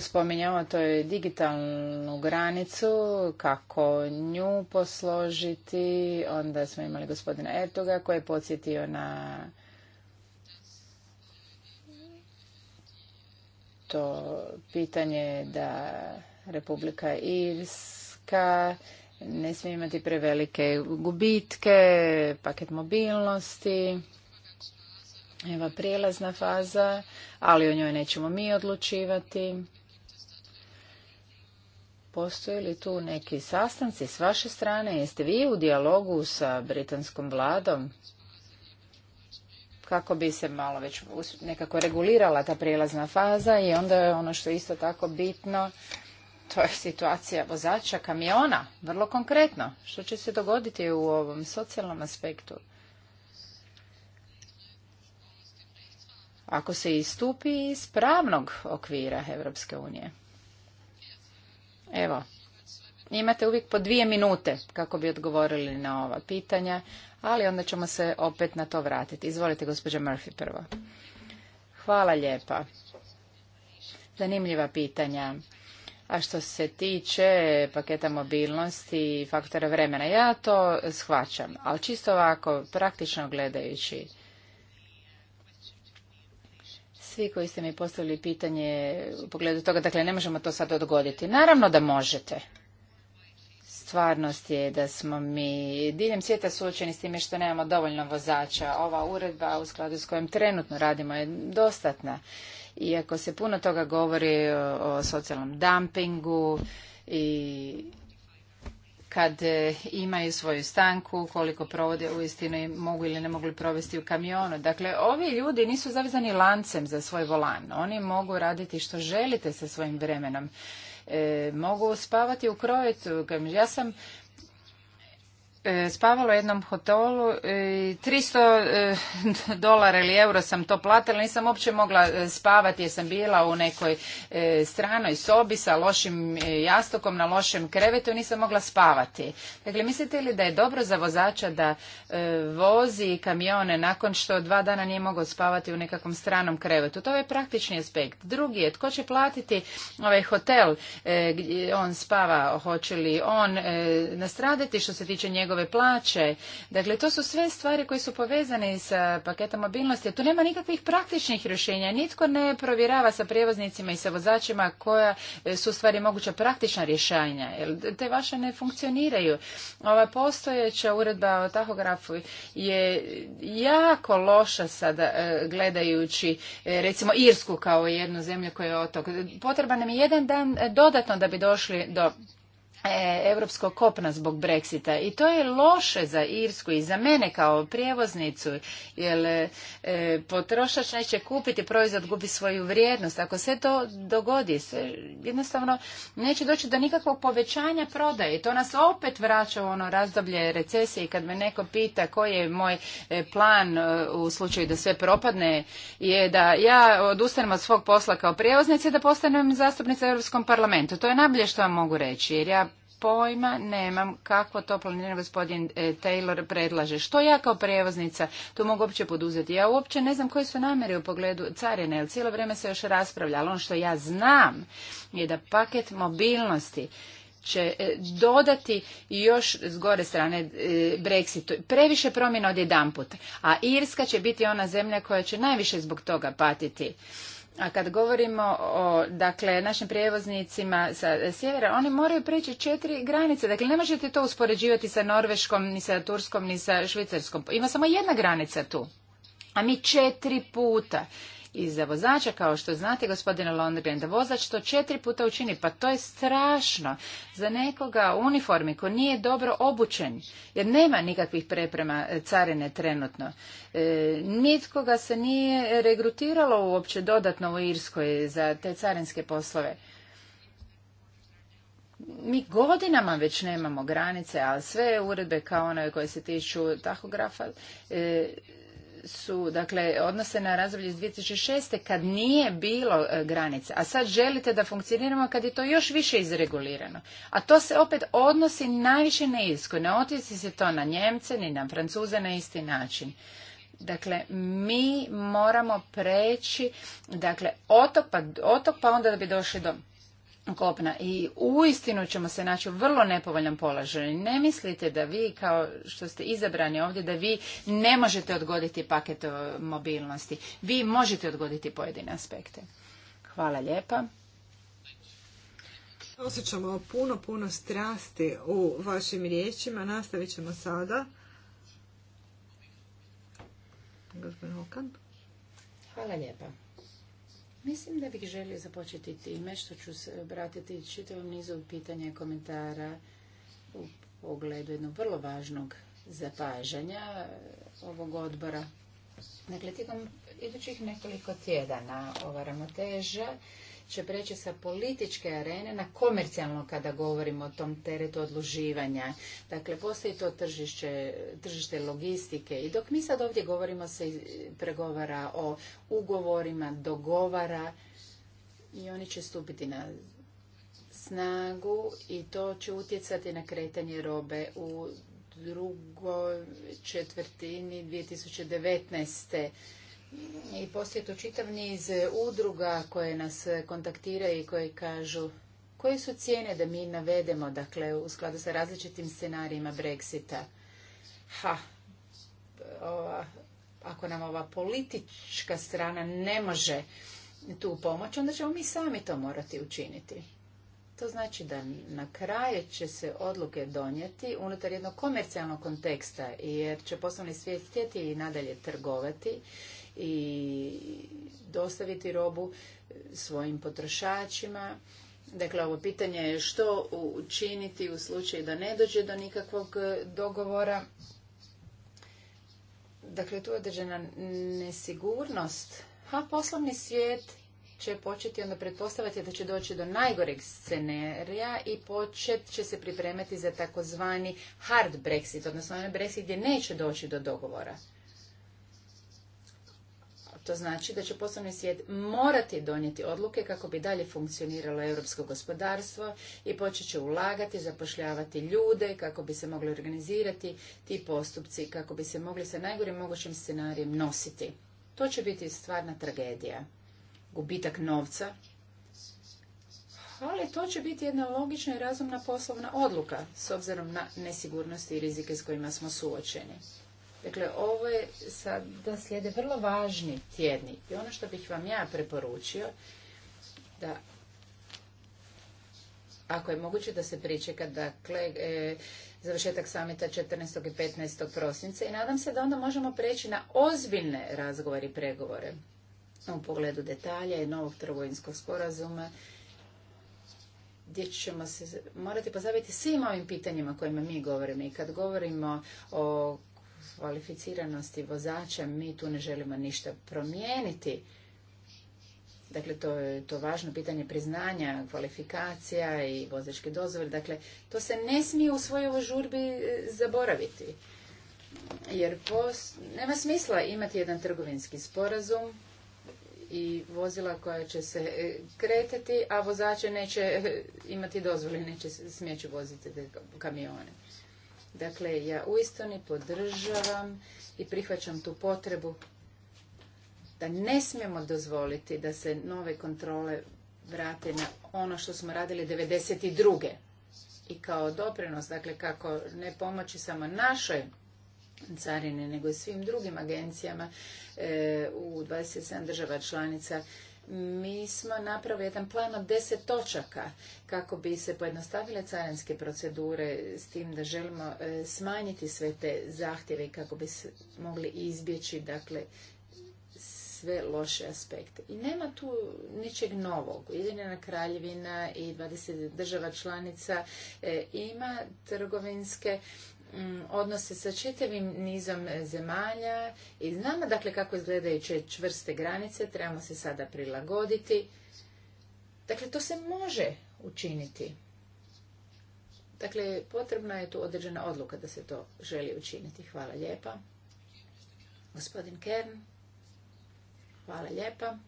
spominjamo, to je digitalnu granicu, kako nju posložiti. Onda smo imali gospodina Ertoga koji je podsjetio na to pitanje da Republika Irska ne smije imati prevelike gubitke, paket mobilnosti. Evo prijelazna faza, ali o njoj nećemo mi odlučivati. Postoje li tu neki sastanci s vaše strane? Jeste vi u dijalogu sa britanskom vladom? kako bi se malo već nekako regulirala ta prijelazna faza i onda je ono što je isto tako bitno, to je situacija vozača kamiona, vrlo konkretno. Što će se dogoditi u ovom socijalnom aspektu? Ako se istupi iz pravnog okvira Evropske unije. Evo, imate uvijek po dvije minute kako bi odgovorili na ova pitanja, ali onda ćemo se opet na to vratiti. Izvolite, gospođa Murphy prvo. Hvala lijepa. Zanimljiva pitanja. A što se tiče paketa mobilnosti i faktora vremena, ja to shvaćam, ali čisto ovako, praktično gledajući, svi koji ste mi postavili pitanje u pogledu toga, dakle ne možemo to sad odgoditi. Naravno da možete. Stvarnost je da smo mi diljem svijeta suočeni s time što nemamo dovoljno vozača. Ova uredba u skladu s kojom trenutno radimo je dostatna. Iako se puno toga govori o socijalnom dumpingu i kad e, imaju svoju stanku, koliko provode uistinu mogu ili ne mogu provesti u kamionu. Dakle, ovi ljudi nisu zavezani lancem za svoj volan. Oni mogu raditi što želite sa svojim vremenom. E, mogu spavati u krojecu. Ja sam E, spavalo u jednom hotelu i 300 e, dolara ili euro sam to platila, nisam uopće mogla e, spavati jer sam bila u nekoj stranoj sobi sa lošim jastokom na lošem krevetu i nisam mogla spavati. Dakle, mislite li da je dobro za vozača da vozi kamione nakon što dva dana nije mogao spavati u nekakvom stranom krevetu? To je praktični aspekt. Drugi je, tko će platiti ovaj hotel gdje on spava, hoće li on nastraditi što se tiče njega njegove plaće. Dakle, to su sve stvari koje su povezane s uh, paketom mobilnosti. Tu nema nikakvih praktičnih rješenja. Nitko ne provjerava sa prijevoznicima i sa vozačima koja e, su stvari moguća praktična rješenja. Te vaše ne funkcioniraju. Ova postojeća uredba o tahografu je jako loša sada e, gledajući e, recimo Irsku kao jednu zemlju koja je otok. Potreban nam je jedan dan dodatno da bi došli do europskog kopna zbog Brexita i to je loše za Irsku i za mene kao prijevoznicu jer e, potrošač neće kupiti proizvod, gubi svoju vrijednost. Ako se to dogodi, jednostavno neće doći do nikakvog povećanja prodaje i to nas opet vraća u ono razdoblje recesije i kad me neko pita koji je moj e, plan e, u slučaju da sve propadne je da ja odustanem od svog posla kao i da postanem zastupnica u Europskom parlamentu. To je najbolje što vam mogu reći jer ja pojma nemam kako to planirano gospodin e, Taylor predlaže. Što ja kao prevoznica tu mogu uopće poduzeti? Ja uopće ne znam koje su namjere u pogledu carine, jer cijelo vrijeme se još raspravlja, ali ono što ja znam je da paket mobilnosti će e, dodati još s gore strane e, Brexitu previše promjena od a Irska će biti ona zemlja koja će najviše zbog toga patiti. A kad govorimo o dakle, našim prijevoznicima sa sjevera, oni moraju preći četiri granice. Dakle, ne možete to uspoređivati sa Norveškom, ni sa Turskom, ni sa Švicarskom. Ima samo jedna granica tu. A mi četiri puta i za vozača, kao što znate, gospodine london da vozač to četiri puta učini, pa to je strašno za nekoga u uniformi ko nije dobro obučen, jer nema nikakvih preprema e, carine trenutno. E, nitko ga se nije regrutiralo uopće dodatno u Irskoj za te carinske poslove. Mi godinama već nemamo granice, ali sve uredbe kao one koje se tiču tahografa e, su, dakle, odnose na razdoblje iz 2006. kad nije bilo e, granice. a sad želite da funkcioniramo kad je to još više izregulirano. A to se opet odnosi najviše na Irsku. Ne otici se to na Njemce ni na Francuze na isti način. Dakle, mi moramo preći, dakle, otok pa, pa onda da bi došli do kopna i uistinu ćemo se naći u vrlo nepovoljan položaj. Ne mislite da vi kao što ste izabrani ovdje da vi ne možete odgoditi paket e, mobilnosti. Vi možete odgoditi pojedine aspekte. Hvala lijepa. Osjećamo puno, puno strasti u vašim riječima. Nastavit ćemo sada. Hvala lijepa. Mislim da bih želio započeti time što ću se obratiti čitavom nizu pitanja i komentara u pogledu jednog vrlo važnog zapažanja e, ovog odbora. Dakle, tijekom idućih nekoliko tjedana ova ramoteža će preći sa političke arene na komercijalno kada govorimo o tom teretu odluživanja. Dakle, postoji to tržište, tržište logistike i dok mi sad ovdje govorimo se pregovara o ugovorima, dogovara i oni će stupiti na snagu i to će utjecati na kretanje robe u drugoj četvrtini 2019 i tu čitav niz e, udruga koje nas e, kontaktiraju i koje kažu koje su cijene da mi navedemo, dakle, u skladu sa različitim scenarijima Brexita. Ha, ova, ako nam ova politička strana ne može tu pomoć, onda ćemo mi sami to morati učiniti. To znači da na kraju će se odluke donijeti unutar jednog komercijalnog konteksta, jer će poslovni svijet htjeti i nadalje trgovati i dostaviti robu svojim potrošačima. Dakle, ovo pitanje je što učiniti u slučaju da ne dođe do nikakvog dogovora. Dakle, tu je određena nesigurnost. A poslovni svijet će početi onda pretpostavati da će doći do najgoreg scenerija i počet će se pripremati za takozvani hard Brexit, odnosno onaj Brexit gdje neće doći do dogovora. To znači da će poslovni svijet morati donijeti odluke kako bi dalje funkcioniralo europsko gospodarstvo i počet će ulagati, zapošljavati ljude kako bi se mogli organizirati ti postupci, kako bi se mogli sa najgorim mogućim scenarijem nositi. To će biti stvarna tragedija. Gubitak novca, ali to će biti jedna logična i razumna poslovna odluka s obzirom na nesigurnosti i rizike s kojima smo suočeni. Dakle, ovo je sada slijede vrlo važni tjedni. I ono što bih vam ja preporučio, da ako je moguće da se pričeka, dakle, e, završetak samita 14. i 15. prosinca i nadam se da onda možemo preći na ozbiljne razgovore i pregovore u pogledu detalja i novog trgovinskog sporazuma gdje ćemo se morati pozabaviti svim ovim pitanjima kojima mi govorimo i kad govorimo o kvalificiranosti vozača mi tu ne želimo ništa promijeniti. Dakle, to je to važno pitanje priznanja, kvalifikacija i vozačke dozvole. Dakle, to se ne smije u svojoj žurbi e, zaboraviti. Jer nema smisla imati jedan trgovinski sporazum i vozila koja će se e, kretati, a vozače neće e, imati dozvole, neće smijeći voziti kamione. Dakle, ja uistinu podržavam i prihvaćam tu potrebu da ne smijemo dozvoliti da se nove kontrole vrate na ono što smo radili 92. I kao doprinos, dakle kako ne pomoći samo našoj carini, nego i svim drugim agencijama e, u u 27 država članica mi smo napravili jedan plan od deset točaka kako bi se pojednostavile carinske procedure s tim da želimo e, smanjiti sve te zahtjeve i kako bi se mogli izbjeći dakle sve loše aspekte. I nema tu ničeg novog. Jedinjena kraljevina i 20 država članica e, ima trgovinske odnose sa čitavim nizom zemalja i znamo dakle kako izgledaju čvrste granice, trebamo se sada prilagoditi. Dakle, to se može učiniti. Dakle, potrebna je tu određena odluka da se to želi učiniti. Hvala lijepa. Gospodin Kern, hvala lijepa.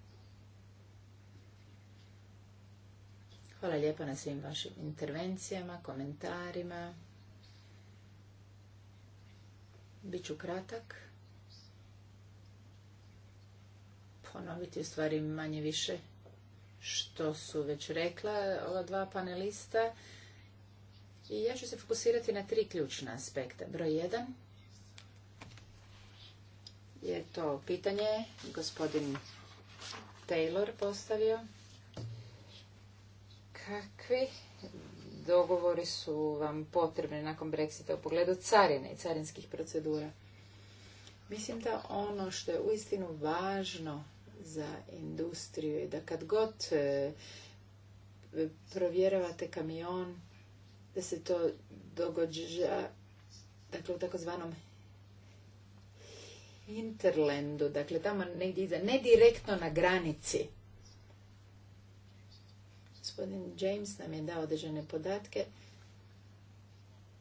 Hvala lijepa na svim vašim intervencijama, komentarima. Biću kratak. Ponoviti u stvari manje više što su već rekla ova dva panelista. I ja ću se fokusirati na tri ključna aspekta. Broj jedan je to pitanje gospodin Taylor postavio. Kakvi dogovori su vam potrebni nakon Brexita u pogledu carine i carinskih procedura. Mislim da ono što je uistinu važno za industriju je da kad god e, provjeravate kamion, da se to događa dakle, u takozvanom Interlandu, dakle tamo negdje iza, ne direktno na granici. Gospodin James nam je dao određene podatke.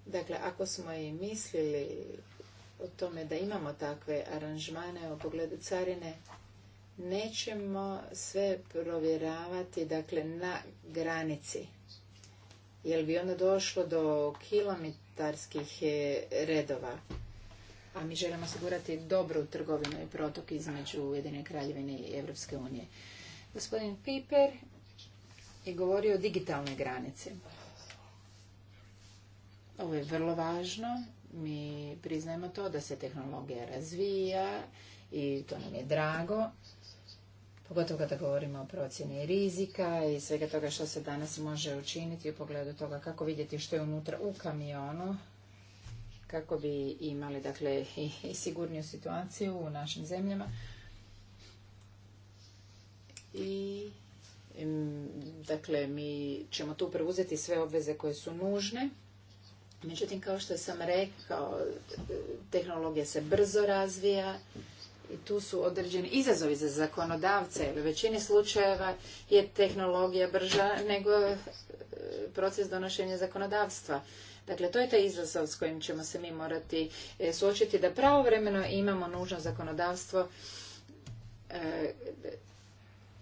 Dakle, ako smo i mislili o tome da imamo takve aranžmane u pogledu carine, nećemo sve provjeravati dakle, na granici. Jel bi onda došlo do kilometarskih e, redova? A mi želimo osigurati dobru trgovinu i protok između Ujedine kraljevine i Europske unije. Gospodin Piper i govori o digitalne granici. Ovo je vrlo važno. Mi priznajemo to da se tehnologija razvija i to nam je drago. Pogotovo kada govorimo o procjeni rizika i svega toga što se danas može učiniti u pogledu toga kako vidjeti što je unutra u kamionu, kako bi imali dakle, i sigurniju situaciju u našim zemljama. I Dakle, mi ćemo tu preuzeti sve obveze koje su nužne. Međutim, kao što sam rekao, e, tehnologija se brzo razvija i tu su određeni izazovi za zakonodavce. U većini slučajeva je tehnologija brža nego e, proces donošenja zakonodavstva. Dakle, to je taj izazov s kojim ćemo se mi morati e, suočiti da pravovremeno imamo nužno zakonodavstvo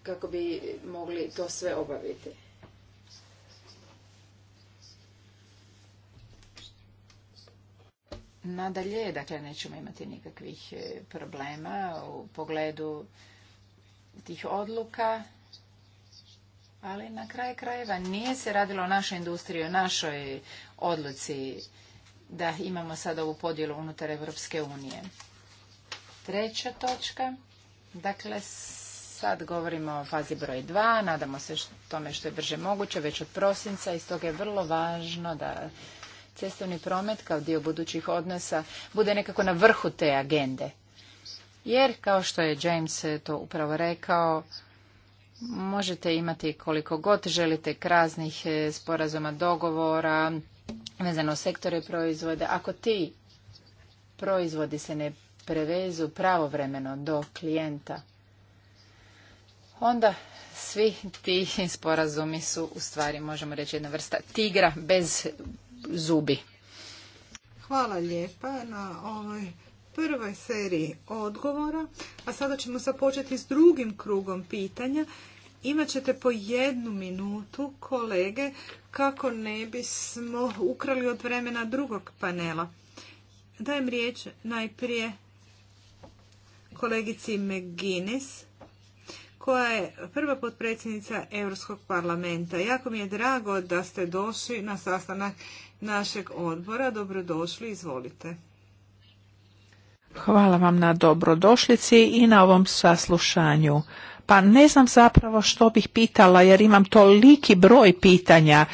kako bi mogli to sve obaviti. Nadalje, dakle, nećemo imati nikakvih e, problema u pogledu tih odluka, ali na kraj krajeva nije se radilo o našoj industriji, o našoj odluci da imamo sad ovu podjelu unutar Evropske unije. Treća točka, dakle, Sad govorimo o fazi broj 2, nadamo se tome što je brže moguće, već od prosinca i stoga je vrlo važno da cestovni promet kao dio budućih odnosa bude nekako na vrhu te agende. Jer, kao što je James to upravo rekao, možete imati koliko god želite kraznih e, sporazuma, dogovora, vezano sektore proizvode. Ako ti proizvodi se ne prevezu pravovremeno do klijenta, onda svi ti sporazumi su u stvari, možemo reći, jedna vrsta tigra bez zubi. Hvala lijepa na ovoj prvoj seriji odgovora. A sada ćemo započeti s drugim krugom pitanja. Imaćete po jednu minutu, kolege, kako ne bismo ukrali od vremena drugog panela. Dajem riječ najprije kolegici McGuinness koja je prva potpredsjednica Europskog parlamenta. Jako mi je drago da ste došli na sastanak našeg odbora. Dobrodošli, izvolite. Hvala vam na dobrodošlici i na ovom saslušanju. Pa ne znam zapravo što bih pitala jer imam toliki broj pitanja.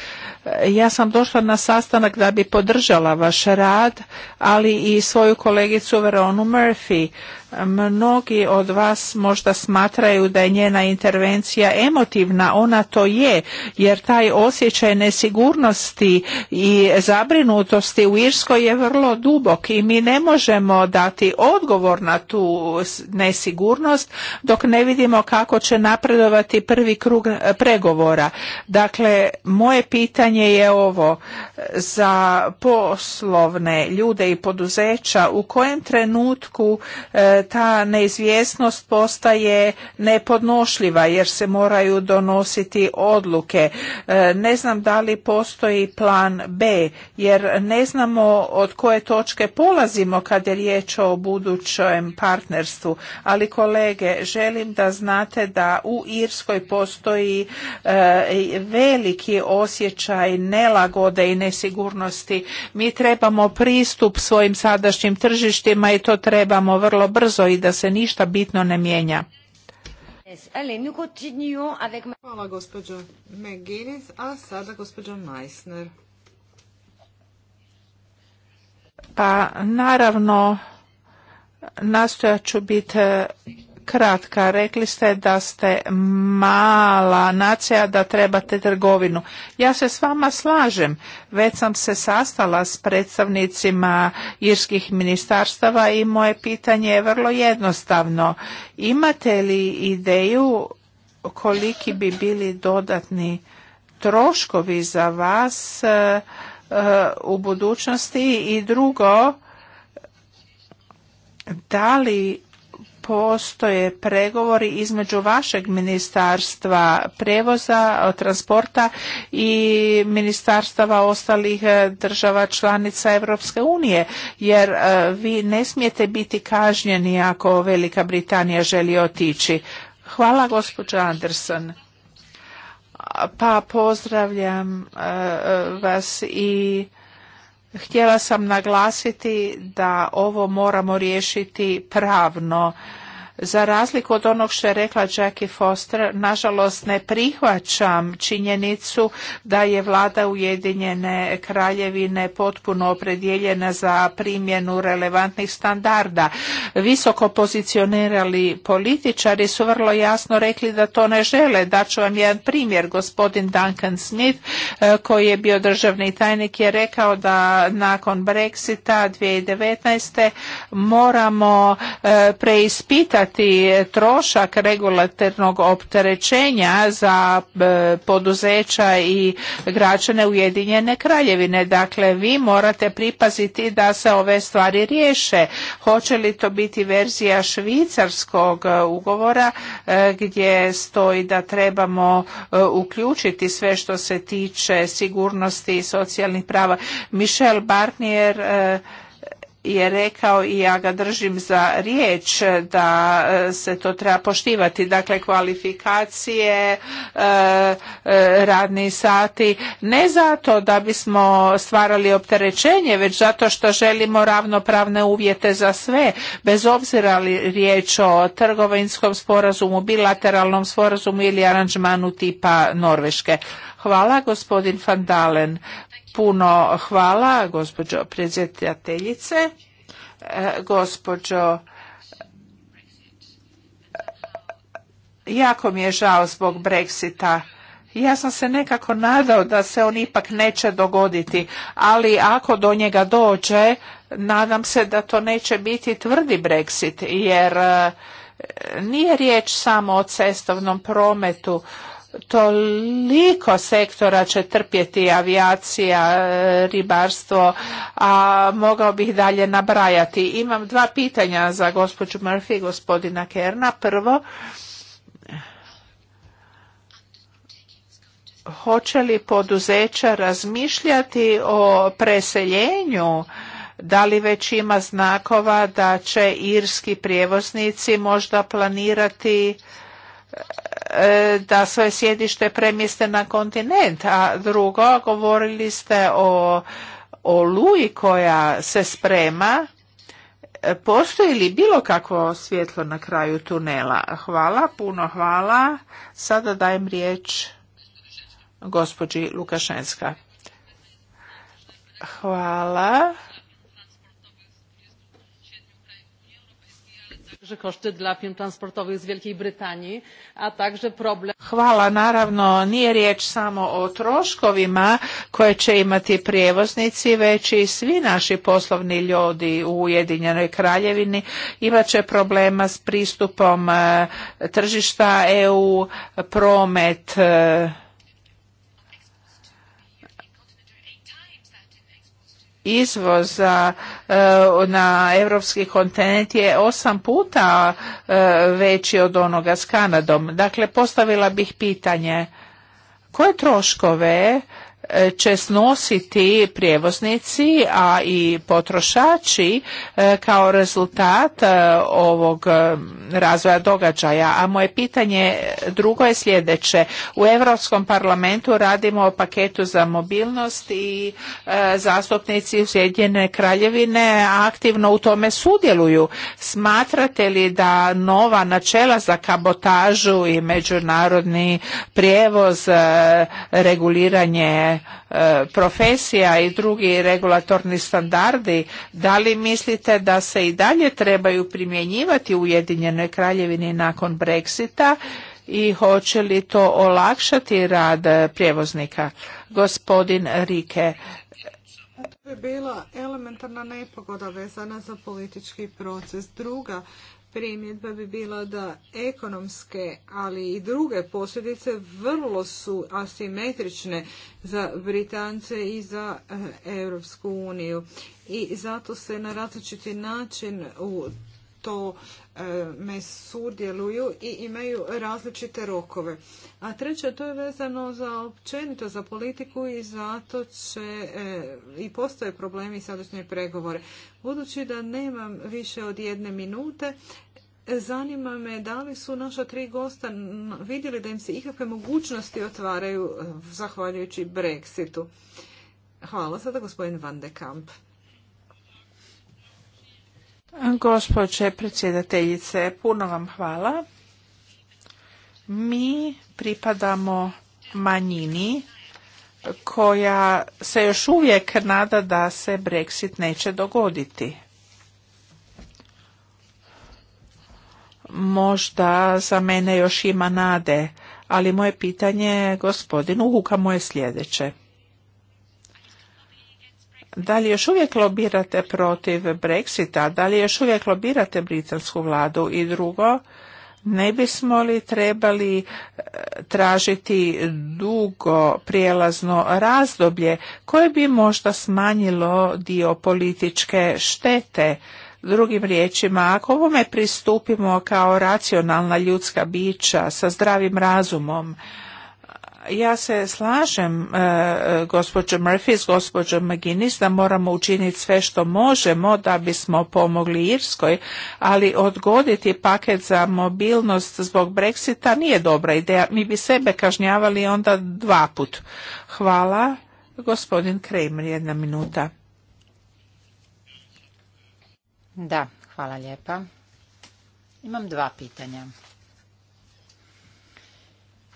E, ja sam došla na sastanak da bi podržala vaš rad, ali i svoju kolegicu Veronu Murphy. Mnogi od vas možda smatraju da je njena intervencija emotivna, ona to je, jer taj osjećaj nesigurnosti i zabrinutosti u Irskoj je vrlo dubok i mi ne možemo dati odgovor na tu nesigurnost dok ne vidimo kako će napredovati prvi krug e, pregovora. Dakle, moje pitanje je ovo, za poslovne ljude i poduzeća u kojem trenutku e, ta neizvjesnost postaje nepodnošljiva jer se moraju donositi odluke. E, ne znam da li postoji plan B jer ne znamo od koje točke polazimo kad je riječ o budućem partnerstvu. Ali kolege, želim da znate da u Irskoj postoji e, veliki osjećaj nelagode i nesigurnosti. Mi trebamo pristup svojim sadašnjim tržištima i to trebamo vrlo brzo brzo i da se ništa bitno ne mijenja. Hvala gospođo McGinnis, a sada gospođo Meissner. Pa naravno nastojat ću biti kratka. Rekli ste da ste mala nacija, da trebate trgovinu. Ja se s vama slažem. Već sam se sastala s predstavnicima irskih ministarstava i moje pitanje je vrlo jednostavno. Imate li ideju koliki bi bili dodatni troškovi za vas e, e, u budućnosti i drugo, da li postoje pregovori između vašeg ministarstva prevoza, eh, transporta i ministarstava ostalih eh, država članica Europske unije, jer eh, vi ne smijete biti kažnjeni ako Velika Britanija želi otići. Hvala gospođa Anderson. Pa pozdravljam vas i Htjela sam naglasiti da ovo moramo riješiti pravno za razliku od onog što je rekla Jackie Foster, nažalost ne prihvaćam činjenicu da je vlada Ujedinjene kraljevine potpuno opredijeljena za primjenu relevantnih standarda. Visoko pozicionirali političari su vrlo jasno rekli da to ne žele. ću vam jedan primjer. Gospodin Duncan Smith, eh, koji je bio državni tajnik, je rekao da nakon Brexita 2019. moramo eh, preispitati trošak regulatornog opterećenja za e, poduzeća i građane Ujedinjene kraljevine. Dakle, vi morate pripaziti da se ove stvari riješe. Hoće li to biti verzija švicarskog e, ugovora e, gdje stoji da trebamo uključiti sve što se tiče sigurnosti i socijalnih prava. Michel Barnier je rekao i ja ga držim za riječ da e, se to treba poštivati. Dakle, kvalifikacije, e, e, radni sati, ne zato da bismo stvarali opterećenje, već zato što želimo ravnopravne uvjete za sve, bez obzira li riječ o trgovinskom sporazumu, bilateralnom sporazumu ili aranžmanu tipa Norveške. Hvala gospodin Fandalen. Puno hvala, gospođo predsjedateljice, e, gospođo e, Jako mi je žao zbog Brexita. Ja sam se nekako nadao da se on ipak neće dogoditi, ali ako do njega dođe, nadam se da to neće biti tvrdi Brexit, jer e, nije riječ samo o cestovnom prometu toliko sektora će trpjeti avijacija, ribarstvo, a mogao bih dalje nabrajati. Imam dva pitanja za gospođu Murphy i gospodina Kerna. Prvo, hoće li poduzeća razmišljati o preseljenju da li već ima znakova da će irski prijevoznici možda planirati E, da svoje sjedište premjeste na kontinent, a drugo, govorili ste o oluji koja se sprema, e, postoji li bilo kakvo svjetlo na kraju tunela? Hvala, puno hvala. Sada dajem riječ gospođi Lukašenska. Hvala. koszty dla firm transportowych z Wielkiej Brytanii, a także problem... Hvala, naravno, nije riječ samo o troškovima koje će imati prijevoznici, već i svi naši poslovni ljudi u Ujedinjenoj kraljevini imat će problema s pristupom eh, tržišta EU, promet, eh, izvoza e, na europski kontinent je osam puta e, veći od onoga s Kanadom. Dakle, postavila bih pitanje koje troškove E, će snositi prijevoznici, a i potrošači e, kao rezultat e, ovog razvoja događaja. A moje pitanje drugo je sljedeće. U Europskom parlamentu radimo o paketu za mobilnost i zastupnici Sjedinjene kraljevine aktivno u tome sudjeluju. Smatrate li da nova načela za kabotažu i međunarodni prijevoz, reguliranje E, profesija i drugi regulatorni standardi, da li mislite da se i dalje trebaju primjenjivati u Ujedinjenoj kraljevini nakon Brexita i hoće li to olakšati rad prijevoznika? Gospodin Rike. To je bila elementarna nepogoda vezana za politički proces. Druga primjedba bi bila da ekonomske, ali i druge posljedice vrlo su asimetrične za Britance i za eh, Europsku uniju. I zato se na različiti način u to E, me sudjeluju i imaju različite rokove. A treće, to je vezano za općenito, za politiku i zato će e, i postoje problemi i sadašnje pregovore. Budući da nemam više od jedne minute, zanima me da li su naša tri gosta vidjeli da im se ikakve mogućnosti otvaraju e, zahvaljujući Brexitu. Hvala sada gospodin Van de Kamp. Gospođe predsjedateljice, puno vam hvala. Mi pripadamo manjini koja se još uvijek nada da se Brexit neće dogoditi. Možda za mene još ima nade, ali moje pitanje gospodinu Uhuka, je sljedeće. Da li još uvijek lobirate protiv Brexita? Da li još uvijek lobirate britansku vladu? I drugo, ne bismo li trebali e, tražiti dugo prijelazno razdoblje koje bi možda smanjilo dio političke štete? Drugim riječima, ako ovome pristupimo kao racionalna ljudska bića sa zdravim razumom, ja se slažem, e, e, gospođo Murphy, s gospođom McGinnis, da moramo učiniti sve što možemo da bismo pomogli Irskoj, ali odgoditi paket za mobilnost zbog Brexita nije dobra ideja. Mi bi sebe kažnjavali onda dva put. Hvala. Gospodin Kramer, jedna minuta. Da, hvala lijepa. Imam dva pitanja.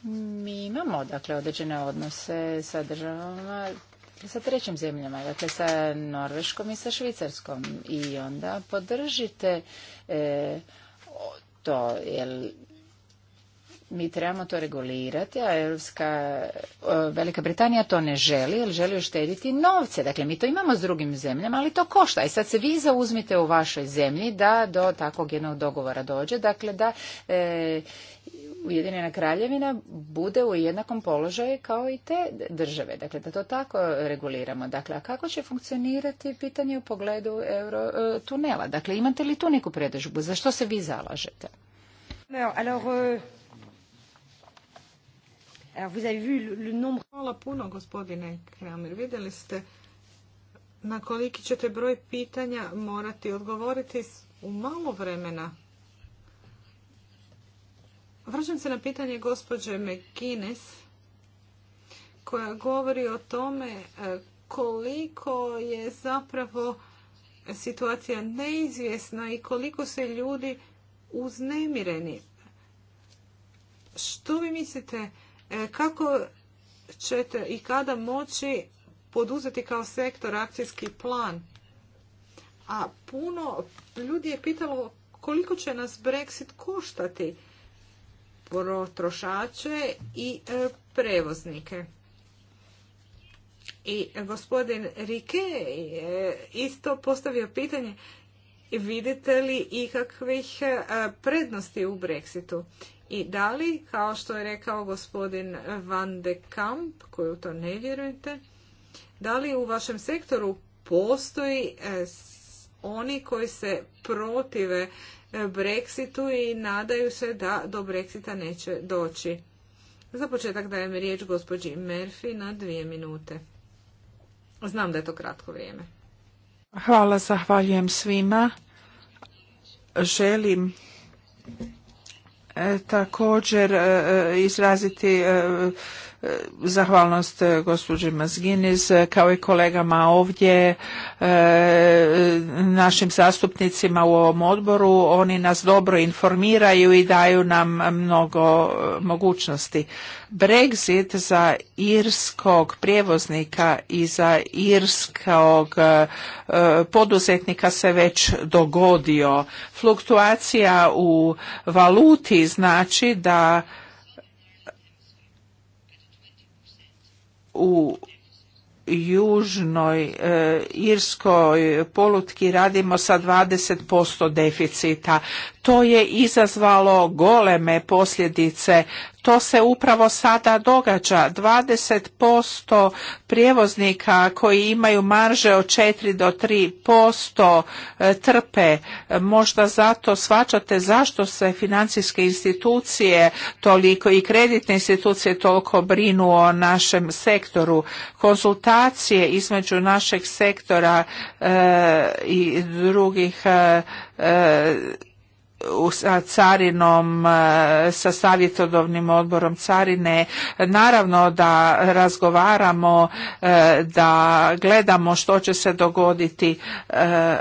Mi imamo dakle određene odnose sa državama sa trećim zemljama, dakle sa Norveškom i sa Švicarskom i onda podržite e, to, jer mi trebamo to regulirati, a Europska, e, Velika Britanija to ne želi, jer želi uštediti novce. Dakle, mi to imamo s drugim zemljama, ali to košta. I e, sad se vi zauzmite u vašoj zemlji da do takvog jednog dogovora dođe, dakle da Ujedinjena kraljevina bude u jednakom položaju kao i te države. Dakle, da to tako reguliramo. Dakle, a kako će funkcionirati pitanje u pogledu euro, e, tunela? Dakle, imate li tu neku predržbu? Za što se vi zalažete? Hvala puno, gospodine Kramer. Vidjeli ste na koliki ćete broj pitanja morati odgovoriti u malo vremena. Vraćam se na pitanje gospođe McGuinness koja govori o tome e, koliko je zapravo situacija neizvjesna i koliko se ljudi uznemireni. Što vi mislite, e, kako ćete i kada moći poduzeti kao sektor akcijski plan? A puno ljudi je pitalo koliko će nas Brexit koštati potrošače i e, prevoznike. I gospodin Rike je isto postavio pitanje vidite li ikakvih e, prednosti u Brexitu i da li, kao što je rekao gospodin Van de Kamp, koju to ne vjerujete, da li u vašem sektoru postoji e, oni koji se protive e, Brexitu i nadaju se da do Brexita neće doći. Za početak dajem riječ gospođi Murphy na dvije minute. Znam da je to kratko vrijeme. Hvala, zahvaljujem svima. Želim e, također e, izraziti zahvalnost e, gospođi Mazginis e, kao i kolegama ovdje e, našim zastupnicima u ovom odboru oni nas dobro informiraju i daju nam mnogo mogućnosti Brexit za irskog prijevoznika i za irskog poduzetnika se već dogodio fluktuacija u valuti znači da u južnoj e, irskoj polutki radimo sa 20% deficita to je izazvalo goleme posljedice. To se upravo sada događa. 20% prijevoznika koji imaju marže od 4 do 3% e, trpe. Možda zato svačate zašto se financijske institucije toliko i kreditne institucije toliko brinu o našem sektoru. Konzultacije između našeg sektora e, i drugih e, sa carinom, e, sa savjetodovnim odborom carine. Naravno da razgovaramo, e, da gledamo što će se dogoditi e,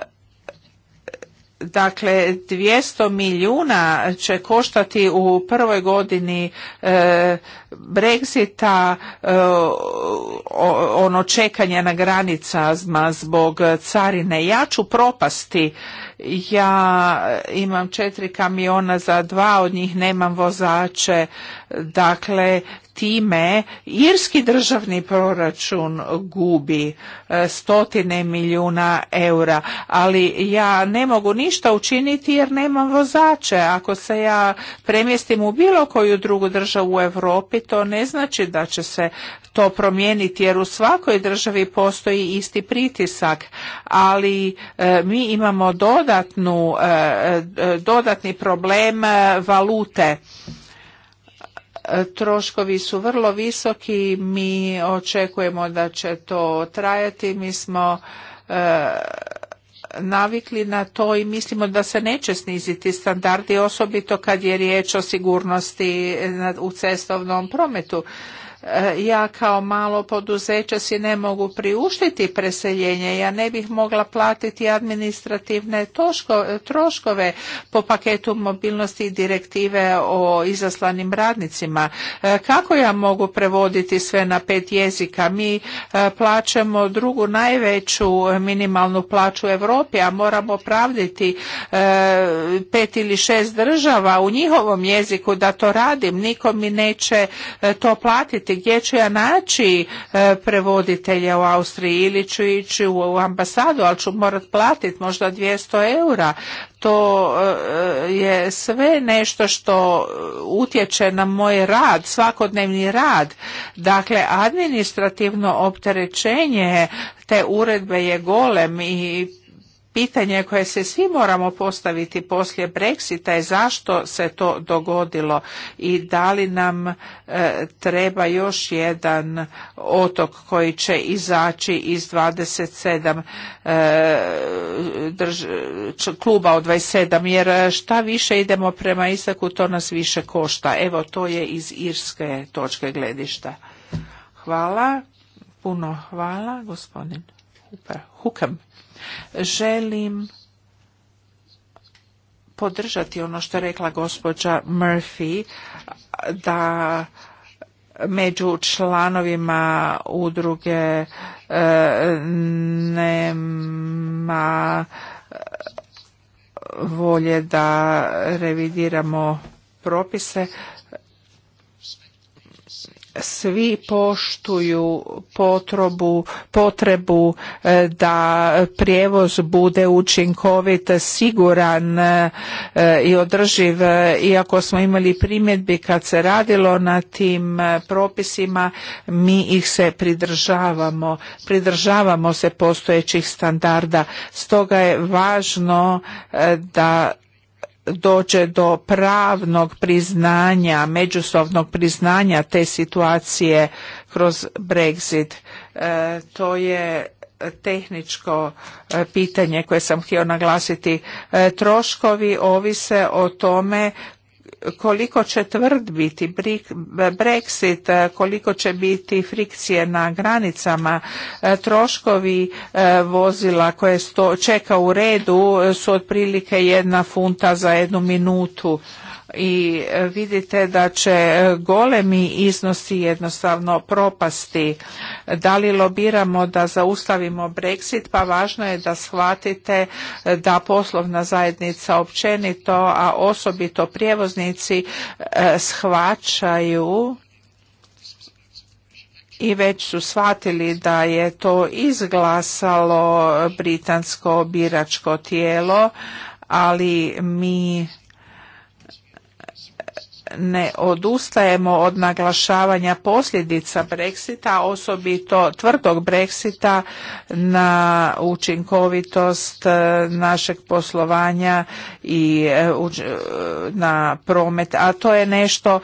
Dakle, 200 milijuna će koštati u prvoj godini e, Brexita e, ono čekanje na granicama zbog carine. Ja ću propasti. Ja imam četiri kamiona za dva, od njih nemam vozače. Dakle, time irski državni proračun gubi e, stotine milijuna eura, ali ja ne mogu ništa učiniti jer nemam vozače. Ako se ja premjestim u bilo koju drugu državu u Europi, to ne znači da će se to promijeniti jer u svakoj državi postoji isti pritisak, ali e, mi imamo dodatnu, e, dodatni problem valute. Troškovi su vrlo visoki, mi očekujemo da će to trajati, mi smo e, navikli na to i mislimo da se neće sniziti standardi, osobito kad je riječ o sigurnosti u cestovnom prometu. E, ja kao malo poduzeće si ne mogu priuštiti preseljenje, ja ne bih mogla platiti administrativne troškove po paketu mobilnosti i direktive o izaslanim radnicima. E, kako ja mogu prevoditi sve na pet jezika? Mi e, plaćamo drugu najveću minimalnu plaću u Europi, a moramo pravditi pet ili šest država u njihovom jeziku da to radim. Niko mi neće to platiti gdje ću ja naći e, prevoditelja u Austriji ili ću ići u ambasadu, ali ću morat platiti možda 200 eura. To e, je sve nešto što utječe na moj rad, svakodnevni rad. Dakle, administrativno opterećenje te uredbe je golem i Pitanje koje se svi moramo postaviti poslije Brexita je zašto se to dogodilo i da li nam e, treba još jedan otok koji će izaći iz 27 e, kluba od 27 jer šta više idemo prema istaku, to nas više košta. Evo to je iz irske točke gledišta. Hvala, puno hvala gospodin Hukem. Želim podržati ono što je rekla gospođa Murphy da među članovima udruge e, nema e, volje da revidiramo propise svi poštuju potrebu, potrebu da prijevoz bude učinkovit, siguran e, i održiv. E, iako smo imali primjedbi kad se radilo na tim e, propisima, mi ih se pridržavamo. Pridržavamo se postojećih standarda. Stoga je važno da dođe do pravnog priznanja, međusobnog priznanja te situacije kroz Brexit. E, to je tehničko e, pitanje koje sam htio naglasiti. E, troškovi ovise o tome koliko će tvrd biti Brexit, koliko će biti frikcije na granicama, e, troškovi e, vozila koje čeka u redu su otprilike jedna funta za jednu minutu i e, vidite da će e, golemi iznosi jednostavno propasti. Da li lobiramo da zaustavimo Brexit, pa važno je da shvatite e, da poslovna zajednica općenito, a osobito prijevoznici shvaćaju i već su shvatili da je to izglasalo britansko biračko tijelo, ali mi ne odustajemo od naglašavanja posljedica Brexita, osobito tvrdog Brexita na učinkovitost e, našeg poslovanja i e, e, na promet. A to je nešto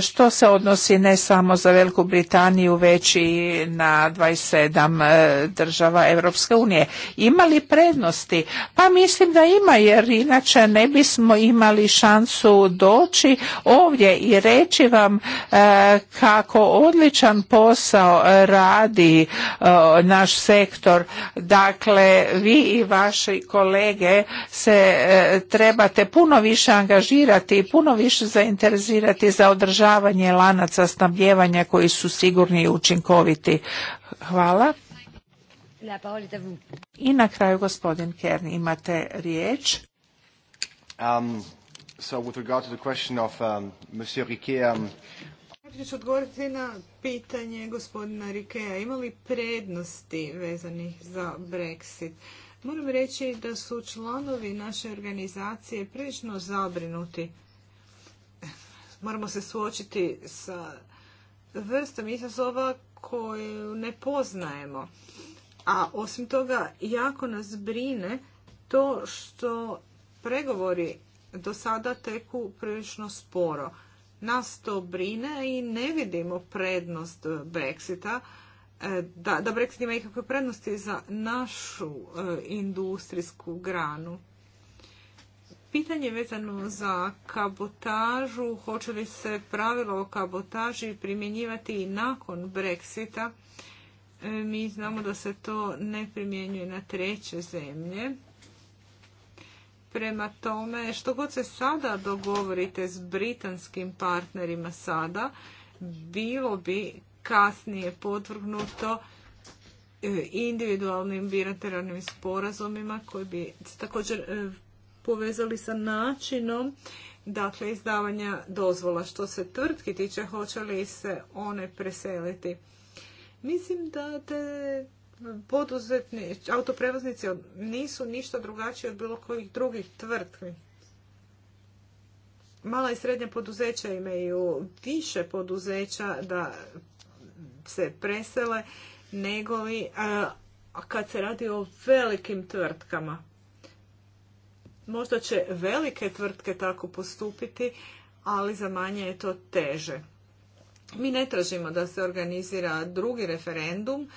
što se odnosi ne samo za Veliku Britaniju, već i na 27 država Europske unije. Ima li prednosti? Pa mislim da ima, jer inače ne bismo imali šansu doći o ovdje i reći vam e, kako odličan posao radi e, naš sektor. Dakle, vi i vaši kolege se e, trebate puno više angažirati i puno više zainteresirati za održavanje lanaca snabljevanja koji su sigurni i učinkoviti. Hvala. I na kraju gospodin Kern imate riječ. So with regard to the question of um, Monsieur um, odgovoriti na pitanje gospodina Rikea. Ima li prednosti vezanih za Brexit? Moram reći da su članovi naše organizacije prilično zabrinuti. Moramo se suočiti sa vrstom izazova koju ne poznajemo. A osim toga, jako nas brine to što pregovori do sada teku prilično sporo. Nas to brine i ne vidimo prednost Brexita, e, da, da Brexit ima ikakve prednosti za našu e, industrijsku granu. Pitanje vezano za kabotažu, hoće li se pravilo o kabotaži primjenjivati i nakon Brexita? E, mi znamo da se to ne primjenjuje na treće zemlje. Prema tome, što god se sada dogovorite s britanskim partnerima sada, bilo bi kasnije podvrgnuto e, individualnim bilateralnim sporazumima koji bi se također e, povezali sa načinom dakle izdavanja dozvola. Što se tvrtki tiče, hoće li se one preseliti? Mislim da te poduzetni, autoprevoznici nisu ništa drugačiji od bilo kojih drugih tvrtki. Mala i srednja poduzeća imaju više poduzeća da se presele nego li kad se radi o velikim tvrtkama. Možda će velike tvrtke tako postupiti, ali za manje je to teže. Mi ne tražimo da se organizira drugi referendum,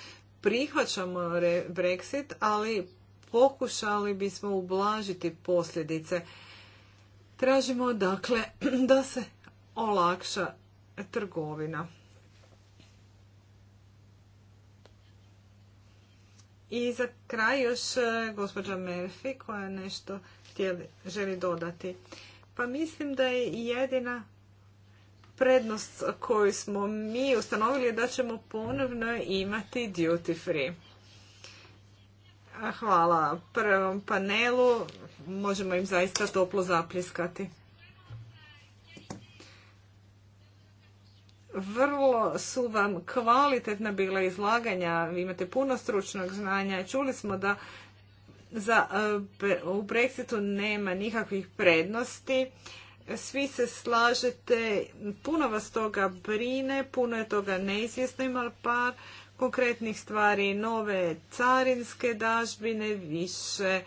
prihvaćamo Brexit, ali pokušali bismo ublažiti posljedice. Tražimo dakle da se olakša trgovina. I za kraj još e, gospođa Murphy koja nešto htjeli, želi dodati. Pa mislim da je jedina Prednost koju smo mi ustanovili je da ćemo ponovno imati duty free. Hvala prvom panelu. Možemo im zaista toplo zapljeskati. Vrlo su vam kvalitetna bila izlaganja. Vi imate puno stručnog znanja. Čuli smo da za, e, u Brexitu nema nikakvih prednosti svi se slažete, puno vas toga brine, puno je toga neizvjesno, ima par konkretnih stvari, nove carinske dažbine, više e,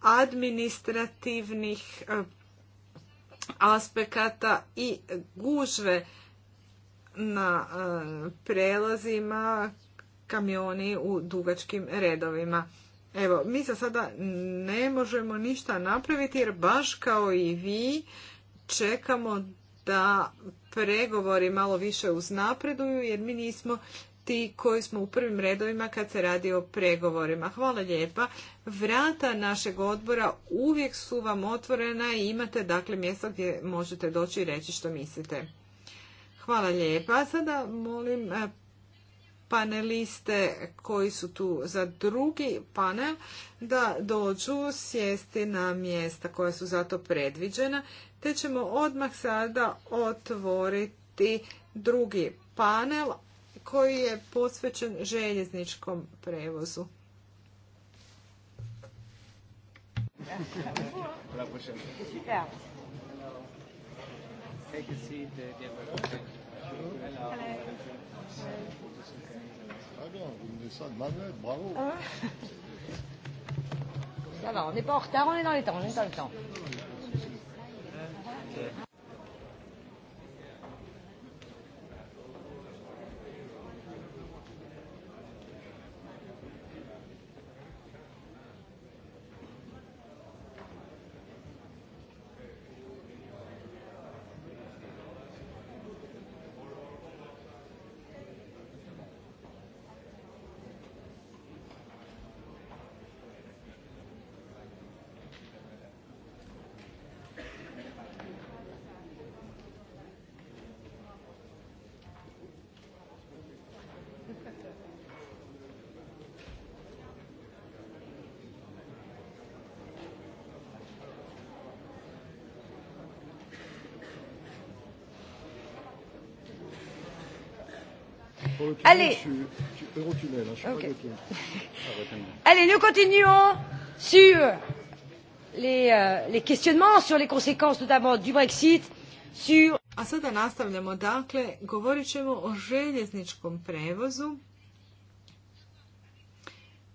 administrativnih e, aspekata i gužve na e, prelazima kamioni u dugačkim redovima. Evo, mi se sada ne možemo ništa napraviti jer baš kao i vi čekamo da pregovori malo više uznapreduju jer mi nismo ti koji smo u prvim redovima kad se radi o pregovorima. Hvala lijepa. Vrata našeg odbora uvijek su vam otvorena i imate dakle mjesto gdje možete doći i reći što mislite. Hvala lijepa. Sada molim eh, paneliste koji su tu za drugi panel da dođu sjesti na mjesta koja su za to predviđena, te ćemo odmah sada otvoriti drugi panel koji je posvećen željezničkom prevozu. Uh, bravo. Ah ça va, on n'est pas en retard, on est dans les temps, on est dans le temps. Allez. okay. Ah, Allez, nous continuons sur les, euh, les questionnements sur les conséquences notamment du Brexit, sur... A sada nastavljamo, dakle, govorit ćemo o željezničkom prevozu.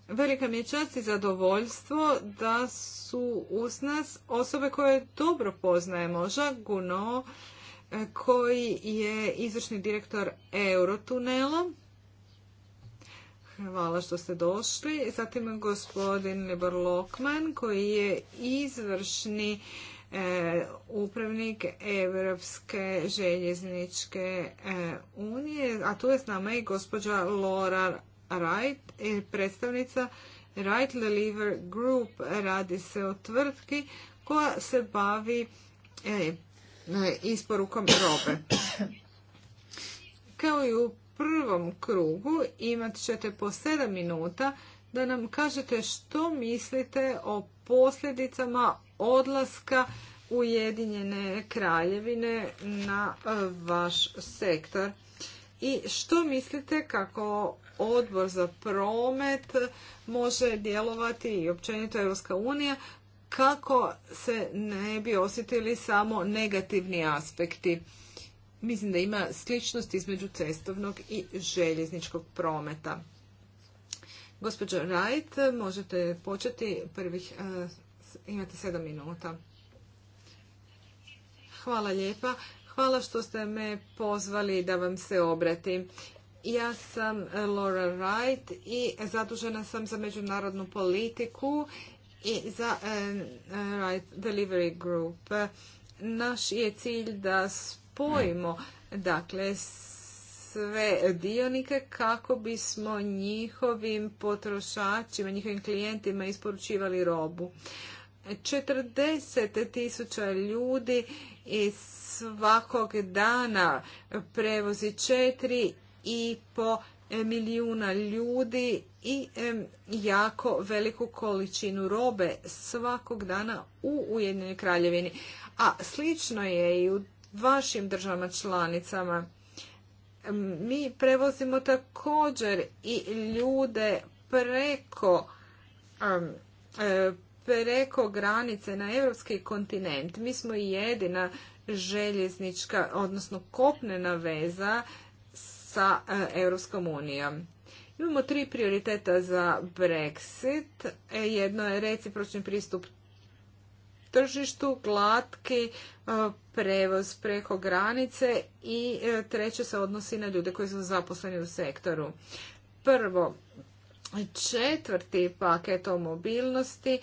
Velika mi je čast i zadovoljstvo da su uz nas osobe koje dobro poznajemo, Jacques Guno, koji je izvršni direktor Eurotunela. Hvala što ste došli. Zatim gospodin Libor Lokman koji je izvršni e, upravnik Europske željezničke e, unije, a tu je s nama i gospođa Laura Wright, e, predstavnica Wright Deliver Group. Radi se o tvrtki koja se bavi e, isporukom robe. Kao i u prvom krugu imat ćete po 7 minuta da nam kažete što mislite o posljedicama odlaska Ujedinjene kraljevine na e, vaš sektor i što mislite kako odbor za promet može djelovati i općenito Europska unija kako se ne bi osjetili samo negativni aspekti. Mislim da ima sličnost između cestovnog i željezničkog prometa. Gospođo Wright, možete početi prvih, eh, imate sedam minuta. Hvala lijepa. Hvala što ste me pozvali da vam se obratim. Ja sam Laura Wright i zadužena sam za međunarodnu politiku i za Right Delivery Group. Naš je cilj da spojimo dakle sve dionike kako bismo njihovim potrošačima, njihovim klijentima isporučivali robu. 40 tisuća ljudi iz svakog dana prevozi 4 i po milijuna ljudi i jako veliku količinu robe svakog dana u Ujedinjenoj kraljevini. A slično je i u vašim državama članicama. Mi prevozimo također i ljude preko e, preko granice na Evropski kontinent. Mi smo jedina željeznička, odnosno kopnena veza sa e, Europskom unijom. Imamo tri prioriteta za Brexit. E, jedno je recipročni pristup tržištu, glatki e, prevoz preko granice i treće se odnosi na ljude koji su zaposleni u sektoru. Prvo, četvrti paket o mobilnosti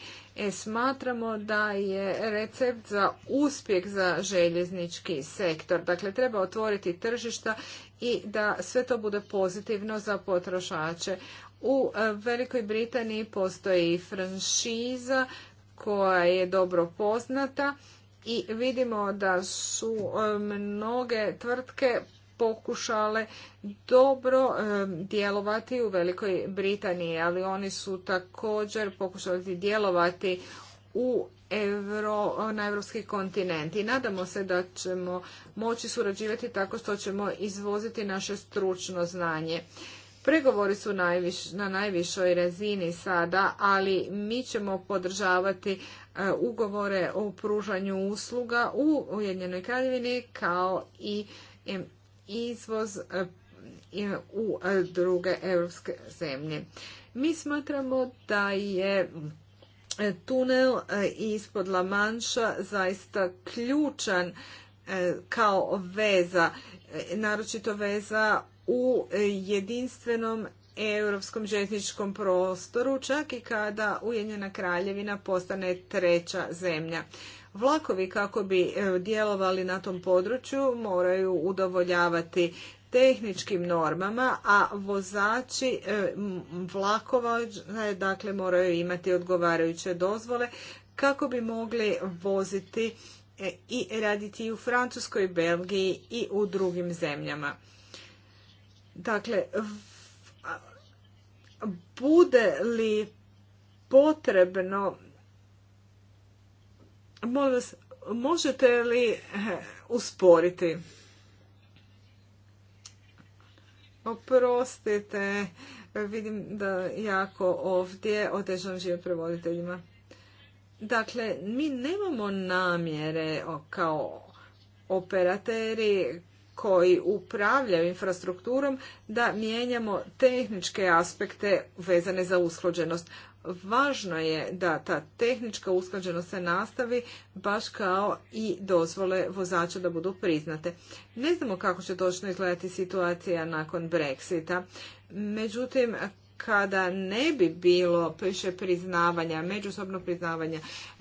smatramo da je recept za uspjeh za željeznički sektor. Dakle, treba otvoriti tržišta i da sve to bude pozitivno za potrošače. U e, Velikoj Britaniji postoji i franšiza koja je dobro poznata i vidimo da su e, mnoge tvrtke pokušale dobro e, djelovati u Velikoj Britaniji, ali oni su također pokušali djelovati u na evropski kontinent i nadamo se da ćemo moći surađivati tako što ćemo izvoziti naše stručno znanje. Pregovori su na najvišoj razini sada, ali mi ćemo podržavati e, ugovore o pružanju usluga u Ujedinjenoj kraljevini kao i e, izvoz e, u druge europske zemlje. Mi smatramo da je E, tunel e, ispod La Manša zaista ključan e, kao veza, naročito veza u jedinstvenom europskom željezničkom prostoru, čak i kada Ujedinjena kraljevina postane treća zemlja. Vlakovi kako bi djelovali na tom području moraju udovoljavati tehničkim normama, a vozači e, vlakova e, dakle, moraju imati odgovarajuće dozvole kako bi mogli voziti e, i raditi i u Francuskoj, Belgiji i u drugim zemljama. Dakle, bude li potrebno molim vas, možete li usporiti Oprostite, vidim da jako ovdje otežam život prevoditeljima. Dakle, mi nemamo namjere kao operateri koji upravljaju infrastrukturom da mijenjamo tehničke aspekte vezane za usklađenost. Važno je da ta tehnička usklađenost se nastavi baš kao i dozvole vozača da budu priznate. Ne znamo kako će točno izgledati situacija nakon Brexita. Međutim, kada ne bi bilo više priznavanja, međusobno priznavanja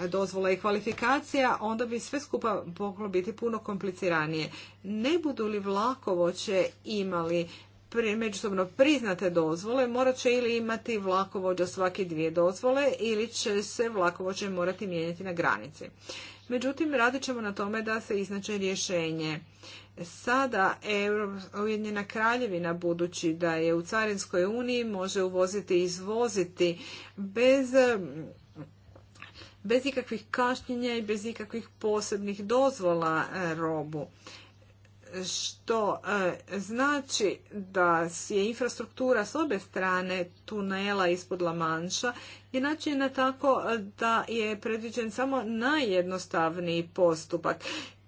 dozvola i kvalifikacija, onda bi sve skupa moglo biti puno kompliciranije. Ne budu li vlakovoće imali međusobno priznate dozvole morat će ili imati vlakovođa svake dvije dozvole ili će se vlakovođe morati mijenjati na granici. Međutim, radit ćemo na tome da se iznače rješenje. Sada Ujedinjena kraljevina, budući da je u Carinskoj uniji, može uvoziti i izvoziti bez bez ikakvih kašnjenja i bez ikakvih posebnih dozvola e, robu što e, znači da je infrastruktura s obje strane tunela ispod La Manša je načinjena tako da je predviđen samo najjednostavniji postupak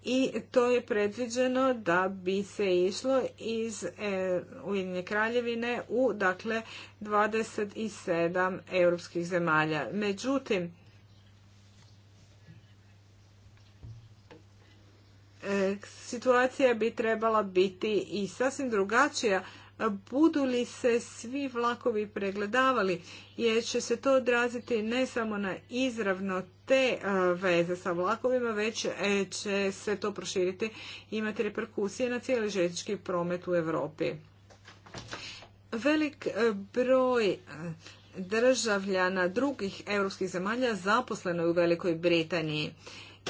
i to je predviđeno da bi se išlo iz e, kraljevine u dakle 27 europskih zemalja. Međutim, E, situacija bi trebala biti i sasvim drugačija budu li se svi vlakovi pregledavali jer će se to odraziti ne samo na izravno te e, veze sa vlakovima već e, će se to proširiti imati reperkusije na cijeli željeznički promet u Europi. Velik broj državljana drugih europskih zemalja zaposleno je u Velikoj Britaniji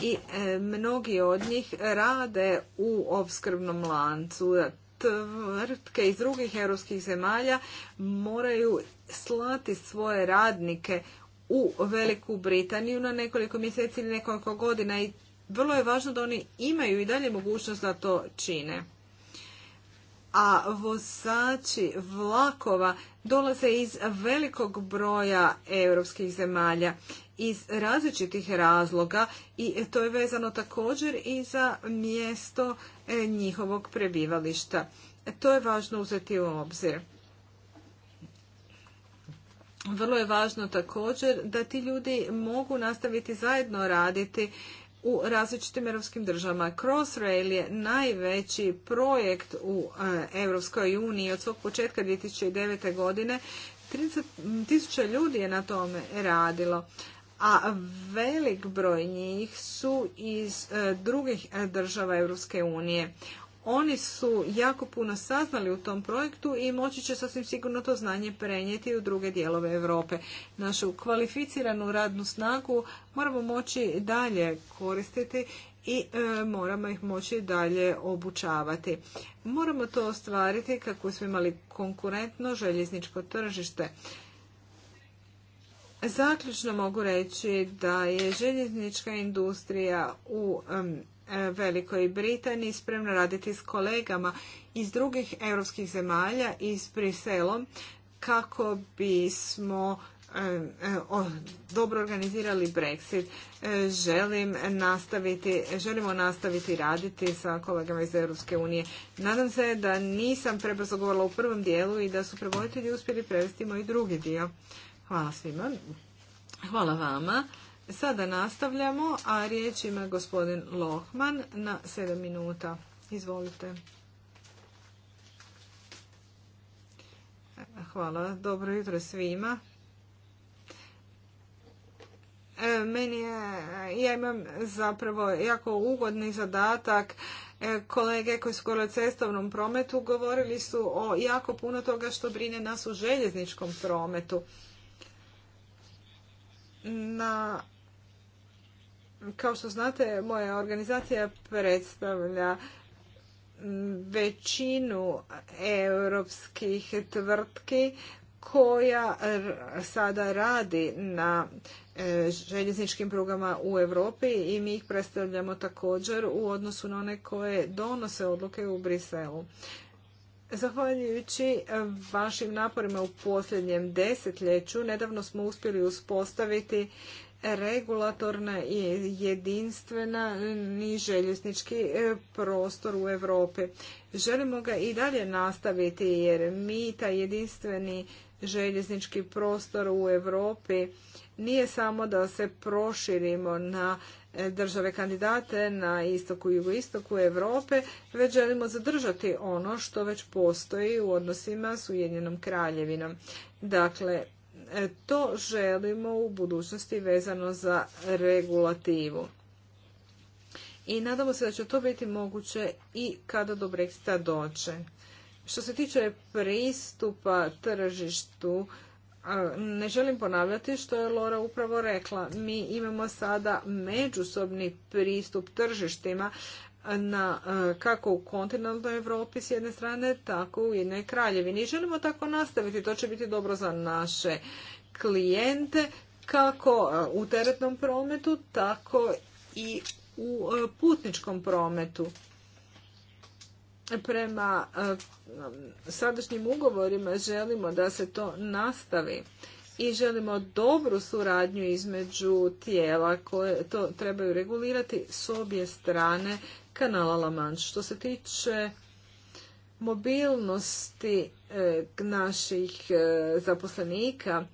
i e, mnogi od njih rade u opskrbnom lancu. Tvrtke iz drugih europskih zemalja moraju slati svoje radnike u Veliku Britaniju na nekoliko mjeseci ili nekoliko godina i vrlo je važno da oni imaju i dalje mogućnost da to čine. A vozači vlakova dolaze iz velikog broja europskih zemalja iz različitih razloga i to je vezano također i za mjesto e, njihovog prebivališta. To je važno uzeti u obzir. Vrlo je važno također da ti ljudi mogu nastaviti zajedno raditi u različitim europskim državama. Crossrail je najveći projekt u e, Europskoj uniji od svog početka 2009. godine. 30 tisuća ljudi je na tome radilo a velik broj njih su iz e, drugih e, država Europske unije. Oni su jako puno saznali u tom projektu i moći će sasvim sigurno to znanje prenijeti u druge dijelove Europe. Našu kvalificiranu radnu snagu moramo moći dalje koristiti i e, moramo ih moći dalje obučavati. Moramo to ostvariti kako smo imali konkurentno željezničko tržište. Zaključno mogu reći da je željeznička industrija u e, Velikoj Britaniji spremna raditi s kolegama iz drugih europskih zemalja i s Briselom kako bismo e, dobro organizirali Brexit. E, želim želimo nastaviti raditi sa kolegama iz Europske unije. Nadam se da nisam prebrzo govorila u prvom dijelu i da su prevoditelji uspjeli prevesti moj drugi dio. Hvala svima. Hvala vama. Sada nastavljamo, a riječ ima gospodin Lohman na 7 minuta. Izvolite. Hvala. Dobro jutro svima. E, meni je, ja imam zapravo jako ugodni zadatak. E, kolege koji su govorili cestovnom prometu govorili su o jako puno toga što brine nas u željezničkom prometu na kao što znate, moja organizacija predstavlja većinu europskih tvrtki koja sada radi na e, željezničkim prugama u Europi i mi ih predstavljamo također u odnosu na one koje donose odluke u Briselu. Zahvaljujući e, vašim naporima u posljednjem desetljeću, nedavno smo uspjeli uspostaviti regulatorna i jedinstvena ni željeznički e, prostor u Europi. Želimo ga i dalje nastaviti jer mi taj jedinstveni željeznički prostor u Europi nije samo da se proširimo na države kandidate na istoku i jugoistoku Europe, već želimo zadržati ono što već postoji u odnosima s Ujedinjenom kraljevinom. Dakle, e, to želimo u budućnosti vezano za regulativu. I nadamo se da će to biti moguće i kada do Brexita dođe. Što se tiče pristupa tržištu ne želim ponavljati što je Lora upravo rekla. Mi imamo sada međusobni pristup tržištima na, kako u kontinentalnoj Europi s jedne strane, tako u jednoj kraljevini. želimo tako nastaviti. To će biti dobro za naše klijente, kako u teretnom prometu, tako i u putničkom prometu prema e, sadašnjim ugovorima želimo da se to nastavi i želimo dobru suradnju između tijela koje to trebaju regulirati s obje strane kanala La Manche. Što se tiče mobilnosti e, naših e, zaposlenika,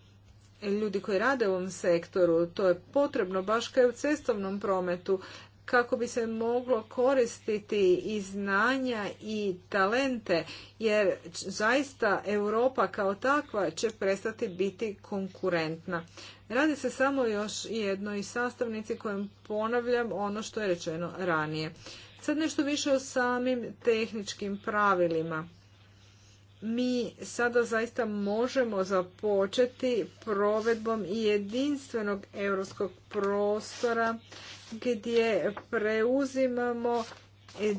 ljudi koji rade u ovom sektoru, to je potrebno baš kao i u cestovnom prometu kako bi se moglo koristiti i znanja i talente, jer zaista Europa kao takva će prestati biti konkurentna. Radi se samo još jednoj sastavnici kojom ponavljam ono što je rečeno ranije. Sad nešto više o samim tehničkim pravilima mi sada zaista možemo započeti provedbom jedinstvenog europskog prostora gdje preuzimamo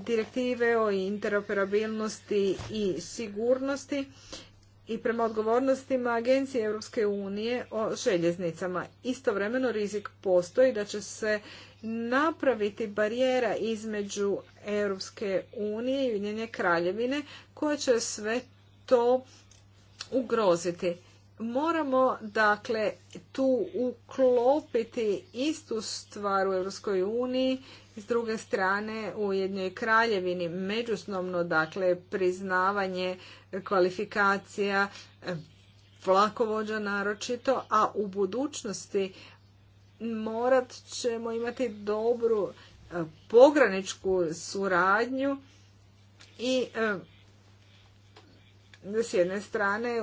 direktive o interoperabilnosti i sigurnosti i prema odgovornostima Agencije Europske unije o željeznicama. Istovremeno rizik postoji da će se napraviti barijera između Europske unije i Ujedinjene kraljevine koja će sve to ugroziti. Moramo dakle tu uklopiti istu stvar u Europskoj uniji, s druge strane u jednoj kraljevini međusobno, dakle priznavanje kvalifikacija vlakovođa naročito, a u budućnosti morat ćemo imati dobru e, pograničku suradnju i e, s jedne strane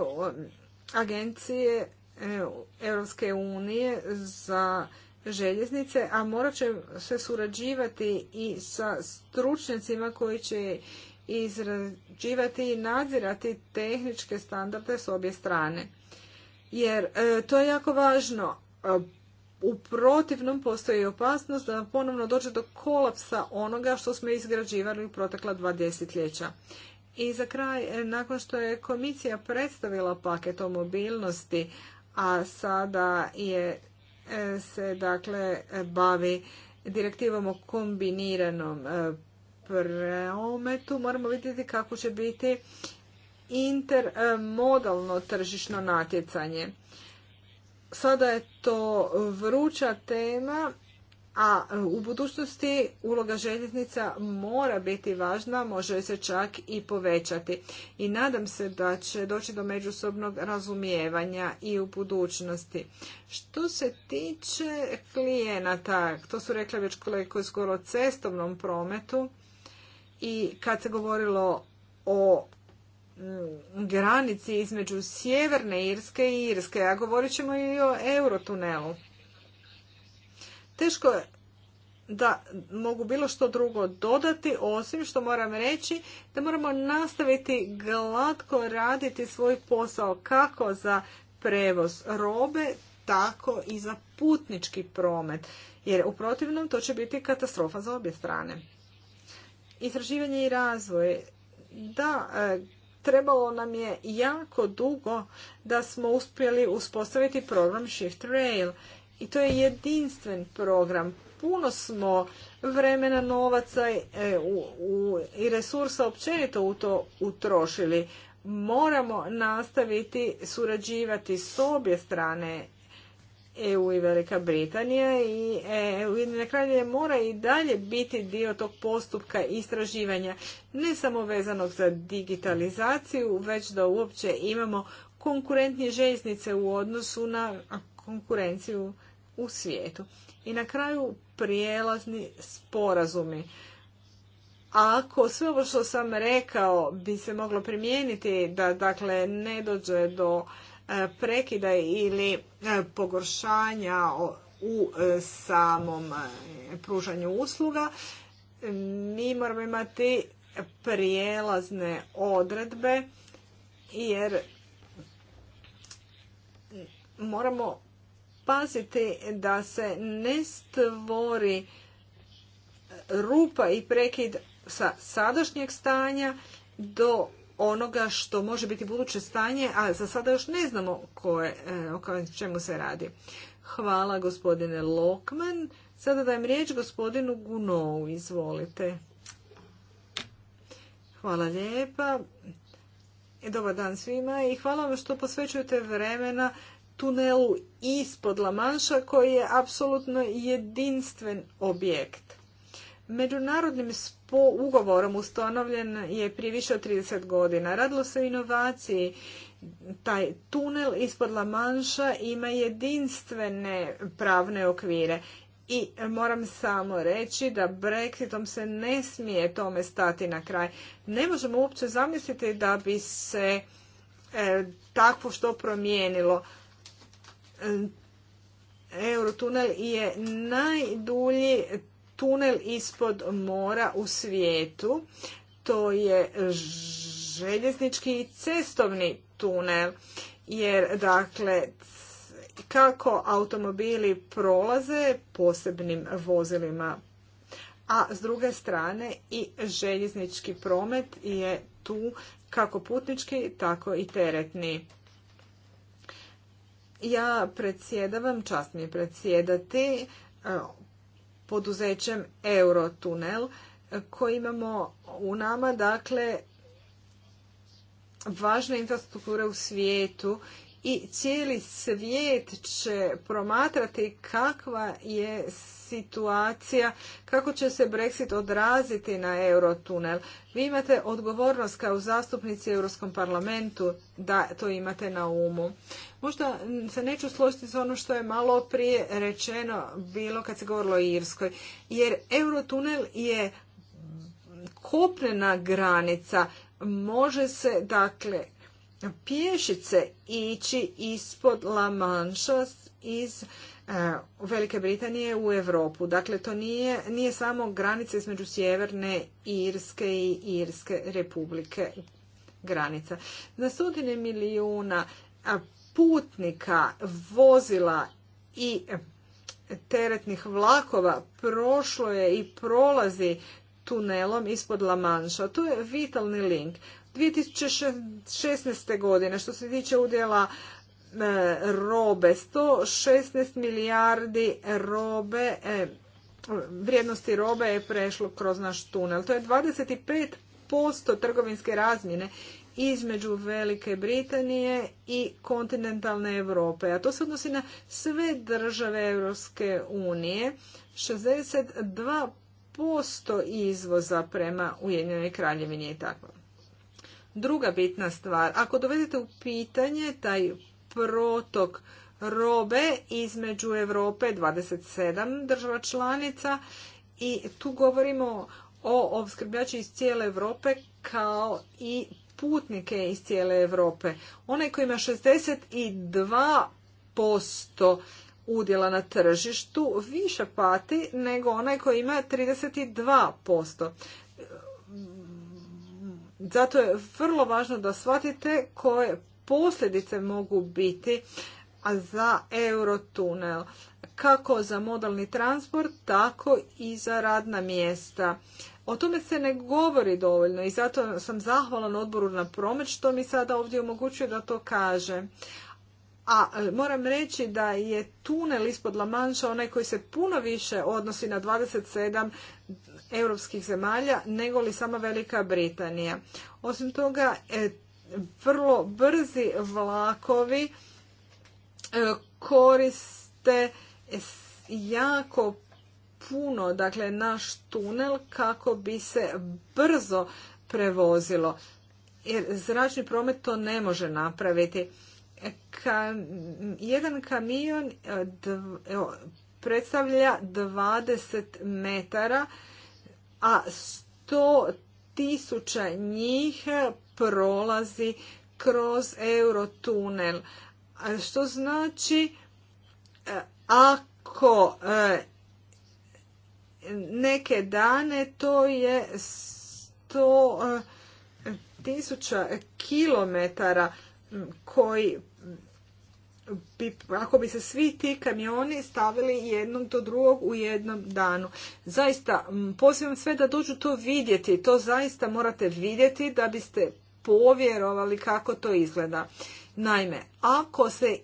agencije e, Europske unije za željeznice, a morat će se surađivati i sa stručnjacima koji će izrađivati i nadzirati tehničke standarde s obje strane. Jer e, to je jako važno. E, u protivnom postoji opasnost da ponovno dođe do kolapsa onoga što smo izgrađivali u protekla dva desetljeća. I za kraj, e, nakon što je komisija predstavila paket o mobilnosti, a sada je e, se dakle e, bavi direktivom o kombiniranom prometu, moramo vidjeti kako će biti intermodalno tržišno natjecanje. Sada je to vruća tema a e, u budućnosti uloga željeznica mora biti važna, može se čak i povećati. I nadam se da će doći do međusobnog razumijevanja i u budućnosti. Što se tiče klijenata, to su rekli već kolege koji skoro o cestovnom prometu i kad se govorilo o mm, granici između Sjeverne Irske i Irske, a govorit ćemo i o Eurotunelu. Teško je da mogu bilo što drugo dodati, osim što moram reći da moramo nastaviti glatko raditi svoj posao kako za prevoz robe, tako i za putnički promet, jer u protivnom to će biti katastrofa za obje strane. Istraživanje i razvoj. Da, e, trebalo nam je jako dugo da smo uspjeli uspostaviti program Shift Rail i to je jedinstven program. Puno smo vremena, novaca e, i resursa općenito u to utrošili. Moramo nastaviti surađivati s obje strane EU i Velika Britanija i e ujedinjene kraljevine mora i dalje biti dio tog postupka istraživanja, ne samo vezanog za digitalizaciju, već da uopće imamo konkurentnije željeznice u odnosu na konkurenciju u svijetu. I na kraju prijelazni sporazumi. Ako sve ovo što sam rekao bi se moglo primijeniti da dakle ne dođe do e, prekida ili e, pogoršanja u e, samom pružanju usluga, mi moramo imati prijelazne odredbe jer moramo paziti da se ne stvori rupa i prekid sa sadašnjeg stanja do onoga što može biti buduće stanje, a za sada još ne znamo koje, o čemu se radi. Hvala gospodine Lokman. Sada dajem riječ gospodinu Gunovu. Izvolite. Hvala lijepa. Dobar dan svima i hvala vam što posvećujete vremena tunelu ispod Lamanša koji je apsolutno jedinstven objekt. Međunarodnim spo ugovorom ustanovljen je prije više od 30 godina. Radilo se o inovaciji. Taj tunel ispod Lamanša ima jedinstvene pravne okvire. I moram samo reći da Brexitom se ne smije tome stati na kraj. Ne možemo uopće zamisliti da bi se e, takvo što promijenilo. Eurotunel je najdulji tunel ispod mora u svijetu. To je željeznički i cestovni tunel jer dakle kako automobili prolaze posebnim vozilima a s druge strane i željeznički promet je tu kako putnički tako i teretni. Ja predsjedavam, čast mi je predsjedati e, poduzećem Eurotunel koji imamo u nama, dakle, važne infrastrukture u svijetu i cijeli svijet će promatrati kakva je situacija kako će se Brexit odraziti na Eurotunel. Vi imate odgovornost kao zastupnici Europskom parlamentu da to imate na umu. Možda se neću složiti s ono što je malo prije rečeno bilo kad se govorilo o Irskoj. Jer Eurotunel je kopnena granica. Može se, dakle, pješice ići ispod La Manša iz E, Velike Britanije u Europu. Dakle, to nije, samo granica između Sjeverne Irske i Irske republike granica. Na stotine milijuna putnika, vozila i teretnih vlakova prošlo je i prolazi tunelom ispod La Manša. To je vitalni link. 2016. godine što se tiče udjela E, robe, 116 milijardi robe, e, vrijednosti robe je prešlo kroz naš tunel. To je 25% trgovinske razmjene između Velike Britanije i kontinentalne Europe. A to se odnosi na sve države Europske unije. 62% izvoza prema Ujedinjenoj kraljevini je tako. Druga bitna stvar, ako dovedete u pitanje taj protok robe između Europe 27 država članica i tu govorimo o opskrbljači iz cijele Europe kao i putnike iz cijele Europe. Onaj koji ima 62% udjela na tržištu više pati nego onaj koji ima 32%. Zato je vrlo važno da shvatite koje posljedice mogu biti za Eurotunel, kako za modalni transport, tako i za radna mjesta. O tome se ne govori dovoljno i zato sam zahvalan odboru na promet što mi sada ovdje omogućuje da to kaže. A e, moram reći da je tunel ispod La Manša onaj koji se puno više odnosi na 27 europskih zemalja nego li sama Velika Britanija. Osim toga, e, vrlo brzi vlakovi e, koriste jako puno, dakle naš tunel kako bi se brzo prevozilo. Jer zračni promet to ne može napraviti. jedan kamion e, predstavlja 20 metara, a 100 tisuća njih prolazi kroz eurotunel. Što znači e, ako e, neke dane to je sto e, tisuća kilometara koji bi, ako bi se svi ti kamioni stavili jednom do drugog u jednom danu. Zaista, pozivam sve da dođu to vidjeti. To zaista morate vidjeti da biste povjerovali kako to izgleda. Naime, ako se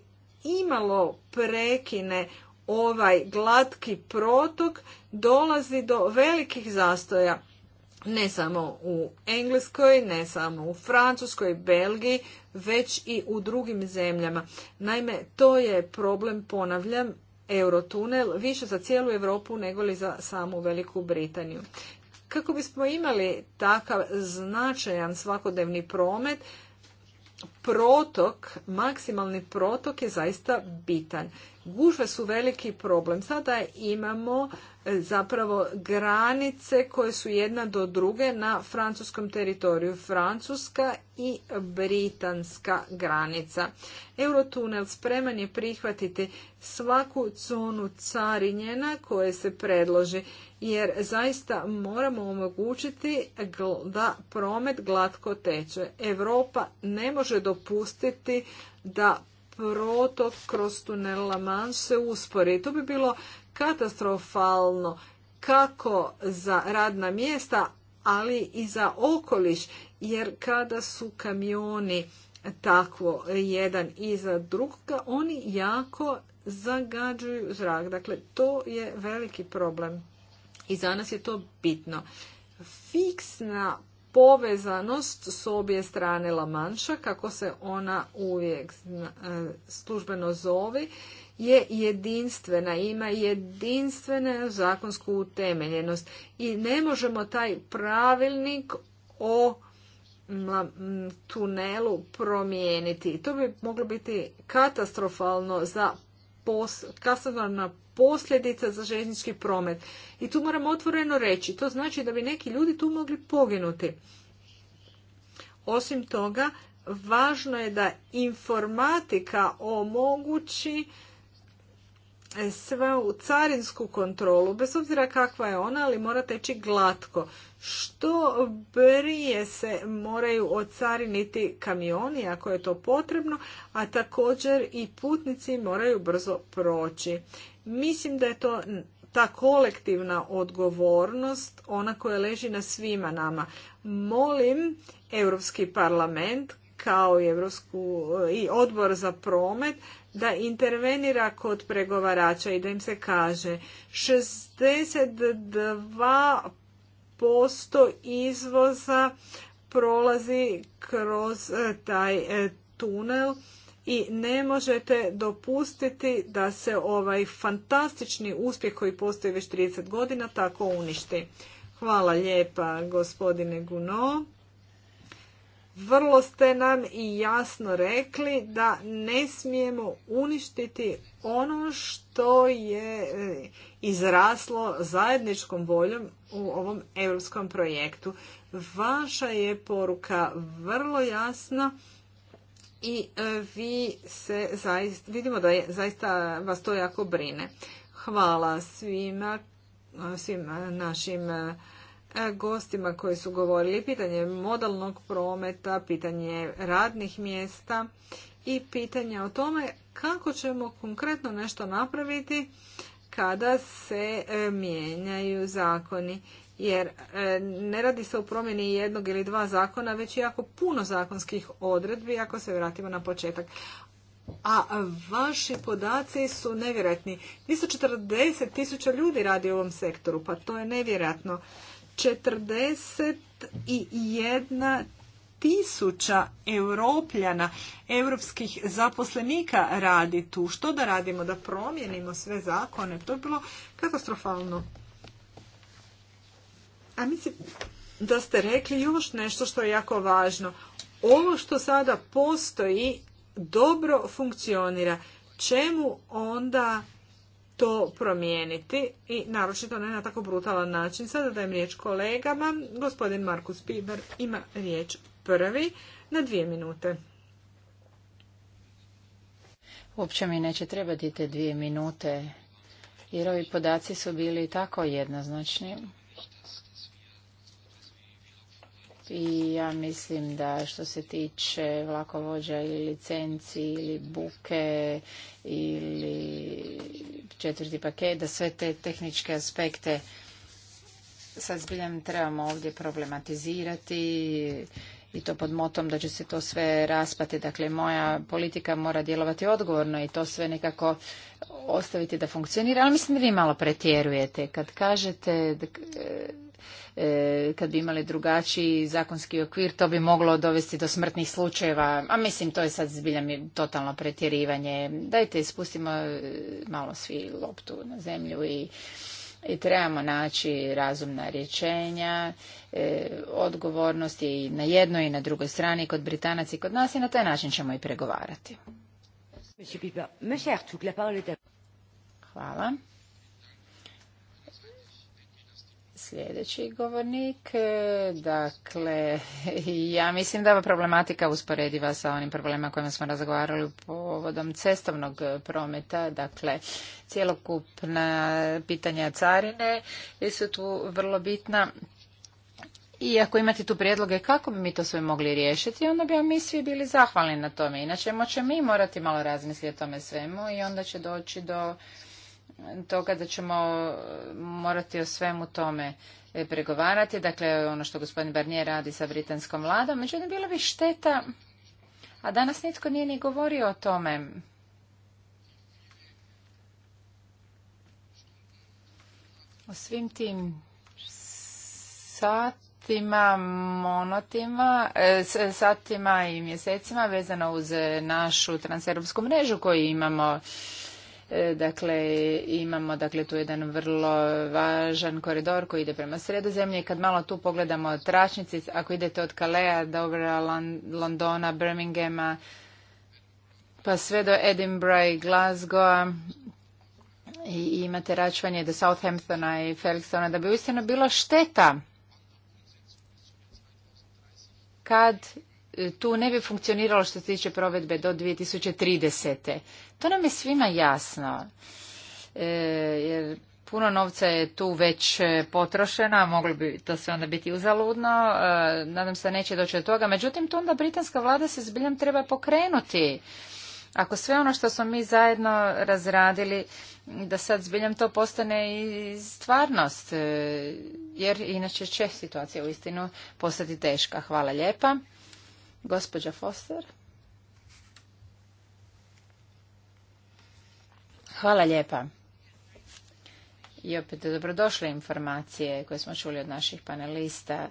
imalo prekine ovaj glatki protok, dolazi do velikih zastoja. Ne samo u Engleskoj, ne samo u Francuskoj, Belgiji, već i u drugim zemljama. Naime, to je problem, ponavljam, Eurotunel više za cijelu Europu nego li za samu Veliku Britaniju. Kako bismo imali takav značajan svakodnevni promet, protok, maksimalni protok je zaista bitan. Gužve su veliki problem. Sada imamo zapravo granice koje su jedna do druge na francuskom teritoriju. Francuska i britanska granica. Eurotunel spreman je prihvatiti svaku zonu carinjena koje se predloži jer zaista moramo omogućiti da promet glatko teče. Evropa ne može dopustiti da protok kroz tunel La Manche se uspori. To bi bilo katastrofalno kako za radna mjesta, ali i za okoliš, jer kada su kamioni takvo jedan iza drugoga, oni jako zagađuju zrak. Dakle, to je veliki problem i za nas je to bitno. Fiksna povezanost s obje strane Lamanša, kako se ona uvijek e, službeno zove, je jedinstvena, ima jedinstvenu zakonsku utemeljenost i ne možemo taj pravilnik o tunelu promijeniti. To bi moglo biti katastrofalno za pos, posljedica za željeznički promet. I tu moramo otvoreno reći. To znači da bi neki ljudi tu mogli poginuti. Osim toga, važno je da informatika omogući sva u carinsku kontrolu, bez obzira kakva je ona, ali mora teći glatko. Što brije se moraju ocariniti kamioni ako je to potrebno, a također i putnici moraju brzo proći. Mislim da je to ta kolektivna odgovornost, ona koja leži na svima nama. Molim Europski parlament kao i, e, i odbor za promet da intervenira kod pregovarača i da im se kaže 62% izvoza prolazi kroz e, taj e, tunel i ne možete dopustiti da se ovaj fantastični uspjeh koji postoji već 30 godina tako uništi. Hvala lijepa gospodine Guno vrlo ste nam i jasno rekli da ne smijemo uništiti ono što je e, izraslo zajedničkom voljom u ovom europskom projektu. Vaša je poruka vrlo jasna i e, vi se zaista, vidimo da je, zaista vas to jako brine. Hvala svima, svim našim gostima koji su govorili pitanje modalnog prometa, pitanje radnih mjesta i pitanje o tome kako ćemo konkretno nešto napraviti kada se e, mijenjaju zakoni. Jer e, ne radi se o promjeni jednog ili dva zakona, već jako puno zakonskih odredbi ako se vratimo na početak. A vaši podaci su nevjerojatni. 240 tisuća ljudi radi u ovom sektoru, pa to je nevjerojatno. 41 tisuća europljana, europskih zaposlenika radi tu. Što da radimo? Da promijenimo sve zakone? To je bilo katastrofalno. A mislim da ste rekli još nešto što je jako važno. Ovo što sada postoji dobro funkcionira. Čemu onda to promijeniti i naročito ne na tako brutalan način. Sada dajem riječ kolegama. Gospodin Markus Piber ima riječ prvi na dvije minute. Uopće mi neće trebati te dvije minute jer ovi podaci su bili tako jednoznačni. I ja mislim da što se tiče vlakovođa ili licenci ili buke ili četvrti paket, da sve te tehničke aspekte sad zbiljem trebamo ovdje problematizirati i to pod motom da će se to sve raspati. Dakle, moja politika mora djelovati odgovorno i to sve nekako ostaviti da funkcionira. Ali mislim da vi malo pretjerujete kad kažete da E, kad bi imali drugačiji zakonski okvir, to bi moglo dovesti do smrtnih slučajeva. A mislim, to je sad zbilja mi totalno pretjerivanje. Dajte, spustimo e, malo svi loptu na zemlju i i trebamo naći razumna rječenja, e, odgovornosti i na jednoj i na drugoj strani, kod Britanaca i kod nas i na taj način ćemo i pregovarati. Hvala. Sljedeći govornik, e, dakle, ja mislim da je problematika usporediva sa onim problemima kojima smo razgovarali povodom cestovnog prometa, dakle, cjelokupna pitanja carine su tu vrlo bitna. I ako imate tu prijedloge kako bi mi to sve mogli riješiti, onda bi mi svi bili zahvalni na tome. Inače, ćemo mi morati malo razmisliti o tome svemu i onda će doći do toga da ćemo e, morati o svemu tome e, pregovarati, dakle ono što gospodin Barnier radi sa britanskom vladom, međutim bilo bi šteta, a danas nitko nije ni govorio o tome. O svim tim satima, monotima, e, satima i mjesecima vezano uz našu transeuropsku mrežu koju imamo E, dakle, imamo dakle, tu jedan vrlo važan koridor koji ide prema i Kad malo tu pogledamo tračnici, ako idete od Kaleja, dobra Londona, Birminghama, pa sve do Edinburgh i Glasgowa, i imate račvanje do Southamptona i Felixtona, da bi uistinu bilo šteta kad tu ne bi funkcioniralo što se tiče provedbe do 2030. To nam je svima jasno. E, jer puno novca je tu već potrošena, moglo bi to sve onda biti uzaludno, e, nadam se da neće doći do toga. Međutim, tu onda britanska vlada se zbiljem treba pokrenuti. Ako sve ono što smo mi zajedno razradili, da sad zbiljem to postane i stvarnost, e, jer inače će situacija u istinu postati teška. Hvala lijepa. Gospođa Foster. Hvala lijepa. I opet dobrodošle informacije koje smo čuli od naših panelista,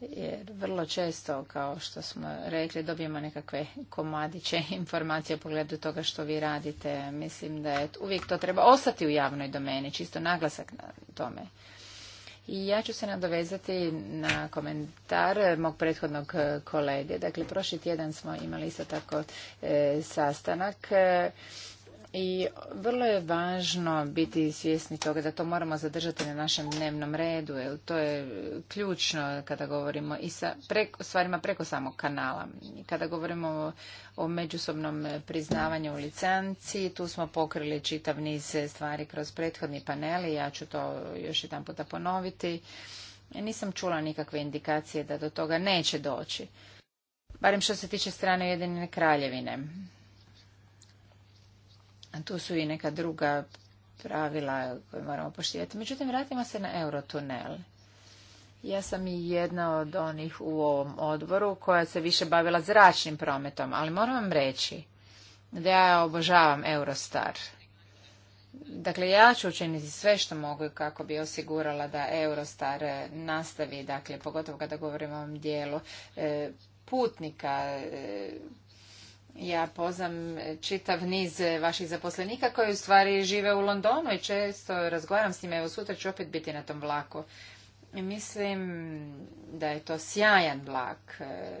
jer vrlo često, kao što smo rekli, dobijemo nekakve komadiće informacije u pogledu toga što vi radite. Mislim da je uvijek to treba ostati u javnoj domeni, čisto naglasak na tome. I ja ću se nadovezati na komentar mog prethodnog kolege. Dakle, prošli tjedan smo imali isto tako e, sastanak e, i vrlo je važno biti svjesni toga da to moramo zadržati na našem dnevnom redu, to je ključno kada govorimo i sa preko, stvarima preko samog kanala. Kada govorimo o, međusobnom priznavanju u licenci, tu smo pokrili čitav niz stvari kroz prethodni paneli. ja ću to još jedan puta ponoviti. Nisam čula nikakve indikacije da do toga neće doći. Barem što se tiče strane Ujedinjene kraljevine. Tu su i neka druga pravila koje moramo poštivati. Međutim, vratimo se na Eurotunel. Ja sam i jedna od onih u ovom odboru koja se više bavila zračnim prometom, ali moram vam reći da ja obožavam Eurostar. Dakle, ja ću učiniti sve što mogu kako bi osigurala da Eurostar nastavi, dakle, pogotovo kada govorimo o ovom dijelu, e, putnika, e, ja poznam čitav niz vaših zaposlenika koji u stvari žive u Londonu i često razgovaram s njima. Evo sutra ću opet biti na tom vlaku. Mislim da je to sjajan vlak. E,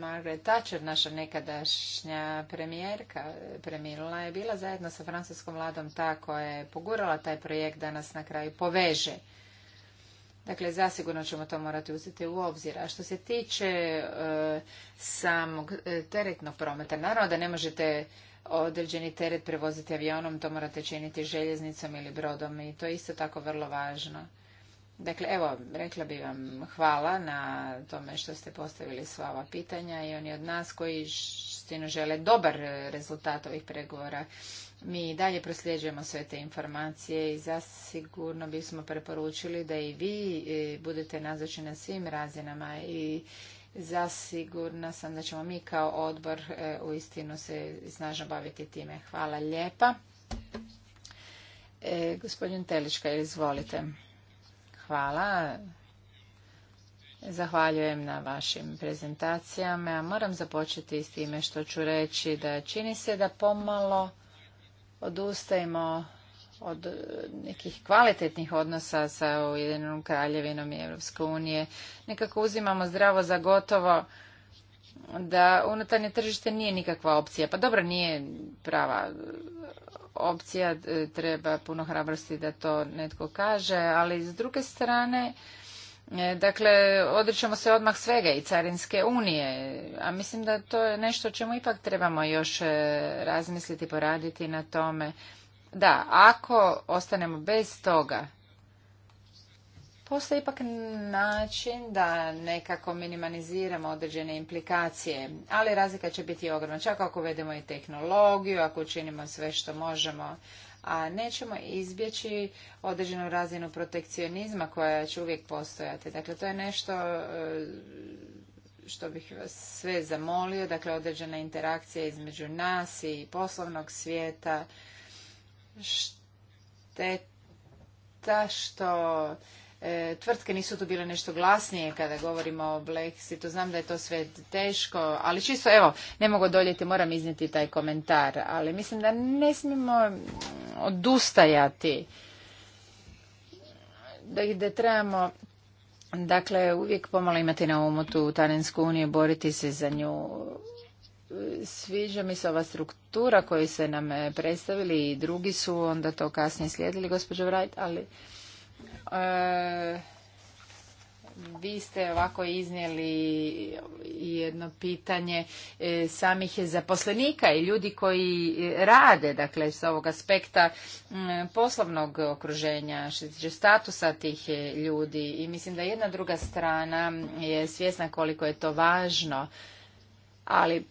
Margaret Thatcher, naša nekadašnja premijerka, premirila je bila zajedno sa francuskom vladom ta koja je pogurala taj projekt da nas na kraju poveže. Dakle, zasigurno ćemo to morati uzeti u obzir. A što se tiče e, samog e, teretnog prometa, naravno da ne možete određeni teret prevoziti avionom, to morate činiti željeznicom ili brodom i to je isto tako vrlo važno. Dakle, evo, rekla bih vam hvala na tome što ste postavili sva ova pitanja i oni od nas koji stino žele dobar rezultat ovih pregovora mi dalje prosljeđujemo sve te informacije i zasigurno bismo preporučili da i vi e, budete nazočeni na svim razinama i zasigurna sam da ćemo mi kao odbor e, u istinu se snažno baviti time. Hvala lijepa. E, gospodin Telička, izvolite. Hvala. Zahvaljujem na vašim prezentacijama. Moram započeti s time što ću reći da čini se da pomalo odustajemo od nekih kvalitetnih odnosa sa Ujedinjenom kraljevinom i EU. unije. Nekako uzimamo zdravo za gotovo da unutarnje tržište nije nikakva opcija. Pa dobro, nije prava opcija, e, treba puno hrabrosti da to netko kaže, ali s druge strane E, dakle, odričemo se odmah svega i Carinske unije, a mislim da to je nešto o čemu ipak trebamo još e, razmisliti, poraditi na tome. Da, ako ostanemo bez toga, postoji ipak način da nekako minimaliziramo određene implikacije, ali razlika će biti ogromna. Čak ako uvedemo i tehnologiju, ako učinimo sve što možemo, a nećemo izbjeći određenu razinu protekcionizma koja će uvijek postojati. Dakle, to je nešto e, što bih vas sve zamolio, dakle određena interakcija između nas i poslovnog svijeta, šteta što E, tvrtke nisu tu bile nešto glasnije kada govorimo o Blexitu. Znam da je to sve teško, ali čisto evo, ne mogu odoljeti, moram iznijeti taj komentar, ali mislim da ne smijemo odustajati da, da trebamo dakle uvijek pomalo imati na umu tu Tanensku uniju, boriti se za nju sviđa mi se ova struktura koju se nam predstavili i drugi su onda to kasnije slijedili, gospođo Vrajt, ali E, vi ste ovako iznijeli jedno pitanje e, samih zaposlenika i ljudi koji rade, dakle, s ovog aspekta poslovnog okruženja, statusa tih ljudi i mislim da jedna druga strana je svjesna koliko je to važno, ali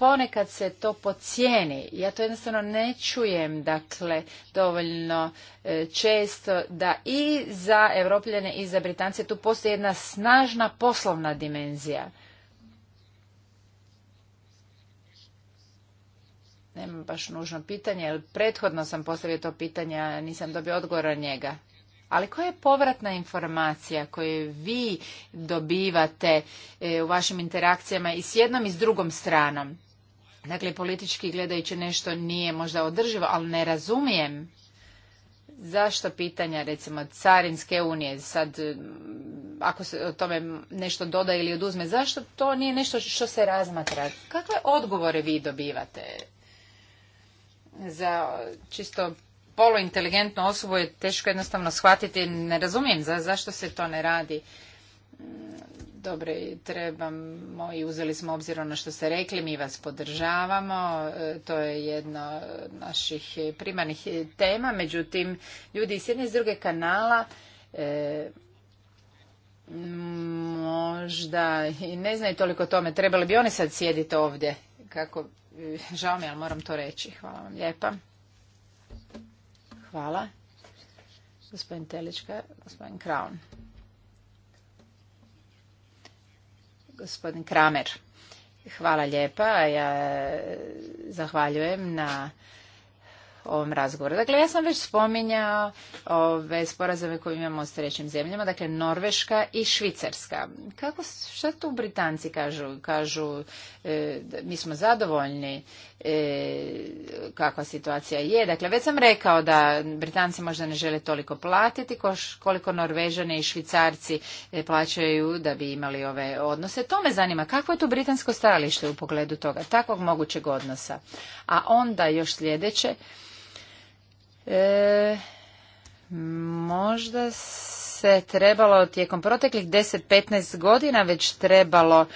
ponekad se to pocijeni. Ja to jednostavno ne čujem, dakle, dovoljno e, često da i za Evropljane i za Britance tu postoji jedna snažna poslovna dimenzija. Nema baš nužno pitanje, jer prethodno sam postavio to pitanje, a nisam dobio odgovor od njega. Ali koja je povratna informacija koju vi dobivate e, u vašim interakcijama i s jednom i s drugom stranom? Dakle, politički gledajući nešto nije možda održivo, ali ne razumijem zašto pitanja recimo carinske unije sad ako se o tome nešto doda ili oduzme zašto to nije nešto što se razmatra kakve odgovore vi dobivate za čisto poluinteligentnu osobu je teško jednostavno shvatiti ne razumijem zašto se to ne radi dobre trebamo i uzeli smo obzir ono što ste rekli, mi vas podržavamo, e, to je jedna od naših primarnih tema, međutim ljudi iz jedne i druge kanala e, možda i ne znaju toliko o tome, trebali bi oni sad sjediti ovdje, kako, e, žao mi, ali moram to reći, hvala vam lijepa. Hvala. Gospodin Telička, gospodin Kraun. Gospodin Kramer. Hvala lijepa. Ja eh, zahvaljujem na ovom razgovoru. Dakle, ja sam već spominjao ove sporazume koje imamo s trećim zemljama, dakle Norveška i Švicarska. Kako, šta tu Britanci kažu? Kažu, e, mi smo zadovoljni e, kakva situacija je. Dakle, već sam rekao da Britanci možda ne žele toliko platiti koliko Norvežani i Švicarci e, plaćaju da bi imali ove odnose. To me zanima. Kakvo je tu britansko stajalište u pogledu toga? Takvog mogućeg odnosa. A onda još sljedeće, E, možda se trebalo tijekom proteklih 10-15 godina već trebalo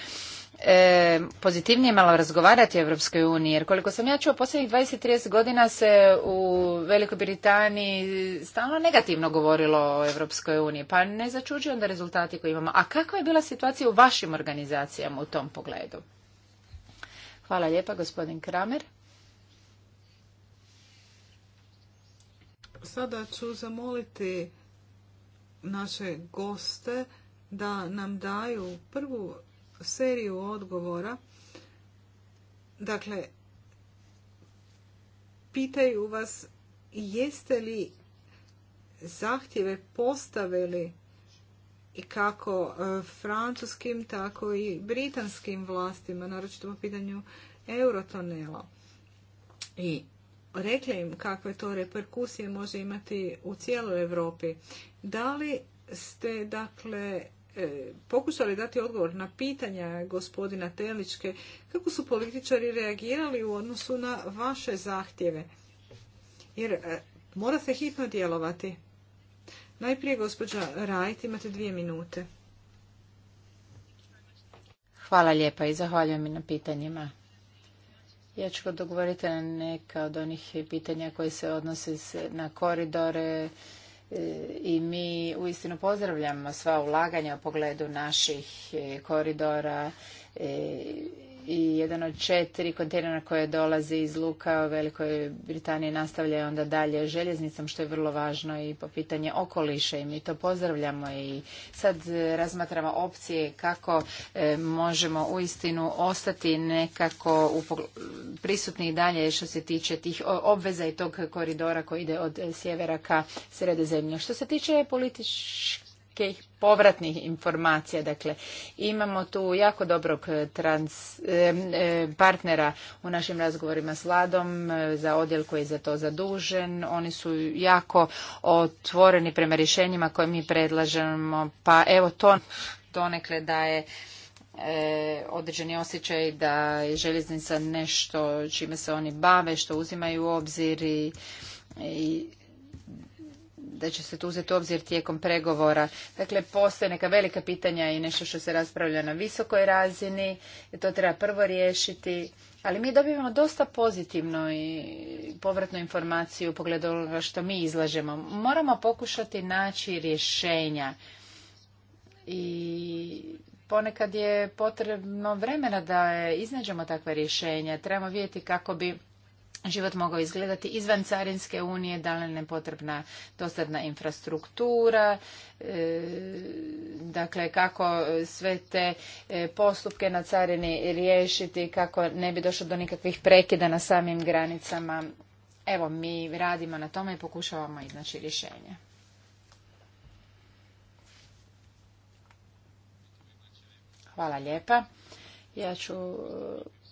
e, pozitivnije malo razgovarati o Europskoj uniji, jer koliko sam ja čuo posljednjih 20-30 godina se u Velikoj Britaniji stalno negativno govorilo o Europskoj uniji, pa ne začuđujem da rezultati koje imamo. A kakva je bila situacija u vašim organizacijama u tom pogledu? Hvala lijepa, gospodin Kramer. Sada ću zamoliti naše goste da nam daju prvu seriju odgovora. Dakle, pitaju vas jeste li zahtjeve postavili i kako e, francuskim, tako i britanskim vlastima, naročito po pitanju eurotonela. I rekli im kakve to reperkusije može imati u cijeloj Europi. Da li ste dakle e, pokušali dati odgovor na pitanja gospodina Teličke kako su političari reagirali u odnosu na vaše zahtjeve? Jer e, mora se hitno djelovati. Najprije gospođa Rajt, imate dvije minute. Hvala lijepa i zahvaljujem i na pitanjima. Ja ću dogovoriti na neka od onih pitanja koji se odnose na koridore e, i mi uistinu pozdravljamo sva ulaganja u pogledu naših e, koridora e, i jedan od četiri kontejnera koje dolazi iz Luka u Velikoj Britaniji nastavlja onda dalje željeznicom, što je vrlo važno i po pitanje okoliša i mi to pozdravljamo i sad e, razmatramo opcije kako e, možemo uistinu ostati nekako prisutni i dalje što se tiče tih obveza i tog koridora koji ide od e, sjevera ka sredozemlju. Što se tiče političkih povratnih informacija. Dakle, imamo tu jako dobrog trans, partnera u našim razgovorima s vladom e, za odjel koji je za to zadužen. Oni su jako otvoreni prema rješenjima koje mi predlažemo. Pa evo to donekle daje E, određeni osjećaj da je željeznica nešto čime se oni bave, što uzimaju u obzir i da će se to uzeti u obzir tijekom pregovora. Dakle, postoje neka velika pitanja i nešto što se raspravlja na visokoj razini, i to treba prvo riješiti. Ali mi dobivamo dosta pozitivnu i povratnu informaciju u pogledu onoga što mi izlažemo. Moramo pokušati naći rješenja i ponekad je potrebno vremena da iznađemo takva rješenja. Trebamo vidjeti kako bi život mogao izgledati izvan Carinske unije, da li je potrebna dostatna infrastruktura, e, dakle kako sve te e, postupke na Carini riješiti, kako ne bi došlo do nikakvih prekida na samim granicama. Evo, mi radimo na tome i pokušavamo iznaći rješenje. Hvala lijepa. Ja ću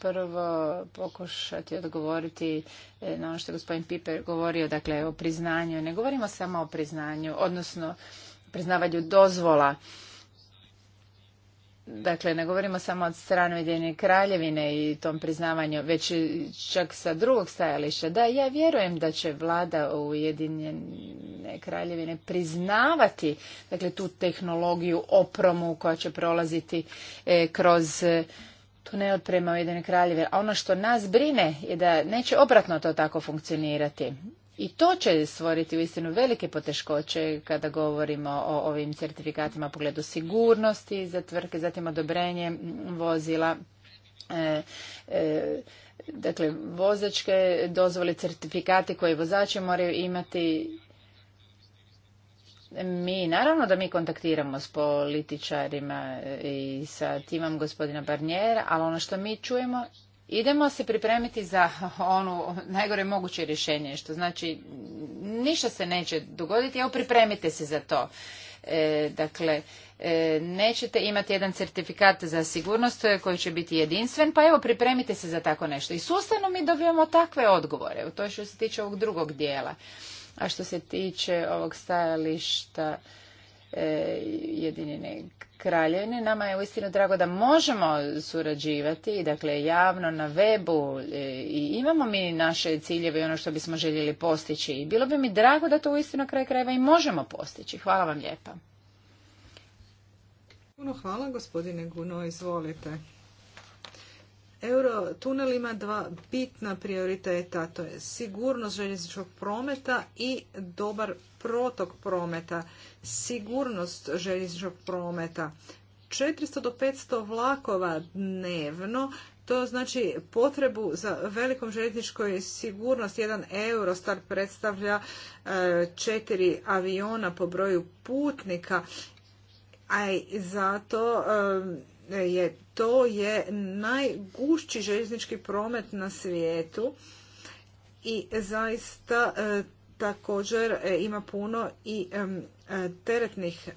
prvo pokušati odgovoriti e, na ono što je gospodin Piper govorio, dakle o priznanju. Ne govorimo samo o priznanju, odnosno priznavanju dozvola. Dakle, ne govorimo samo od strane Ujedinjene kraljevine i tom priznavanju, već čak sa drugog stajališta. Da, ja vjerujem da će vlada Ujedinjene kraljevine priznavati dakle, tu tehnologiju opromu koja će prolaziti e, kroz e, tunel prema Ujedine kraljeve. A ono što nas brine je da neće obratno to tako funkcionirati. I to će stvoriti uistinu velike poteškoće kada govorimo o ovim certifikatima u pogledu sigurnosti za tvrtke, zatim odobrenje vozila, e, e, dakle vozačke dozvole, certifikati koje vozači moraju imati mi, naravno da mi kontaktiramo s političarima i sa timom gospodina Barnjera, ali ono što mi čujemo, idemo se pripremiti za ono najgore moguće rješenje, što znači ništa se neće dogoditi, evo pripremite se za to. E, dakle, e, nećete imati jedan certifikat za sigurnost koji će biti jedinstven, pa evo pripremite se za tako nešto. I sustavno mi dobivamo takve odgovore, to je što se tiče ovog drugog dijela. A što se tiče ovog stajališta e, Jedinjene kraljevine, nama je uistinu drago da možemo surađivati, dakle javno na webu e, i imamo mi naše ciljeve i ono što bismo željeli postići i bilo bi mi drago da to uistinu kraj krajeva i možemo postići. Hvala vam lijepa. hvala gospodine Guno, izvolite. Eurotunel ima dva bitna prioriteta, to je sigurnost željezničkog prometa i dobar protok prometa. Sigurnost željezničkog prometa. 400 do 500 vlakova dnevno, to znači potrebu za velikom željezničkoj sigurnost Jedan Eurostar predstavlja e, četiri aviona po broju putnika, a i zato e, je to je najgušći željeznički promet na svijetu i zaista e, također e, ima puno i e, teretnih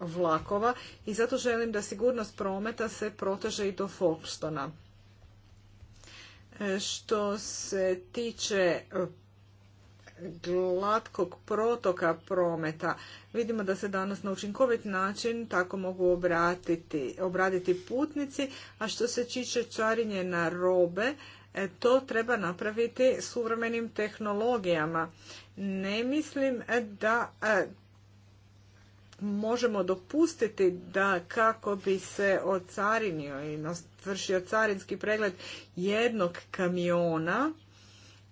vlakova i zato želim da sigurnost prometa se proteže i do Folkstona. Što se tiče glatkog protoka prometa. Vidimo da se danas na učinkovit način tako mogu obratiti, obraditi putnici, a što se tiče čarinje na robe, e, to treba napraviti suvremenim tehnologijama. Ne mislim e, da e, možemo dopustiti da kako bi se ocarinio i vršio carinski pregled jednog kamiona,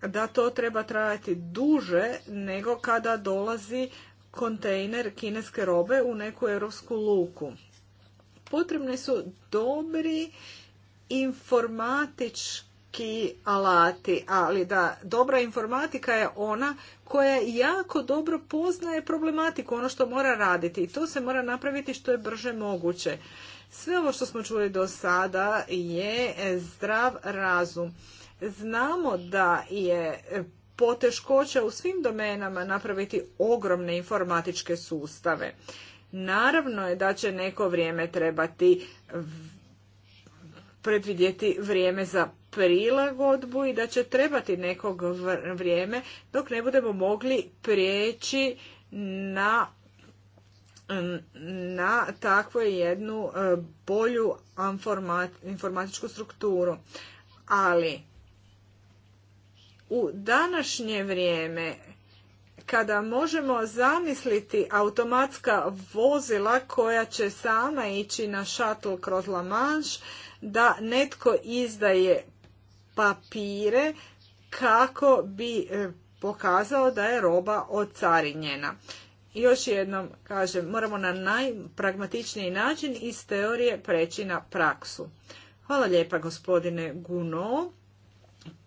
da to treba trajati duže nego kada dolazi kontejner kineske robe u neku europsku luku. Potrebni su dobri informatički alati, ali da dobra informatika je ona koja jako dobro poznaje problematiku, ono što mora raditi i to se mora napraviti što je brže moguće. Sve ovo što smo čuli do sada je zdrav razum. Znamo da je poteškoća u svim domenama napraviti ogromne informatičke sustave. Naravno je da će neko vrijeme trebati predvidjeti vrijeme za prilagodbu i da će trebati nekog vrijeme dok ne budemo mogli prijeći na na takvu jednu e, bolju informatičku strukturu. Ali u današnje vrijeme kada možemo zamisliti automatska vozila koja će sama ići na šatl kroz La Manche, da netko izdaje papire kako bi e, pokazao da je roba ocarinjena. Još jednom kažem, moramo na najpragmatičniji način iz teorije preći na praksu. Hvala lijepa gospodine Guno.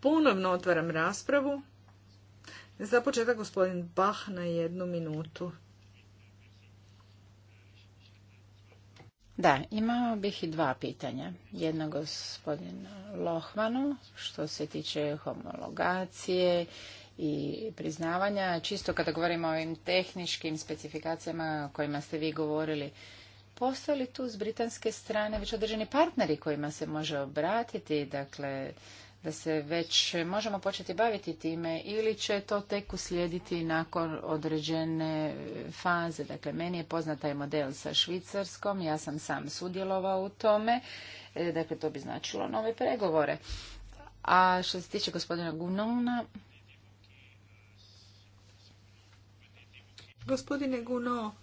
Ponovno otvaram raspravu. Za početak gospodin Bach na jednu minutu. Da, imao bih i dva pitanja. Jedno gospodin Lohmanu, što se tiče homologacije i priznavanja. Čisto kada govorimo o ovim tehničkim specifikacijama o kojima ste vi govorili, postoje li tu s britanske strane već određeni partneri kojima se može obratiti? Dakle, da se već možemo početi baviti time ili će to tek uslijediti nakon određene faze. Dakle, meni je poznat taj model sa Švicarskom, ja sam sam sudjelovao u tome, e, dakle to bi značilo nove pregovore. A što se tiče gospodina Gunona, Gospodine Guno,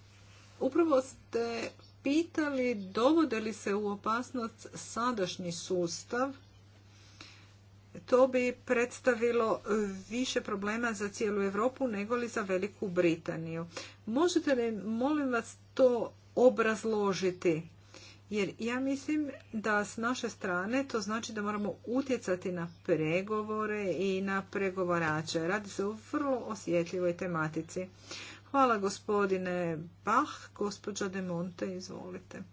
upravo ste pitali dovode li se u opasnost sadašnji sustav to bi predstavilo više problema za cijelu Europu nego li za Veliku Britaniju. Možete li, molim vas, to obrazložiti? Jer ja mislim da s naše strane to znači da moramo utjecati na pregovore i na pregovarače. Radi se o vrlo osjetljivoj tematici. Hvala gospodine Bach. Gospođa De Monte, izvolite.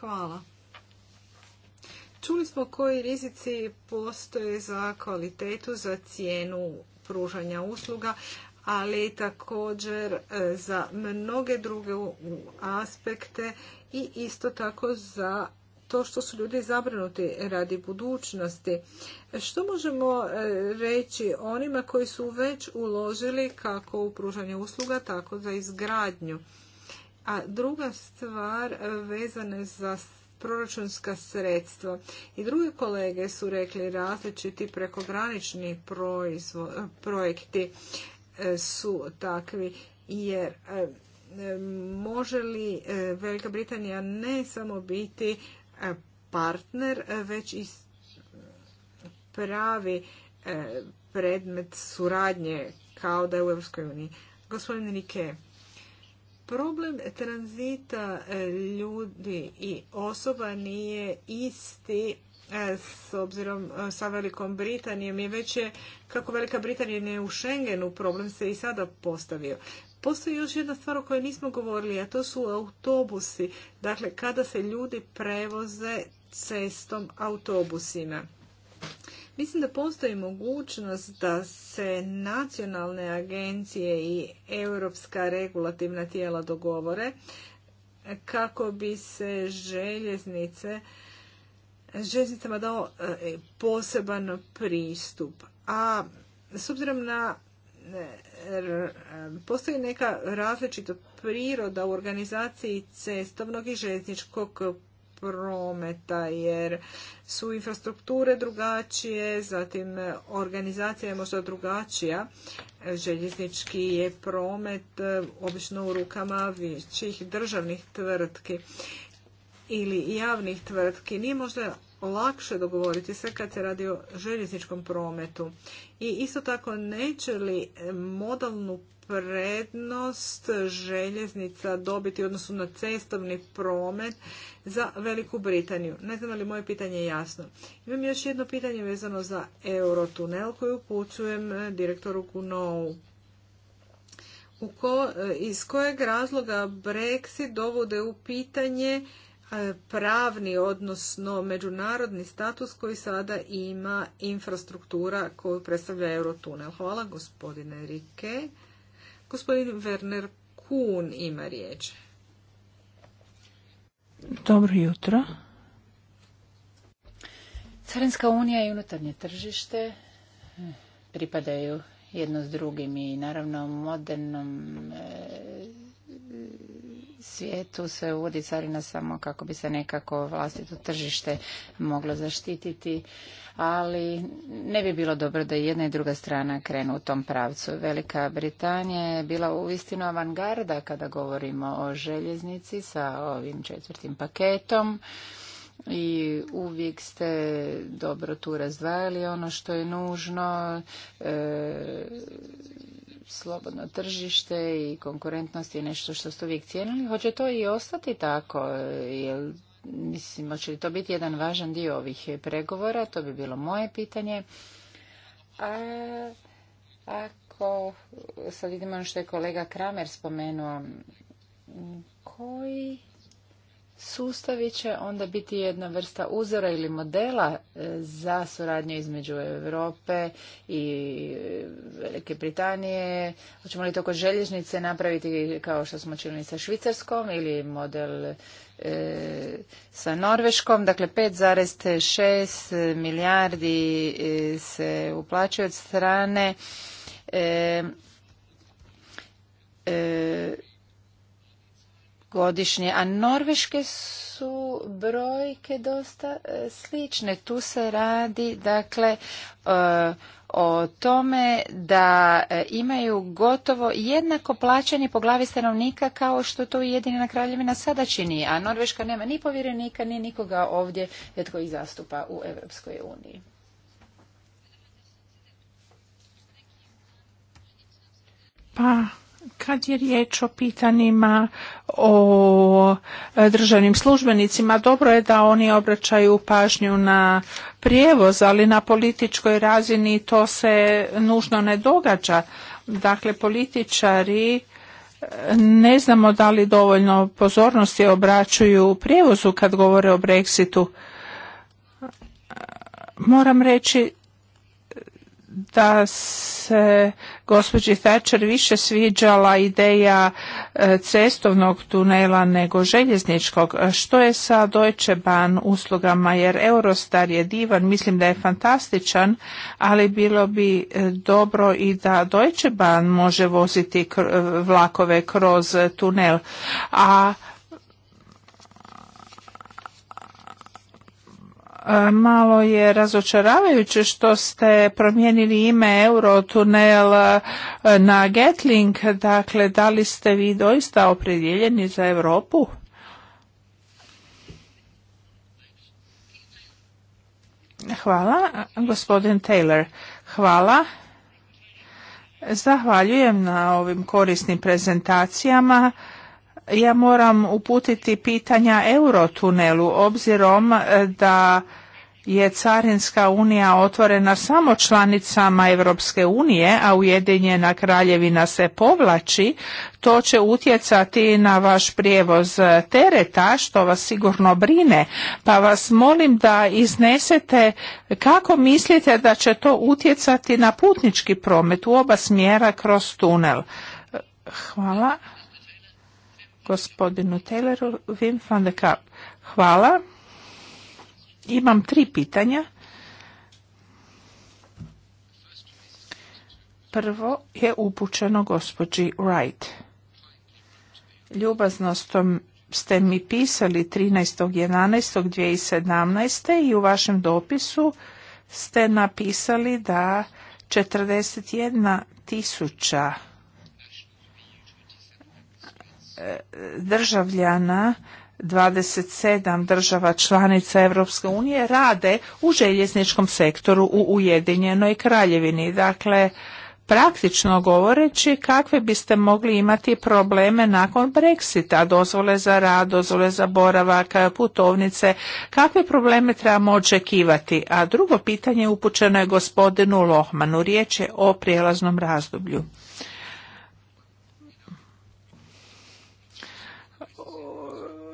Hvala. Čuli smo koji rizici postoje za kvalitetu, za cijenu pružanja usluga, ali također e, za mnoge druge aspekte i isto tako za to što su ljudi zabrinuti radi budućnosti. Što možemo e, reći onima koji su već uložili kako u pružanje usluga, tako za izgradnju? A druga stvar e, vezana za proračunska sredstva. I drugi kolege su rekli različiti prekogranični eh, projekti eh, su takvi jer eh, može li Velika Britanija ne samo biti partner, već i pravi predmet suradnje kao da je u EU. Gospodin Rike. Problem tranzita e, ljudi i osoba nije isti e, s obzirom e, sa Velikom Britanijom i već je kako Velika Britanija ne u Schengenu problem se i sada postavio. Postoji još jedna stvar o kojoj nismo govorili, a to su autobusi. Dakle, kada se ljudi prevoze cestom autobusima. Mislim da postoji mogućnost da se nacionalne agencije i europska regulativna tijela dogovore kako bi se željeznice željeznicama dao e, poseban pristup. A s obzirom na e, postoji neka različita priroda u organizaciji cestovnog i željezničkog prometa jer su infrastrukture drugačije, zatim organizacija je možda drugačija. Željeznički je promet e, obično u rukama većih državnih tvrtki ili javnih tvrtki. Nije možda lakše dogovoriti se kad se radi o željezničkom prometu. I isto tako neće li modalnu prednost željeznica dobiti odnosu na cestovni promet za Veliku Britaniju. Ne znam li moje pitanje jasno. Imam još jedno pitanje vezano za Eurotunel koju upućujem direktoru Kunou. iz kojeg razloga Brexit dovode u pitanje E, pravni, odnosno međunarodni status koji sada ima infrastruktura koju predstavlja Eurotunel. Hvala gospodine Rike. Gospodin Werner Kuhn ima riječ. Dobro jutro. Carinska unija i unutarnje tržište pripadaju jedno s drugim i naravno modernom e, svijetu se uvodi carina samo kako bi se nekako vlastito tržište moglo zaštititi, ali ne bi bilo dobro da jedna i druga strana krenu u tom pravcu. Velika Britanija je bila uistinu avangarda kada govorimo o željeznici sa ovim četvrtim paketom i uvijek ste dobro tu razdvajali ono što je nužno e, slobodno tržište i konkurentnost je nešto što ste uvijek cijenili hoće to i ostati tako jer mislim hoće li to biti jedan važan dio ovih pregovora to bi bilo moje pitanje a ako sad vidimo ono što je kolega Kramer spomenuo koji Sustavi će onda biti jedna vrsta uzora ili modela e, za suradnju između Europe i e, Velike Britanije. Hoćemo li to kod željeznice napraviti kao što smo činili sa Švicarskom ili model e, sa Norveškom. Dakle, 5,6 milijardi se uplaćuje od strane godišnje, a norveške su brojke dosta e, slične. Tu se radi dakle e, o tome da e, imaju gotovo jednako plaćanje po glavi stanovnika kao što to Ujedinjena kraljevina sada čini, a Norveška nema ni povjerenika ni nikoga ovdje tko ih zastupa u Europskoj uniji. Pa kad je riječ o pitanjima o e, državnim službenicima, dobro je da oni obraćaju pažnju na prijevoz, ali na političkoj razini to se nužno ne događa. Dakle, političari e, ne znamo da li dovoljno pozornosti obraćuju prijevozu kad govore o Brexitu. Moram reći da se gospođi Thatcher više sviđala ideja e, cestovnog tunela nego željezničkog. Što je sa Deutsche Bahn uslugama? Jer Eurostar je divan, mislim da je fantastičan, ali bilo bi e, dobro i da Deutsche Bahn može voziti e, vlakove kroz tunel. A E, malo je razočaravajuće što ste promijenili ime Eurotunnel e, na Getlink. Dakle, da li ste vi doista opredjeljeni za Europu? Hvala, gospodin Taylor. Hvala. Zahvaljujem na ovim korisnim prezentacijama ja moram uputiti pitanja Eurotunelu obzirom e, da je Carinska unija otvorena samo članicama Europske unije, a Ujedinjena kraljevina se povlači, to će utjecati na vaš prijevoz tereta, što vas sigurno brine. Pa vas molim da iznesete kako mislite da će to utjecati na putnički promet u oba smjera kroz tunel. Hvala gospodinu Tayloru. Wim van de hvala. Imam tri pitanja. Prvo je upućeno gospođi Wright. Ljubazno ste mi pisali 13.11.2017. i u vašem dopisu ste napisali da 41 tisuća državljana 27 država članica Europske unije rade u željezničkom sektoru u Ujedinjenoj kraljevini. Dakle, praktično govoreći kakve biste mogli imati probleme nakon Brexita, dozvole za rad, dozvole za boravak, putovnice, kakve probleme trebamo očekivati. A drugo pitanje upućeno je gospodinu Lohmanu, riječ je o prijelaznom razdoblju.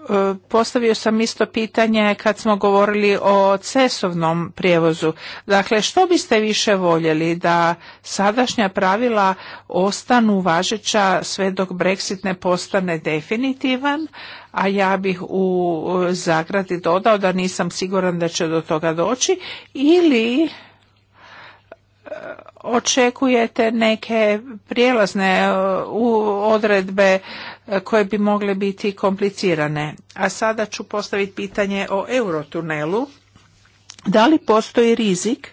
E, postavio sam isto pitanje kad smo govorili o cesovnom prijevozu. Dakle, što biste više voljeli da sadašnja pravila ostanu važeća sve dok Brexit ne postane definitivan, a ja bih u zagradi dodao da nisam siguran da će do toga doći ili očekujete neke prijelazne e, odredbe e, koje bi mogle biti komplicirane. A sada ću postaviti pitanje o eurotunelu. Da li postoji rizik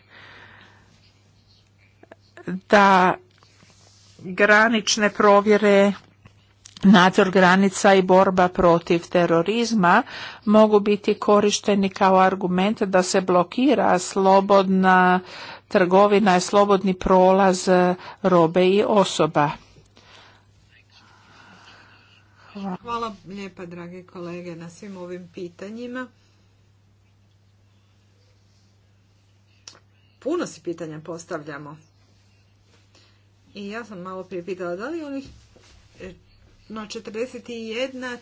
da granične provjere nadzor granica i borba protiv terorizma mogu biti korišteni kao argument da se blokira slobodna trgovina je slobodni prolaz robe i osoba. Hvala, lijepa, drage kolege, na svim ovim pitanjima. Puno si pitanja postavljamo. I ja sam malo prije pitala da li onih no, 41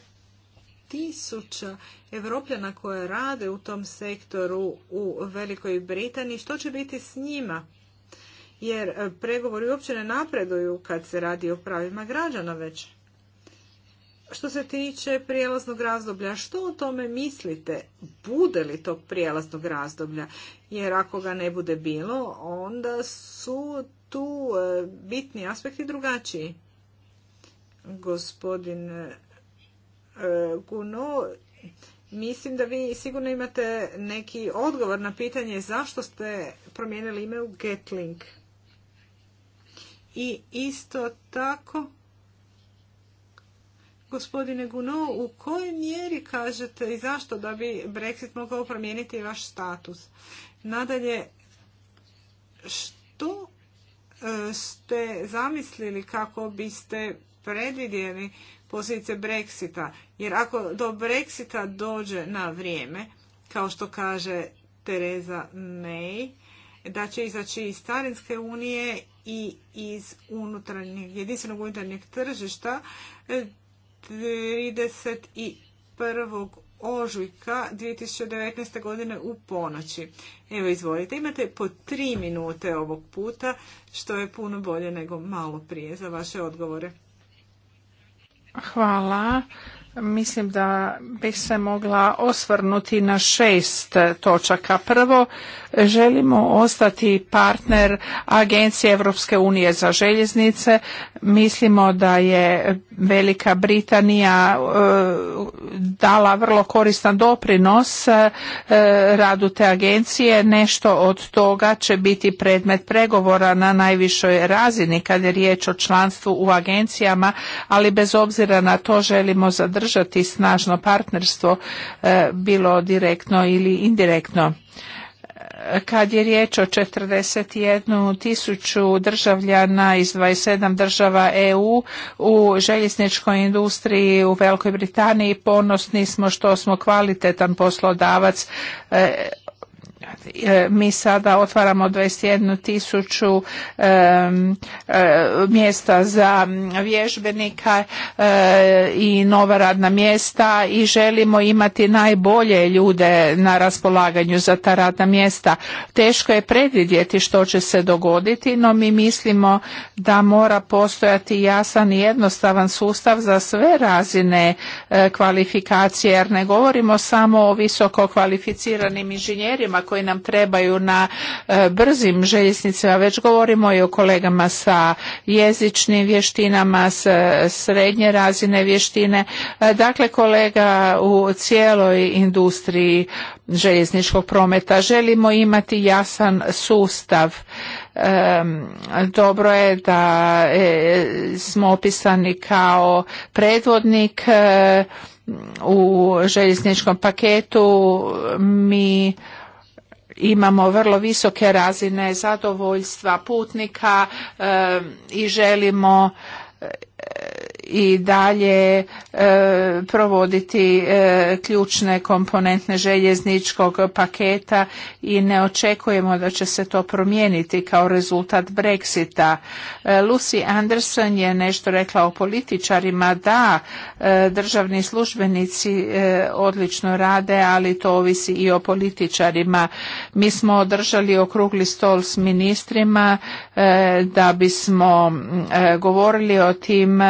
tisuća evropljana koje rade u tom sektoru u Velikoj Britaniji. Što će biti s njima? Jer e, pregovori uopće ne napreduju kad se radi o pravima građana već. Što se tiče prijelaznog razdoblja, što o tome mislite? Bude li tog prijelaznog razdoblja? Jer ako ga ne bude bilo, onda su tu e, bitni aspekti drugačiji. Gospodin Gunu, e, mislim da vi sigurno imate neki odgovor na pitanje zašto ste promijenili ime u Getlink. I isto tako, gospodine Guno, u kojoj mjeri kažete i zašto da bi Brexit mogao promijeniti vaš status? Nadalje, što e, ste zamislili kako biste predvidjeli posljedice Brexita. Jer ako do Brexita dođe na vrijeme, kao što kaže Tereza May, da će izaći iz Starinske unije i iz unutarnjeg, jedinstvenog unutarnjeg tržišta 31. E, ožujka 2019. godine u ponoći. Evo izvolite, imate po tri minute ovog puta, što je puno bolje nego malo prije za vaše odgovore. Hvala. Mislim da bih se mogla osvrnuti na šest točaka. Prvo, želimo ostati partner Agencije Europske unije za željeznice. Mislimo da je Velika Britanija e, dala vrlo koristan doprinos e, radu te agencije. Nešto od toga će biti predmet pregovora na najvišoj razini kad je riječ o članstvu u agencijama, ali bez obzira na to želimo zadržati održati snažno partnerstvo e, bilo direktno ili indirektno e, kad je riječ o 41 tisuću državljana iz 27 država EU u željezničkoj industriji u Velikoj Britaniji ponosni smo što smo kvalitetan poslodavac e, E, mi sada otvaramo 21 tisuću e, mjesta za vježbenika e, i nova radna mjesta i želimo imati najbolje ljude na raspolaganju za ta radna mjesta. Teško je predvidjeti što će se dogoditi, no mi mislimo da mora postojati jasan i jednostavan sustav za sve razine kvalifikacije, jer ne govorimo samo o visoko kvalificiranim inženjerima koji koji nam trebaju na e, brzim željeznicama. Već govorimo i o kolegama sa jezičnim vještinama, s e, srednje razine vještine. E, dakle, kolega u cijeloj industriji željezničkog prometa. Želimo imati jasan sustav. Dobro je da smo opisani kao predvodnik u željezničkom paketu. Mi imamo vrlo visoke razine zadovoljstva putnika i želimo i dalje e, provoditi e, ključne komponentne željezničkog paketa i ne očekujemo da će se to promijeniti kao rezultat Brexita. E, Lucy Anderson je nešto rekla o političarima. Da, državni službenici odlično rade, ali to ovisi i o političarima. Mi smo održali okrugli stol s ministrima da bismo govorili o tim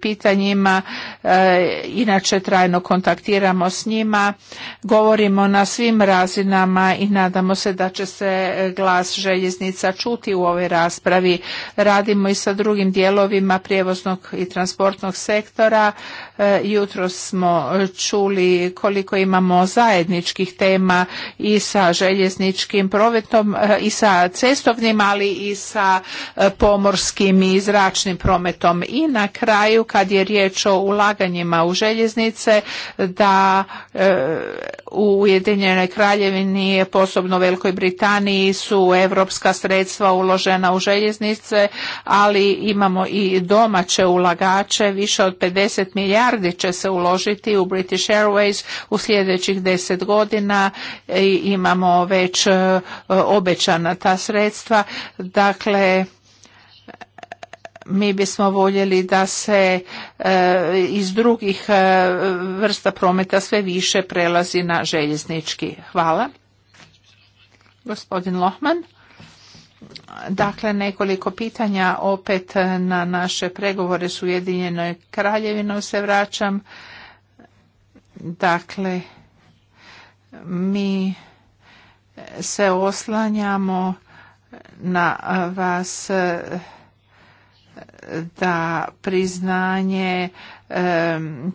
pitanjima, e, inače trajno kontaktiramo s njima, govorimo na svim razinama i nadamo se da će se glas željeznica čuti u ovoj raspravi. Radimo i sa drugim dijelovima prijevoznog i transportnog sektora, E, jutro smo čuli koliko imamo zajedničkih tema i sa željezničkim prometom e, i sa cestovnim, ali i sa e, pomorskim i zračnim prometom. I na kraju kad je riječ o ulaganjima u željeznice da u Ujedinjenoj Kraljevini, posebno u Velikoj Britaniji su europska sredstva uložena u željeznice, ali imamo i domaće ulagače, više od 50 milijardi milijardi će se uložiti u British Airways u sljedećih deset godina i imamo već e, obećana ta sredstva. Dakle, mi bismo voljeli da se e, iz drugih e, vrsta prometa sve više prelazi na željeznički. Hvala. Gospodin Lohman. Dakle, nekoliko pitanja opet na naše pregovore s Ujedinjenoj kraljevinom se vraćam. Dakle, mi se oslanjamo na vas da priznanje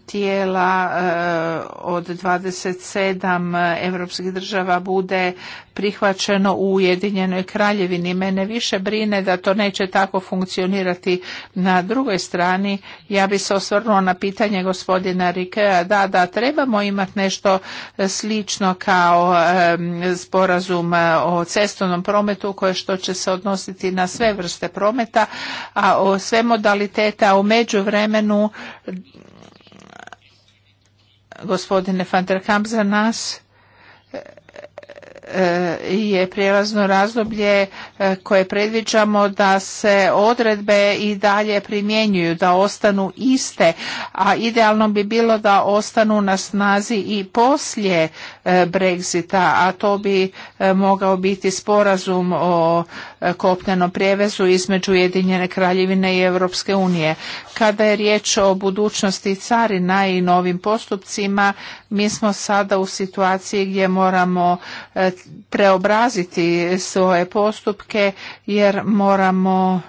tijela eh, od 27 europskih eh, država bude prihvaćeno u Ujedinjenoj kraljevini. Mene više brine da to neće tako funkcionirati na drugoj strani. Ja bi se osvrnula na pitanje gospodina Rikea. Da, da, trebamo imati nešto eh, slično kao sporazum o cestovnom prometu koje što će se odnositi na sve vrste prometa, a o sve modaliteta u međuvremenu gospodine van der Kamp, za nas e, e, je prijelazno razdoblje e, koje predviđamo da se odredbe i dalje primjenjuju, da ostanu iste, a idealno bi bilo da ostanu na snazi i poslije E, Brexita, a to bi e, mogao biti sporazum o e, kopnenom prijevezu između Jedinjene kraljevine i Europske unije. Kada je riječ o budućnosti carina i novim postupcima, mi smo sada u situaciji gdje moramo preobraziti svoje postupke jer moramo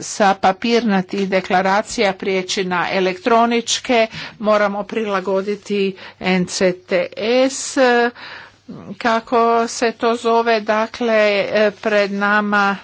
sa papirnatih deklaracija prijeći na elektroničke, moramo prilagoditi NCTS, kako se to zove, dakle pred nama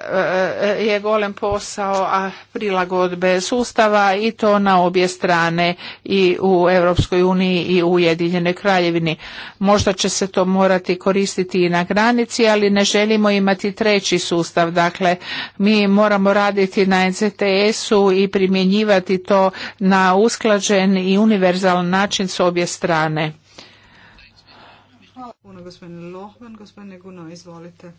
E, je golem posao a prilagodbe sustava i to na obje strane i u Europskoj uniji i u Ujedinjenoj kraljevini. Možda će se to morati koristiti i na granici, ali ne želimo imati treći sustav. Dakle, mi moramo raditi na NCTS-u i primjenjivati to na usklađen i univerzalan način s obje strane. Hvala puno, gospodine Lohman. Gospodine izvolite.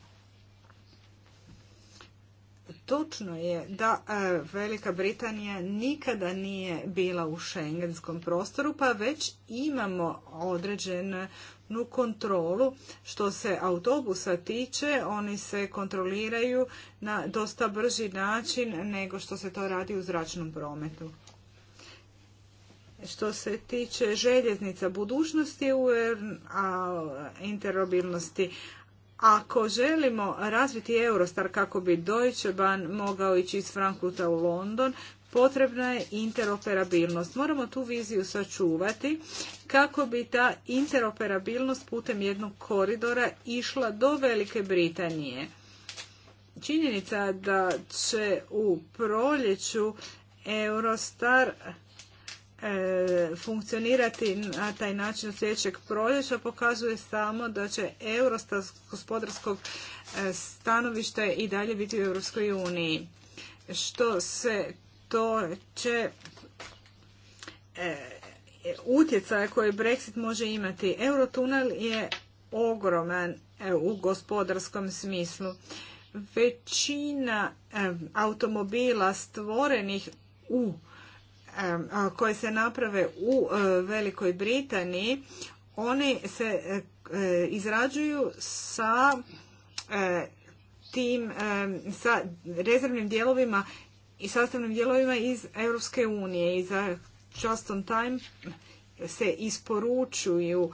Točno je da e, Velika Britanija nikada nije bila u šengenskom prostoru, pa već imamo određenu kontrolu. Što se autobusa tiče, oni se kontroliraju na dosta brži način nego što se to radi u zračnom prometu. Što se tiče željeznica budućnosti u er, interobilnosti, ako želimo razviti Eurostar kako bi Deutsche Bahn mogao ići iz Frankfurta u London, potrebna je interoperabilnost. Moramo tu viziju sačuvati kako bi ta interoperabilnost putem jednog koridora išla do Velike Britanije. Činjenica da će u proljeću Eurostar E, funkcionirati na taj način od sljedećeg proljeća pokazuje samo da će Eurostat gospodarskog e, stanovišta i dalje biti u Europskoj uniji. Što se to će e, utjecaja koje Brexit može imati. Eurotunel je ogroman u gospodarskom smislu. Većina automobila stvorenih u koje se naprave u e, Velikoj Britaniji, oni se e, e, izrađuju sa tim sa rezervnim dijelovima i sastavnim dijelovima iz Europske unije i za just on time se isporučuju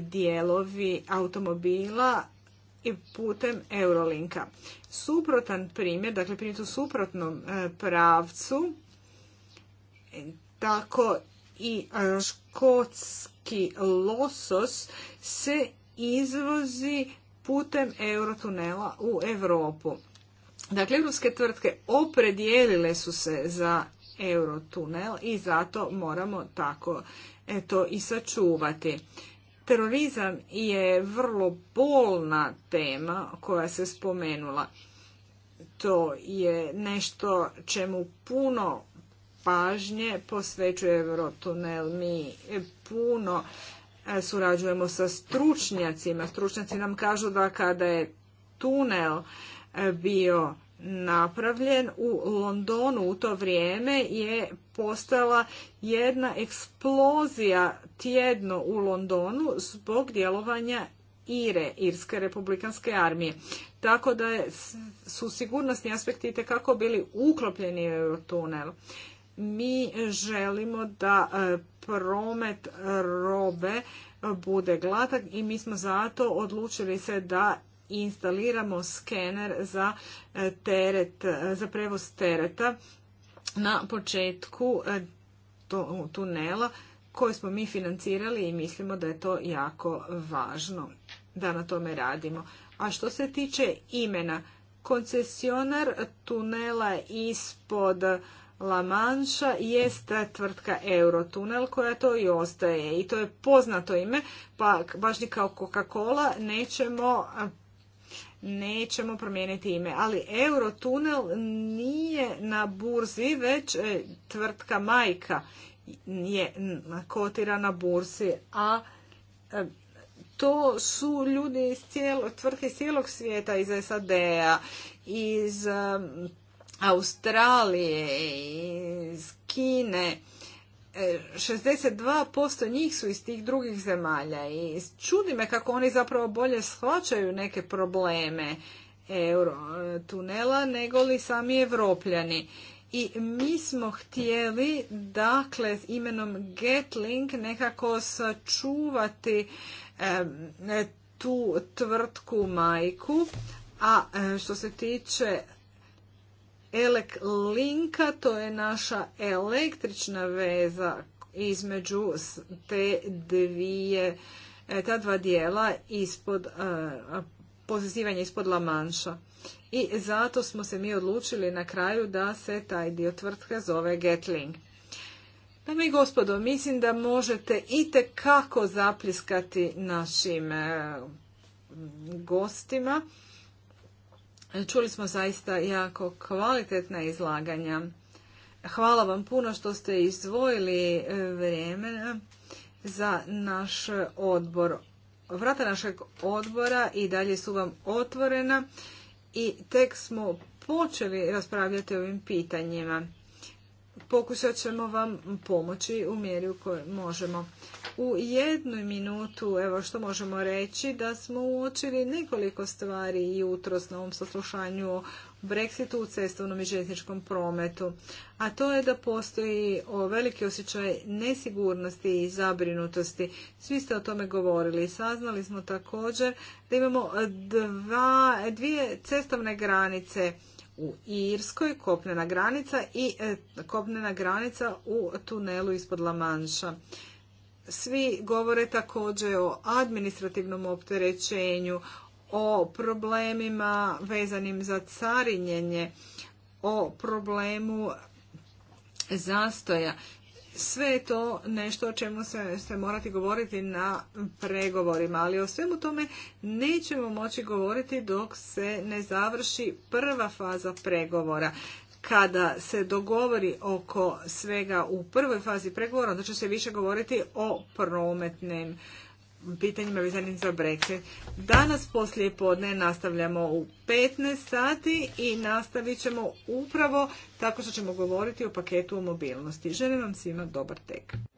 dijelovi automobila i putem Eurolinka. Suprotan primjer, dakle primjer u suprotnom pravcu, tako i škotski losos se izvozi putem eurotunela u Europu. Dakle, europske tvrtke opredijelile su se za eurotunel i zato moramo tako to i sačuvati. Terorizam je vrlo bolna tema koja se spomenula. To je nešto čemu puno pažnje posvećuje Eurotunel. Mi puno e, surađujemo sa stručnjacima. Stručnjaci nam kažu da kada je tunel e, bio napravljen u Londonu u to vrijeme je postala jedna eksplozija tjedno u Londonu zbog djelovanja IRE, Irske republikanske armije. Tako da su sigurnosni aspekti itekako bili uklopljeni u tunel mi želimo da e, promet robe bude glatak i mi smo zato odlučili se da instaliramo skener za e, teret, e, za prevoz tereta na početku tunela koji smo mi financirali i mislimo da je to jako važno da na tome radimo. A što se tiče imena, koncesionar tunela ispod La Manša jest tvrtka Eurotunel koja to i ostaje i to je poznato ime, pa baš ni kao Coca-Cola nećemo nećemo promijeniti ime. Ali Eurotunel nije na burzi, već e, tvrtka majka je kotira na burzi, a e, to su ljudi iz tvrtke iz cijelog svijeta, iz SAD-a, iz Australije iz Kine, 62% e, njih su iz tih drugih zemalja i čudi me kako oni zapravo bolje shvaćaju neke probleme euro tunela nego li sami evropljani. I mi smo htjeli, dakle, imenom Getlink nekako sačuvati tu tvrtku majku, a e, što se tiče Elek linka, to je naša električna veza između te dvije, e, ta dva dijela ispod, e, pozivanje ispod La Manša. I zato smo se mi odlučili na kraju da se taj dio tvrtka zove Getlink. Dame i gospodo, mislim da možete i kako zapliskati našim e, gostima. Čuli smo zaista jako kvalitetna izlaganja. Hvala vam puno što ste izdvojili e, vremena za naš odbor. Vrata našeg odbora i dalje su vam otvorena i tek smo počeli raspravljati o ovim pitanjima. Pokušat ćemo vam pomoći u mjeri u kojoj možemo u jednu minutu, evo što možemo reći, da smo uočili nekoliko stvari jutros na ovom saslušanju o Brexitu u cestovnom i željezničkom prometu. A to je da postoji veliki osjećaj nesigurnosti i zabrinutosti. Svi ste o tome govorili. Saznali smo također da imamo e, dva, dvije cestovne granice u Irskoj, kopnena granica i e, kopnena granica u tunelu ispod Lamanša. Svi govore također o administrativnom opterećenju, o problemima vezanim za carinjenje, o problemu zastoja. Sve je to nešto o čemu se, se morati govoriti na pregovorima, ali o svemu tome nećemo moći govoriti dok se ne završi prva faza pregovora kada se dogovori oko svega u prvoj fazi pregovora, onda će se više govoriti o prometnim pitanjima vezanim za Brexit. Danas poslije podne nastavljamo u 15 sati i nastavit ćemo upravo tako što ćemo govoriti o paketu o mobilnosti. Želim vam svima dobar tek.